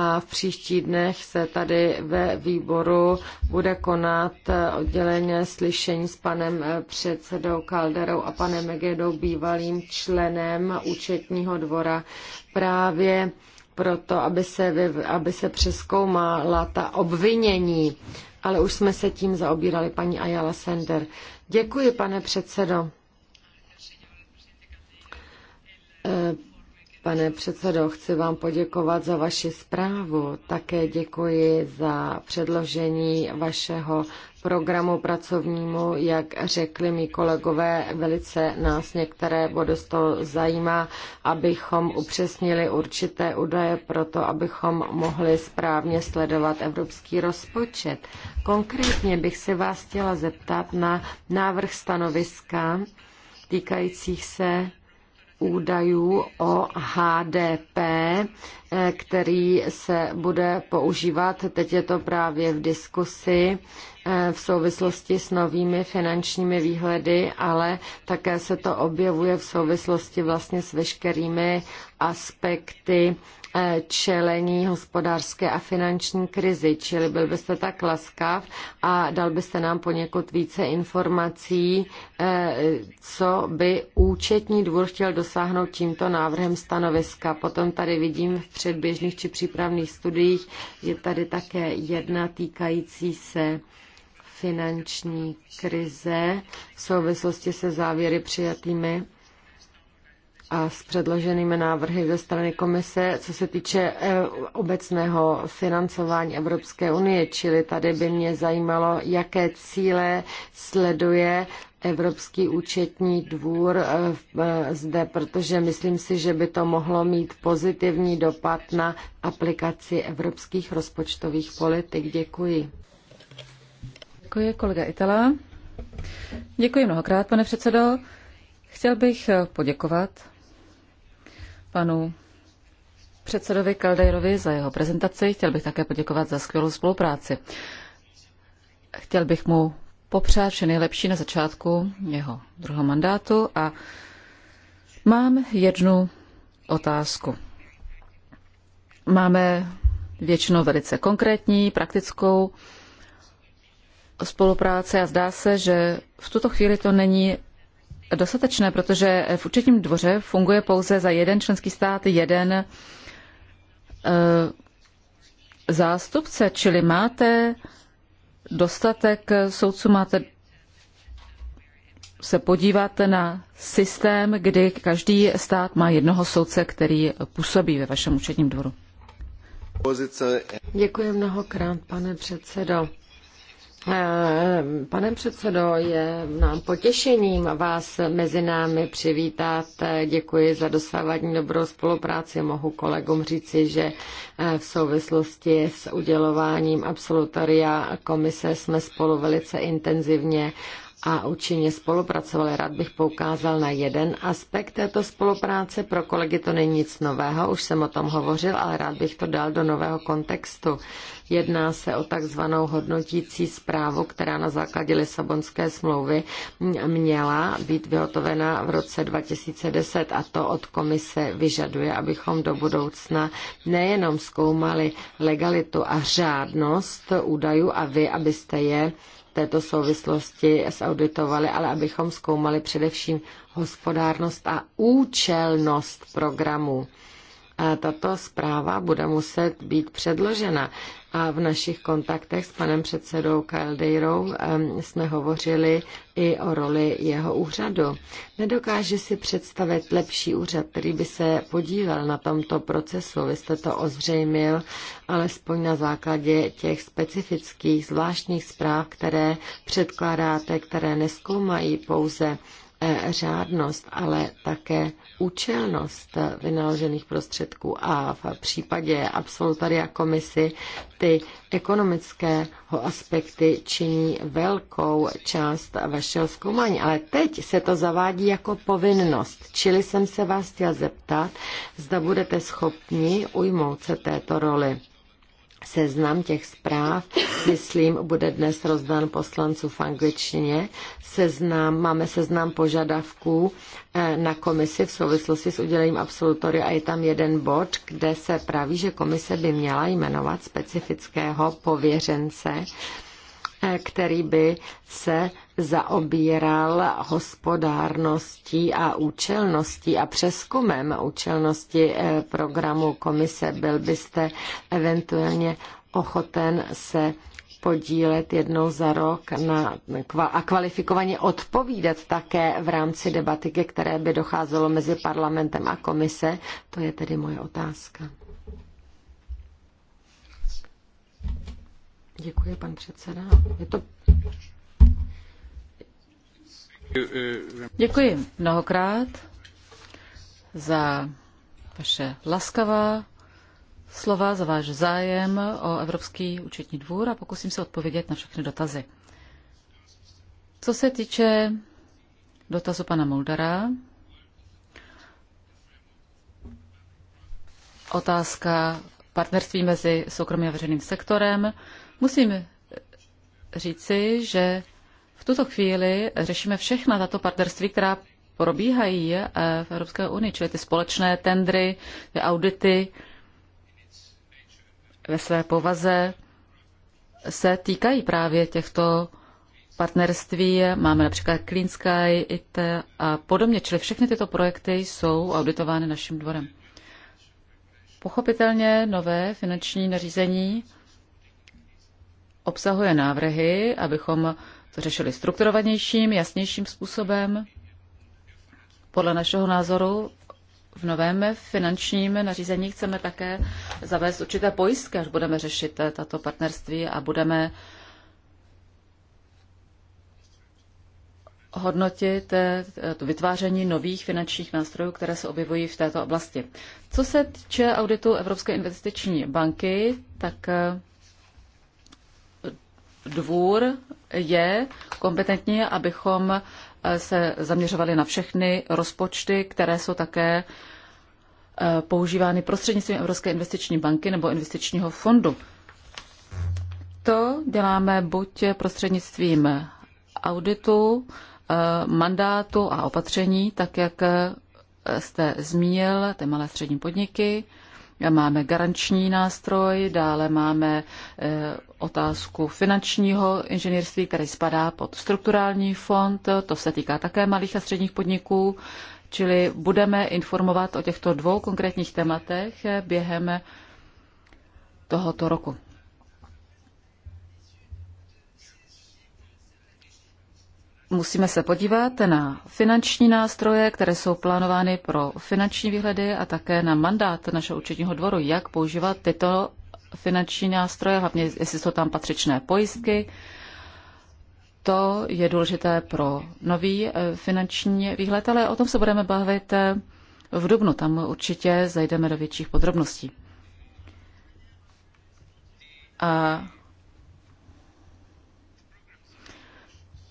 a v příští dnech se tady ve výboru bude konat odděleně slyšení s panem eh, předsedou Kalderou a panem Megedou, bývalým členem účetního dvora právě proto, aby se, aby se přeskoumala ta obvinění. Ale už jsme se tím zaobírali, paní Ayala Sender. Děkuji, pane předsedo eh, Pane předsedo, chci vám poděkovat za vaši zprávu. Také děkuji za předložení vašeho programu pracovnímu. Jak řekli mi kolegové, velice nás některé body z toho zajímá, abychom upřesnili určité údaje pro to, abychom mohli správně sledovat evropský rozpočet. Konkrétně bych se vás chtěla zeptat na návrh stanoviska týkajících se údajů o HDP, eh, který se bude používat. Teď je to právě v diskusi eh, v souvislosti s novými finančními výhledy, ale také se to objevuje v souvislosti vlastně s veškerými aspekty eh, čelení hospodářské a finanční krizi, čili byl byste tak laskav a dal byste nám poněkud více informací, eh, co by účetní dvůr chtěl dosáhnout tímto návrhem stanoviska. Potom tady vidím v předběžných či přípravných studiích, je tady také jedna týkající se finanční krize v souvislosti se závěry přijatými a s předloženými návrhy ze strany komise, co se týče eh, obecného financování Evropské unie, čili tady by mě zajímalo, jaké cíle sleduje Evropský účetní dvůr eh, eh, zde, protože myslím si, že by to mohlo mít pozitivní dopad na aplikaci evropských rozpočtových politik. Děkuji. Děkuji, kolega Itala. Děkuji mnohokrát, pane předsedo. Chtěl bych poděkovat panu předsedovi Kaldejrovi za jeho prezentaci. Chtěl bych také poděkovat za skvělou spolupráci. Chtěl bych mu popřát vše nejlepší na začátku jeho druhého mandátu a mám jednu otázku. Máme většinou velice konkrétní, praktickou spolupráci a zdá se, že v tuto chvíli to není dostatečné, protože v účetním dvoře funguje pouze za jeden členský stát jeden eh, zástupce, čili máte dostatek soudců, máte se podíváte na systém, kdy každý stát má jednoho soudce, který působí ve vašem účetním dvoru. Děkuji mnohokrát, pane předsedo. Eh, pane předsedo, je nám potěšením vás mezi námi přivítat. Děkuji za dosávadní dobrou spolupráci. Mohu kolegům říci, že eh, v souvislosti s udělováním absolutoria komise jsme spolu velice intenzivně a účinně spolupracovali. Rád bych poukázal na jeden aspekt této spolupráce. Pro kolegy to není nic nového, už jsem o tom hovořil, ale rád bych to dal do nového kontextu. Jedná se o takzvanou hodnotící zprávu, která na základě Lisabonské smlouvy měla být vyhotovena v roce 2010 a to od komise vyžaduje, abychom do budoucna nejenom zkoumali legalitu a řádnost údajů a vy, abyste je této souvislosti zauditovali, ale abychom zkoumali především hospodárnost a účelnost programu. Tato zpráva bude muset být předložena. A v našich kontaktech s panem předsedou Kaldejrou jsme hovořili i o roli jeho úřadu. Nedokáže si představit lepší úřad, který by se podílel na tomto procesu. Vy jste to ozřejmil, alespoň na základě těch specifických zvláštních zpráv, které předkládáte, které neskoumají pouze Eh, řádnost, ale také účelnost vynaložených prostředků a v případě absolutaria komisy ty ekonomické aspekty činí velkou část vašeho zkoumání. Ale teď se to zavádí jako povinnost, čili jsem se vás chtěla zeptat, zda budete schopni ujmout se této roli. Seznam těch zpráv, myslím, bude dnes rozdán poslanců v angličtině. Seznam, máme seznam požadavků eh, na komisi v souvislosti s udělením absolutoria a je tam jeden bod, kde se praví, že komise by měla jmenovat specifického pověřence, eh, který by se zaobíral hospodárností a účelností a přeskumem účelnosti eh, programu komise, byl byste eventuálně ochoten se podílet jednou za rok na, a kvalifikovaně odpovídat také v rámci debaty, ke které by docházelo mezi parlamentem a komise? To je tedy moje otázka. Děkuji, pan předseda. Je to Děkuji mnohokrát za vaše laskavá slova, za váš zájem o Evropský účetní dvůr a pokusím se odpovědět na všechny dotazy. Co se týče dotazu pana Muldara, otázka partnerství mezi soukromým a veřejným sektorem, musím říci, že v tuto chvíli řešíme všechna tato partnerství, která probíhají eh, v Evropské unii, čili ty společné tendry, ty audity ve své povaze se týkají právě těchto partnerství. Máme například Clean Sky, IT a podobně, čili všechny tyto projekty jsou auditovány naším dvorem. Pochopitelně nové finanční nařízení obsahuje návrhy, abychom to řešili strukturovanějším, jasnějším způsobem. Podle našeho názoru v novém finančním nařízení chceme také zavést určité pojistky, až budeme řešit eh, tato partnerství a budeme hodnotit eh, to vytváření nových finančních nástrojů, které se objevují v této oblasti. Co se týče auditu Evropské investiční banky, tak eh, dvůr je kompetentní, abychom eh, se zaměřovali na všechny rozpočty, které jsou také eh, používány prostřednictvím Evropské investiční banky nebo investičního fondu. To děláme buď prostřednictvím auditu, eh, mandátu a opatření, tak jak jste zmínil, ty malé střední podniky, Máme garanční nástroj, dále máme eh, otázku finančního inženýrství, který spadá pod strukturální fond, to se týká také malých a středních podniků, čili budeme informovat o těchto dvou konkrétních tématech eh, během tohoto roku. Musíme se podívat na finanční nástroje, které jsou plánovány pro finanční výhledy a také na mandát našeho účetního dvoru, jak používat tyto finanční nástroje, hlavně jestli jsou tam patřičné pojistky. To je důležité pro nový eh, finanční výhled, ale o tom se budeme bavit eh, v Dubnu. Tam určitě zajdeme do větších podrobností. A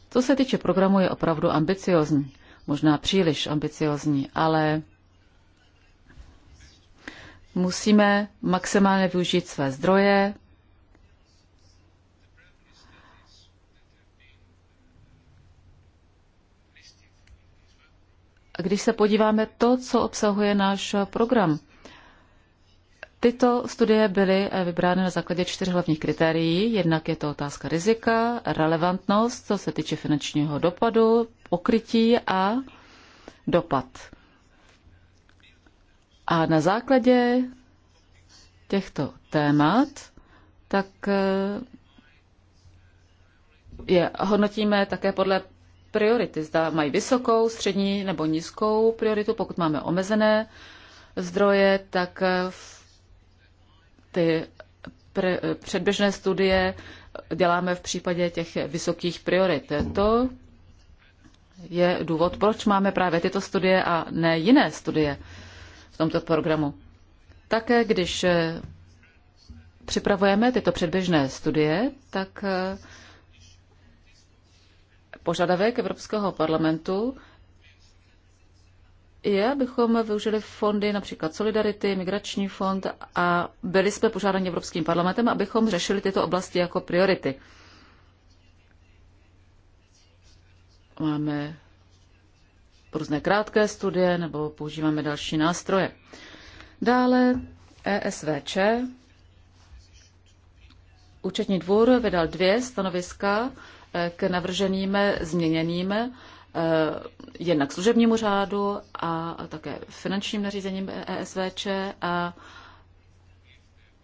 Co se týče programu, je opravdu ambiciozní. Možná příliš ambiciozní, ale musíme maximálně využít své zdroje. Když se podíváme to, co obsahuje náš program, Tyto studie byly eh, vybrány na základě čtyř hlavních kritérií. Jednak je to otázka rizika, relevantnost, co se týče finančního dopadu, pokrytí a dopad. A na základě těchto témat, tak eh, je hodnotíme také podle priority. Zda mají vysokou, střední nebo nízkou prioritu. Pokud máme omezené zdroje, tak eh, v ty pre, předběžné studie děláme v případě těch vysokých priorit. To je důvod, proč máme právě tyto studie a ne jiné studie v tomto programu. Také když připravujeme tyto předběžné studie, tak požadavek Evropského parlamentu je, abychom využili fondy, například Solidarity, Migrační fond a byli jsme požádáni Evropským parlamentem, abychom řešili tyto oblasti jako priority. Máme různé krátké studie nebo používáme další nástroje. Dále ESVČ. Účetní dvůr vydal dvě stanoviska eh, k navrženým změněným Eh, jednak služebnímu řádu a také finančním nařízením ESVČ. A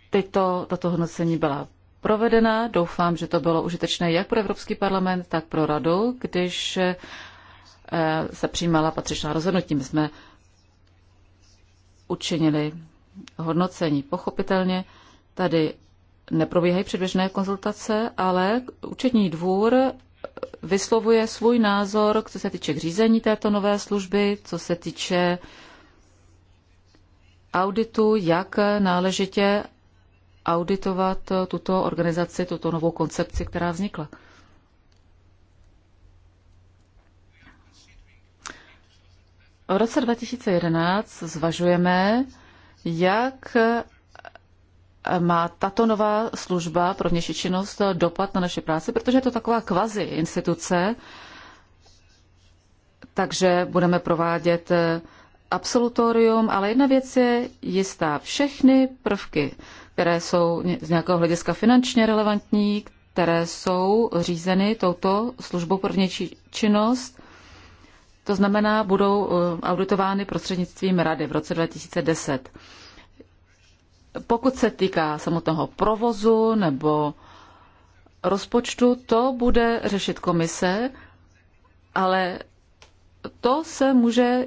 tyto, tato hodnocení byla provedena. Doufám, že to bylo užitečné jak pro Evropský parlament, tak pro radu, když eh, se přijímala patřičná rozhodnutí. My jsme učinili hodnocení. Pochopitelně tady neprobíhají předběžné konzultace, ale účetní dvůr vyslovuje svůj názor, co se týče k řízení této nové služby, co se týče auditu, jak náležitě auditovat tuto organizaci, tuto novou koncepci, která vznikla. V roce 2011 zvažujeme, jak má tato nová služba pro vnější činnost dopad na naši práci, protože je to taková kvazi instituce, takže budeme provádět eh, absolutorium, ale jedna věc je jistá. Všechny prvky, které jsou z nějakého hlediska finančně relevantní, které jsou řízeny touto službou pro vnější činnost, to znamená, budou eh, auditovány prostřednictvím Rady v roce 2010. Pokud se týká samotného provozu nebo rozpočtu, to bude řešit komise, ale to se může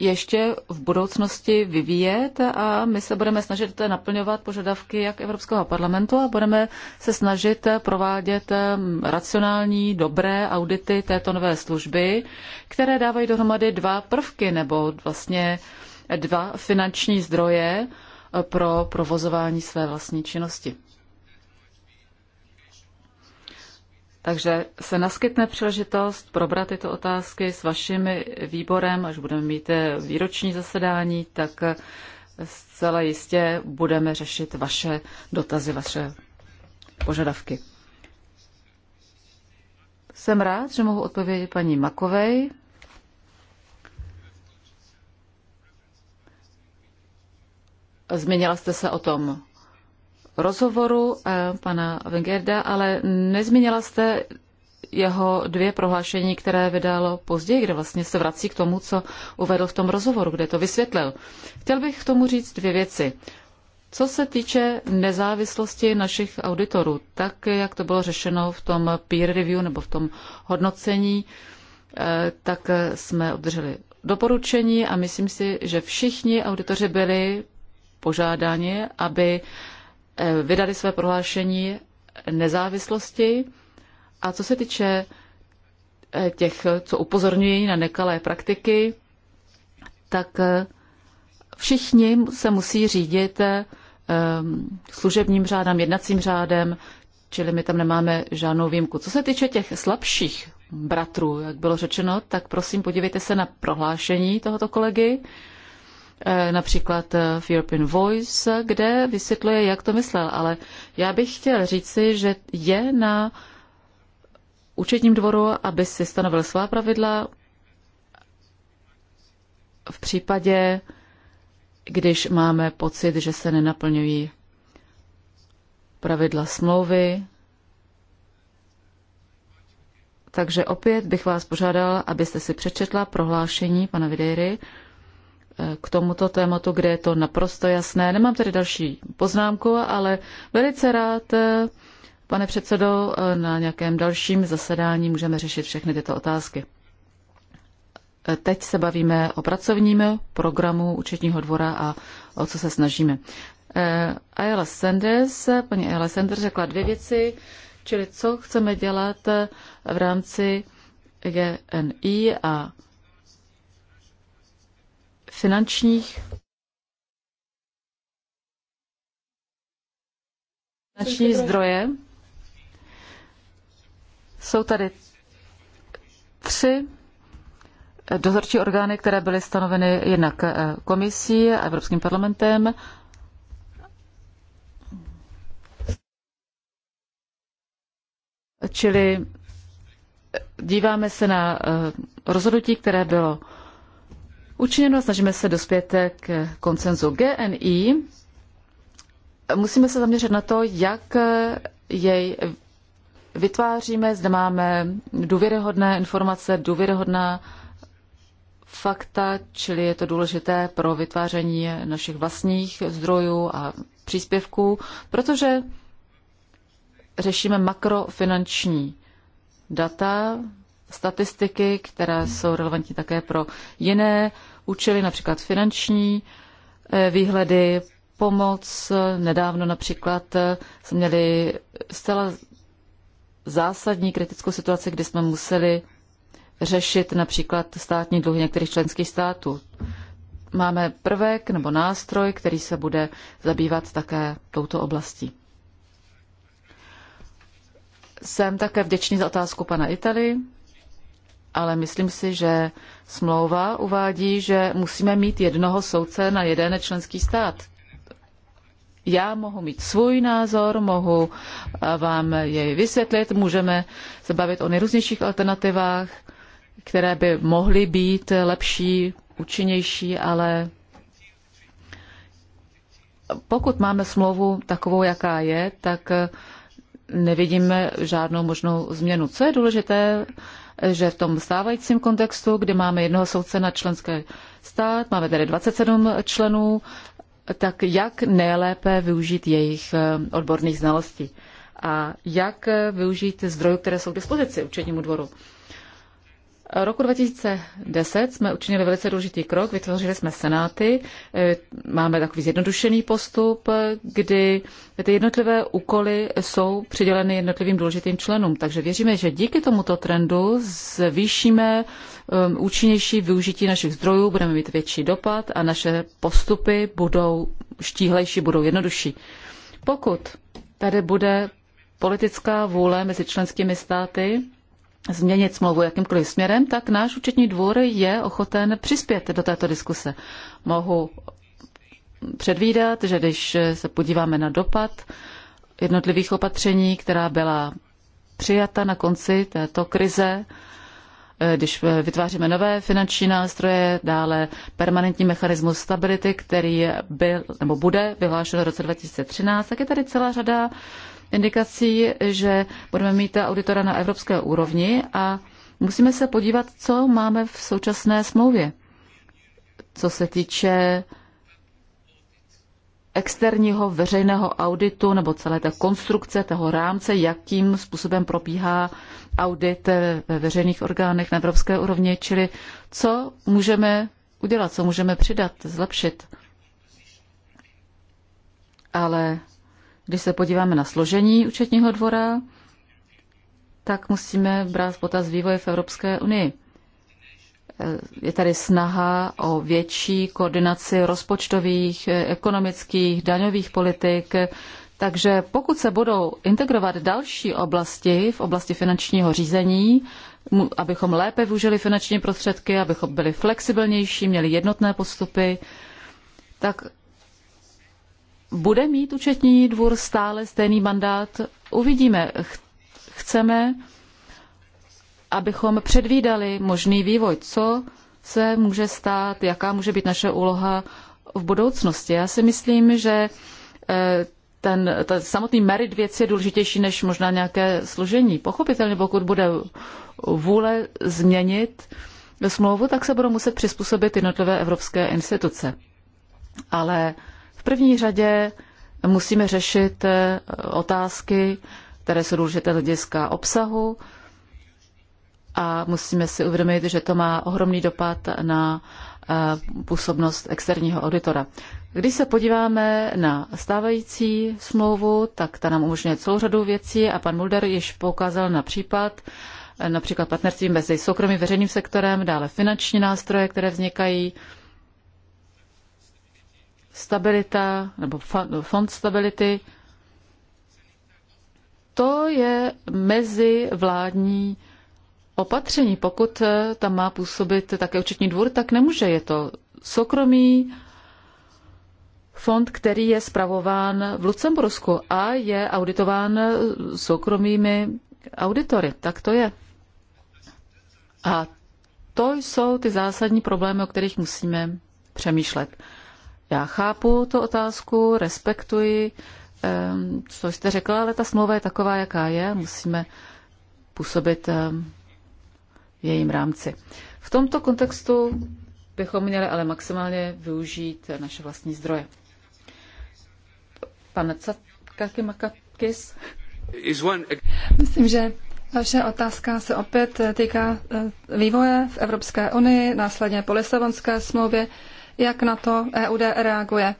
ještě v budoucnosti vyvíjet a my se budeme snažit naplňovat požadavky jak Evropského parlamentu a budeme se snažit provádět um, racionální, dobré audity této nové služby, které dávají dohromady dva prvky nebo vlastně dva finanční zdroje, pro provozování své vlastní činnosti. Takže se naskytne příležitost probrat tyto otázky s vaším výborem, až budeme mít eh, výroční zasedání, tak eh, zcela jistě budeme řešit vaše dotazy, vaše požadavky. Jsem rád, že mohu odpovědět paní Makovej. Zmínila jste se o tom rozhovoru eh, pana Wengerda, ale nezmínila jste jeho dvě prohlášení, které vydalo později, kde vlastně se vrací k tomu, co uvedl v tom rozhovoru, kde to vysvětlil. Chtěl bych k tomu říct dvě věci. Co se týče nezávislosti našich auditorů, tak jak to bylo řešeno v tom peer review nebo v tom hodnocení, eh, tak jsme obdrželi doporučení a myslím si, že všichni auditoři byli požádáni, aby eh, vydali své prohlášení nezávislosti. A co se týče eh, těch, co upozorňují na nekalé praktiky, tak eh, všichni se musí řídit služebním řádem, jednacím řádem, čili my tam nemáme žádnou výjimku. Co se týče těch slabších bratrů, jak bylo řečeno, tak prosím podívejte se na prohlášení tohoto kolegy. Eh, například eh, v European Voice, kde vysvětluje, jak to myslel. Ale já bych chtěl říci, že je na účetním dvoru, aby si stanovil svá pravidla v případě, když máme pocit, že se nenaplňují pravidla smlouvy. Takže opět bych vás požádal, abyste si přečetla prohlášení pana Videry, k tomuto tématu, kde je to naprosto jasné. Nemám tady další poznámku, ale velice rád, pane předsedo, na nějakém dalším zasedání můžeme řešit všechny tyto otázky. Teď se bavíme o pracovním programu Učetního dvora a o co se snažíme. Ayala Sanders, paní Ayala Sanders řekla dvě věci, čili co chceme dělat v rámci GNI a finančních finanční zdroje. Jsou tady tři dozorčí orgány, které byly stanoveny jednak eh, komisí a Evropským parlamentem. Čili díváme se na eh, rozhodnutí, které bylo učiněno, snažíme se dospět k koncenzu GNI. Musíme se zaměřit na to, jak jej vytváříme, zde máme důvěryhodné informace, důvěryhodná fakta, čili je to důležité pro vytváření našich vlastních zdrojů a příspěvků, protože řešíme makrofinanční data, statistiky, které jsou relevantní také pro jiné účely, například finanční eh, výhledy, pomoc. Nedávno například eh, jsme měli zcela zásadní kritickou situaci, kdy jsme museli řešit například státní dluhy některých členských států. Máme prvek nebo nástroj, který se bude zabývat také touto oblastí. Jsem také vděčný za otázku pana Itali ale myslím si, že smlouva uvádí, že musíme mít jednoho soudce na jeden členský stát. Já mohu mít svůj názor, mohu eh, vám jej vysvětlit, můžeme se bavit o nejrůznějších alternativách, které by mohly být lepší, účinnější, ale pokud máme smlouvu takovou, jaká je, tak nevidíme žádnou možnou změnu. Co je důležité, že v tom stávajícím kontextu, kdy máme jednoho soudce na členské stát, máme tedy 27 členů, tak jak nejlépe využít jejich eh, odborných znalostí a jak eh, využít zdrojů, které jsou k dispozici Učenímu dvoru. Roku 2010 jsme učinili velice důležitý krok, vytvořili jsme senáty, eh, máme takový zjednodušený postup, kdy ty jednotlivé úkoly jsou přiděleny jednotlivým důležitým členům. Takže věříme, že díky tomuto trendu zvýšíme eh, účinnější využití našich zdrojů, budeme mít větší dopad a naše postupy budou štíhlejší, budou jednodušší. Pokud tady bude politická vůle mezi členskými státy, změnit smlouvu jakýmkoliv směrem, tak náš účetní dvůr je ochoten přispět do této diskuse. Mohu předvídat, že když se podíváme na dopad jednotlivých opatření, která byla přijata na konci této krize, eh, když vytváříme nové finanční nástroje, dále permanentní mechanismus stability, který byl nebo bude vyhlášen v roce 2013, tak je tady celá řada indikací, že budeme mít auditora na evropské úrovni a musíme se podívat, co máme v současné smlouvě, co se týče externího veřejného auditu nebo celé té konstrukce, toho rámce, jakým způsobem probíhá audit ve veřejných orgánech na evropské úrovni, čili co můžeme udělat, co můžeme přidat, zlepšit. Ale když se podíváme na složení účetního dvora, tak musíme brát potaz vývoje v Evropské unii. Eh, je tady snaha o větší koordinaci rozpočtových, eh, ekonomických, daňových politik. Takže pokud se budou integrovat další oblasti v oblasti finančního řízení, abychom lépe využili finanční prostředky, abychom byli flexibilnější, měli jednotné postupy, tak bude mít účetní dvůr stále stejný mandát? Uvidíme. Chceme, abychom předvídali možný vývoj, co se může stát, jaká může být naše úloha v budoucnosti. Já si myslím, že eh, ten, ten samotný merit věc je důležitější než možná nějaké složení. Pochopitelně, pokud bude vůle změnit smlouvu, tak se budou muset přizpůsobit jednotlivé evropské instituce. Ale první řadě musíme řešit eh, otázky, které jsou důležité hlediska obsahu a musíme si uvědomit, že to má ohromný dopad na eh, působnost externího auditora. Když se podíváme na stávající smlouvu, tak ta nám umožňuje celou řadu věcí a pan Mulder již poukázal na případ, eh, například partnerství mezi soukromým veřejným sektorem, dále finanční nástroje, které vznikají, stabilita nebo fond stability, to je mezi vládní opatření. Pokud tam má působit také účetní dvůr, tak nemůže. Je to soukromý fond, který je spravován v Lucembursku a je auditován soukromými auditory. Tak to je. A to jsou ty zásadní problémy, o kterých musíme přemýšlet. Já chápu tu otázku, respektuji, ehm, co jste řekla, ale ta smlouva je taková, jaká je. Musíme působit ehm, v jejím rámci. V tomto kontextu bychom měli ale maximálně využít naše vlastní zdroje. Pane Cakimakakis? Myslím, že vaše otázka se opět týká eh, vývoje v Evropské unii, následně po Lisabonské smlouvě jak na to EUD reaguje.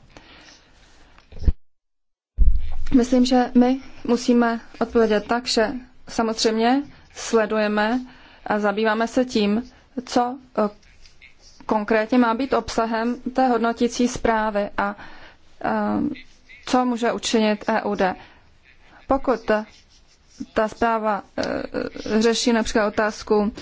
Myslím, že my musíme odpovědět tak, že samozřejmě sledujeme a zabýváme se tím, co e, konkrétně má být obsahem té hodnotící zprávy a e, co může učinit EUD. Pokud ta zpráva e, řeší například otázku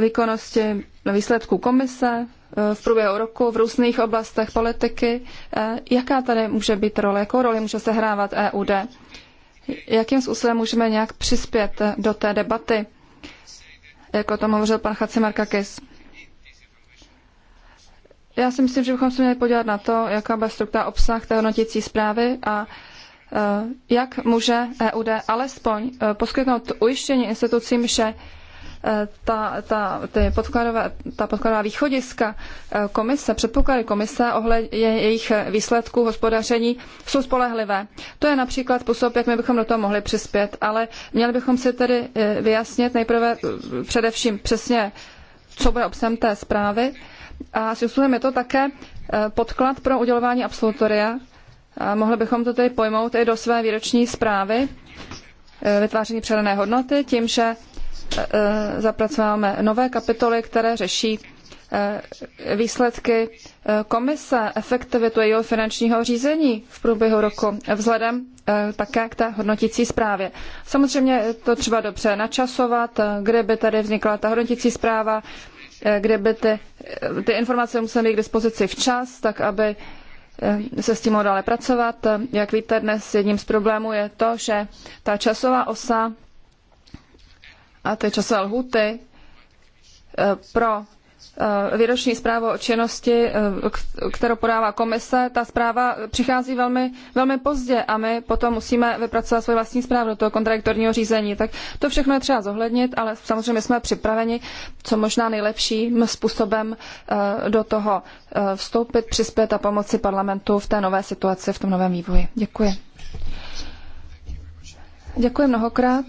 výkonnosti výsledků komise, v průběhu roku v různých oblastech politiky. Eh, jaká tady může být role, jakou roli může sehrávat EUD? Jakým způsobem můžeme nějak přispět do té debaty, jak o tom hovořil pan Chacimarkakis? Já si myslím, že bychom se měli podívat na to, jaká bude struktura obsah té hodnotící zprávy a eh, jak může EUD alespoň eh, poskytnout ujištění institucím, že ta, ta, ty podkladové, ta podkladová východiska eh, komise, předpoklady komise ohledně jejich výsledků hospodaření jsou spolehlivé. To je například způsob, jak my bychom do toho mohli přispět, ale měli bychom si tedy eh, vyjasnit nejprve eh, především přesně, co bude obsahem té zprávy. A s je to také podklad pro udělování absolutoria. A mohli bychom to tedy pojmout i do své výroční zprávy vytváření předané hodnoty tím, že Eh, zapracováváme nové kapitoly, které řeší eh, výsledky eh, komise, efektivitu jejího finančního řízení v průběhu roku, vzhledem také k té hodnotící zprávě. Samozřejmě to třeba dobře načasovat, kde by tady vznikla ta hodnotící zpráva, kde by ty, ty informace musely být k dispozici včas, tak aby se s tím mohlo dále pracovat. Jak víte, dnes jedním z problémů je to, že ta časová osa a ty časové lhuty eh, pro eh, výroční zprávu o činnosti, eh, kterou podává komise, ta zpráva přichází velmi, velmi pozdě a my potom musíme vypracovat svoji vlastní zprávu do toho kontradiktorního řízení. Tak to všechno je třeba zohlednit, ale samozřejmě jsme připraveni co možná nejlepším způsobem do toho vstoupit, přispět a pomoci parlamentu v té nové situaci, v tom novém vývoji. Děkuji. Děkuji mnohokrát.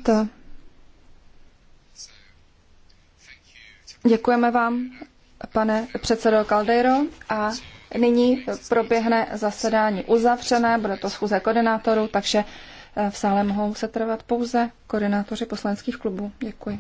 Děkujeme vám, pane předsedo Caldeiro, a nyní proběhne zasedání uzavřené, bude to schůze koordinátorů, takže eh, v sále mohou se trvat pouze koordinátoři poslaneckých klubů. Děkuji.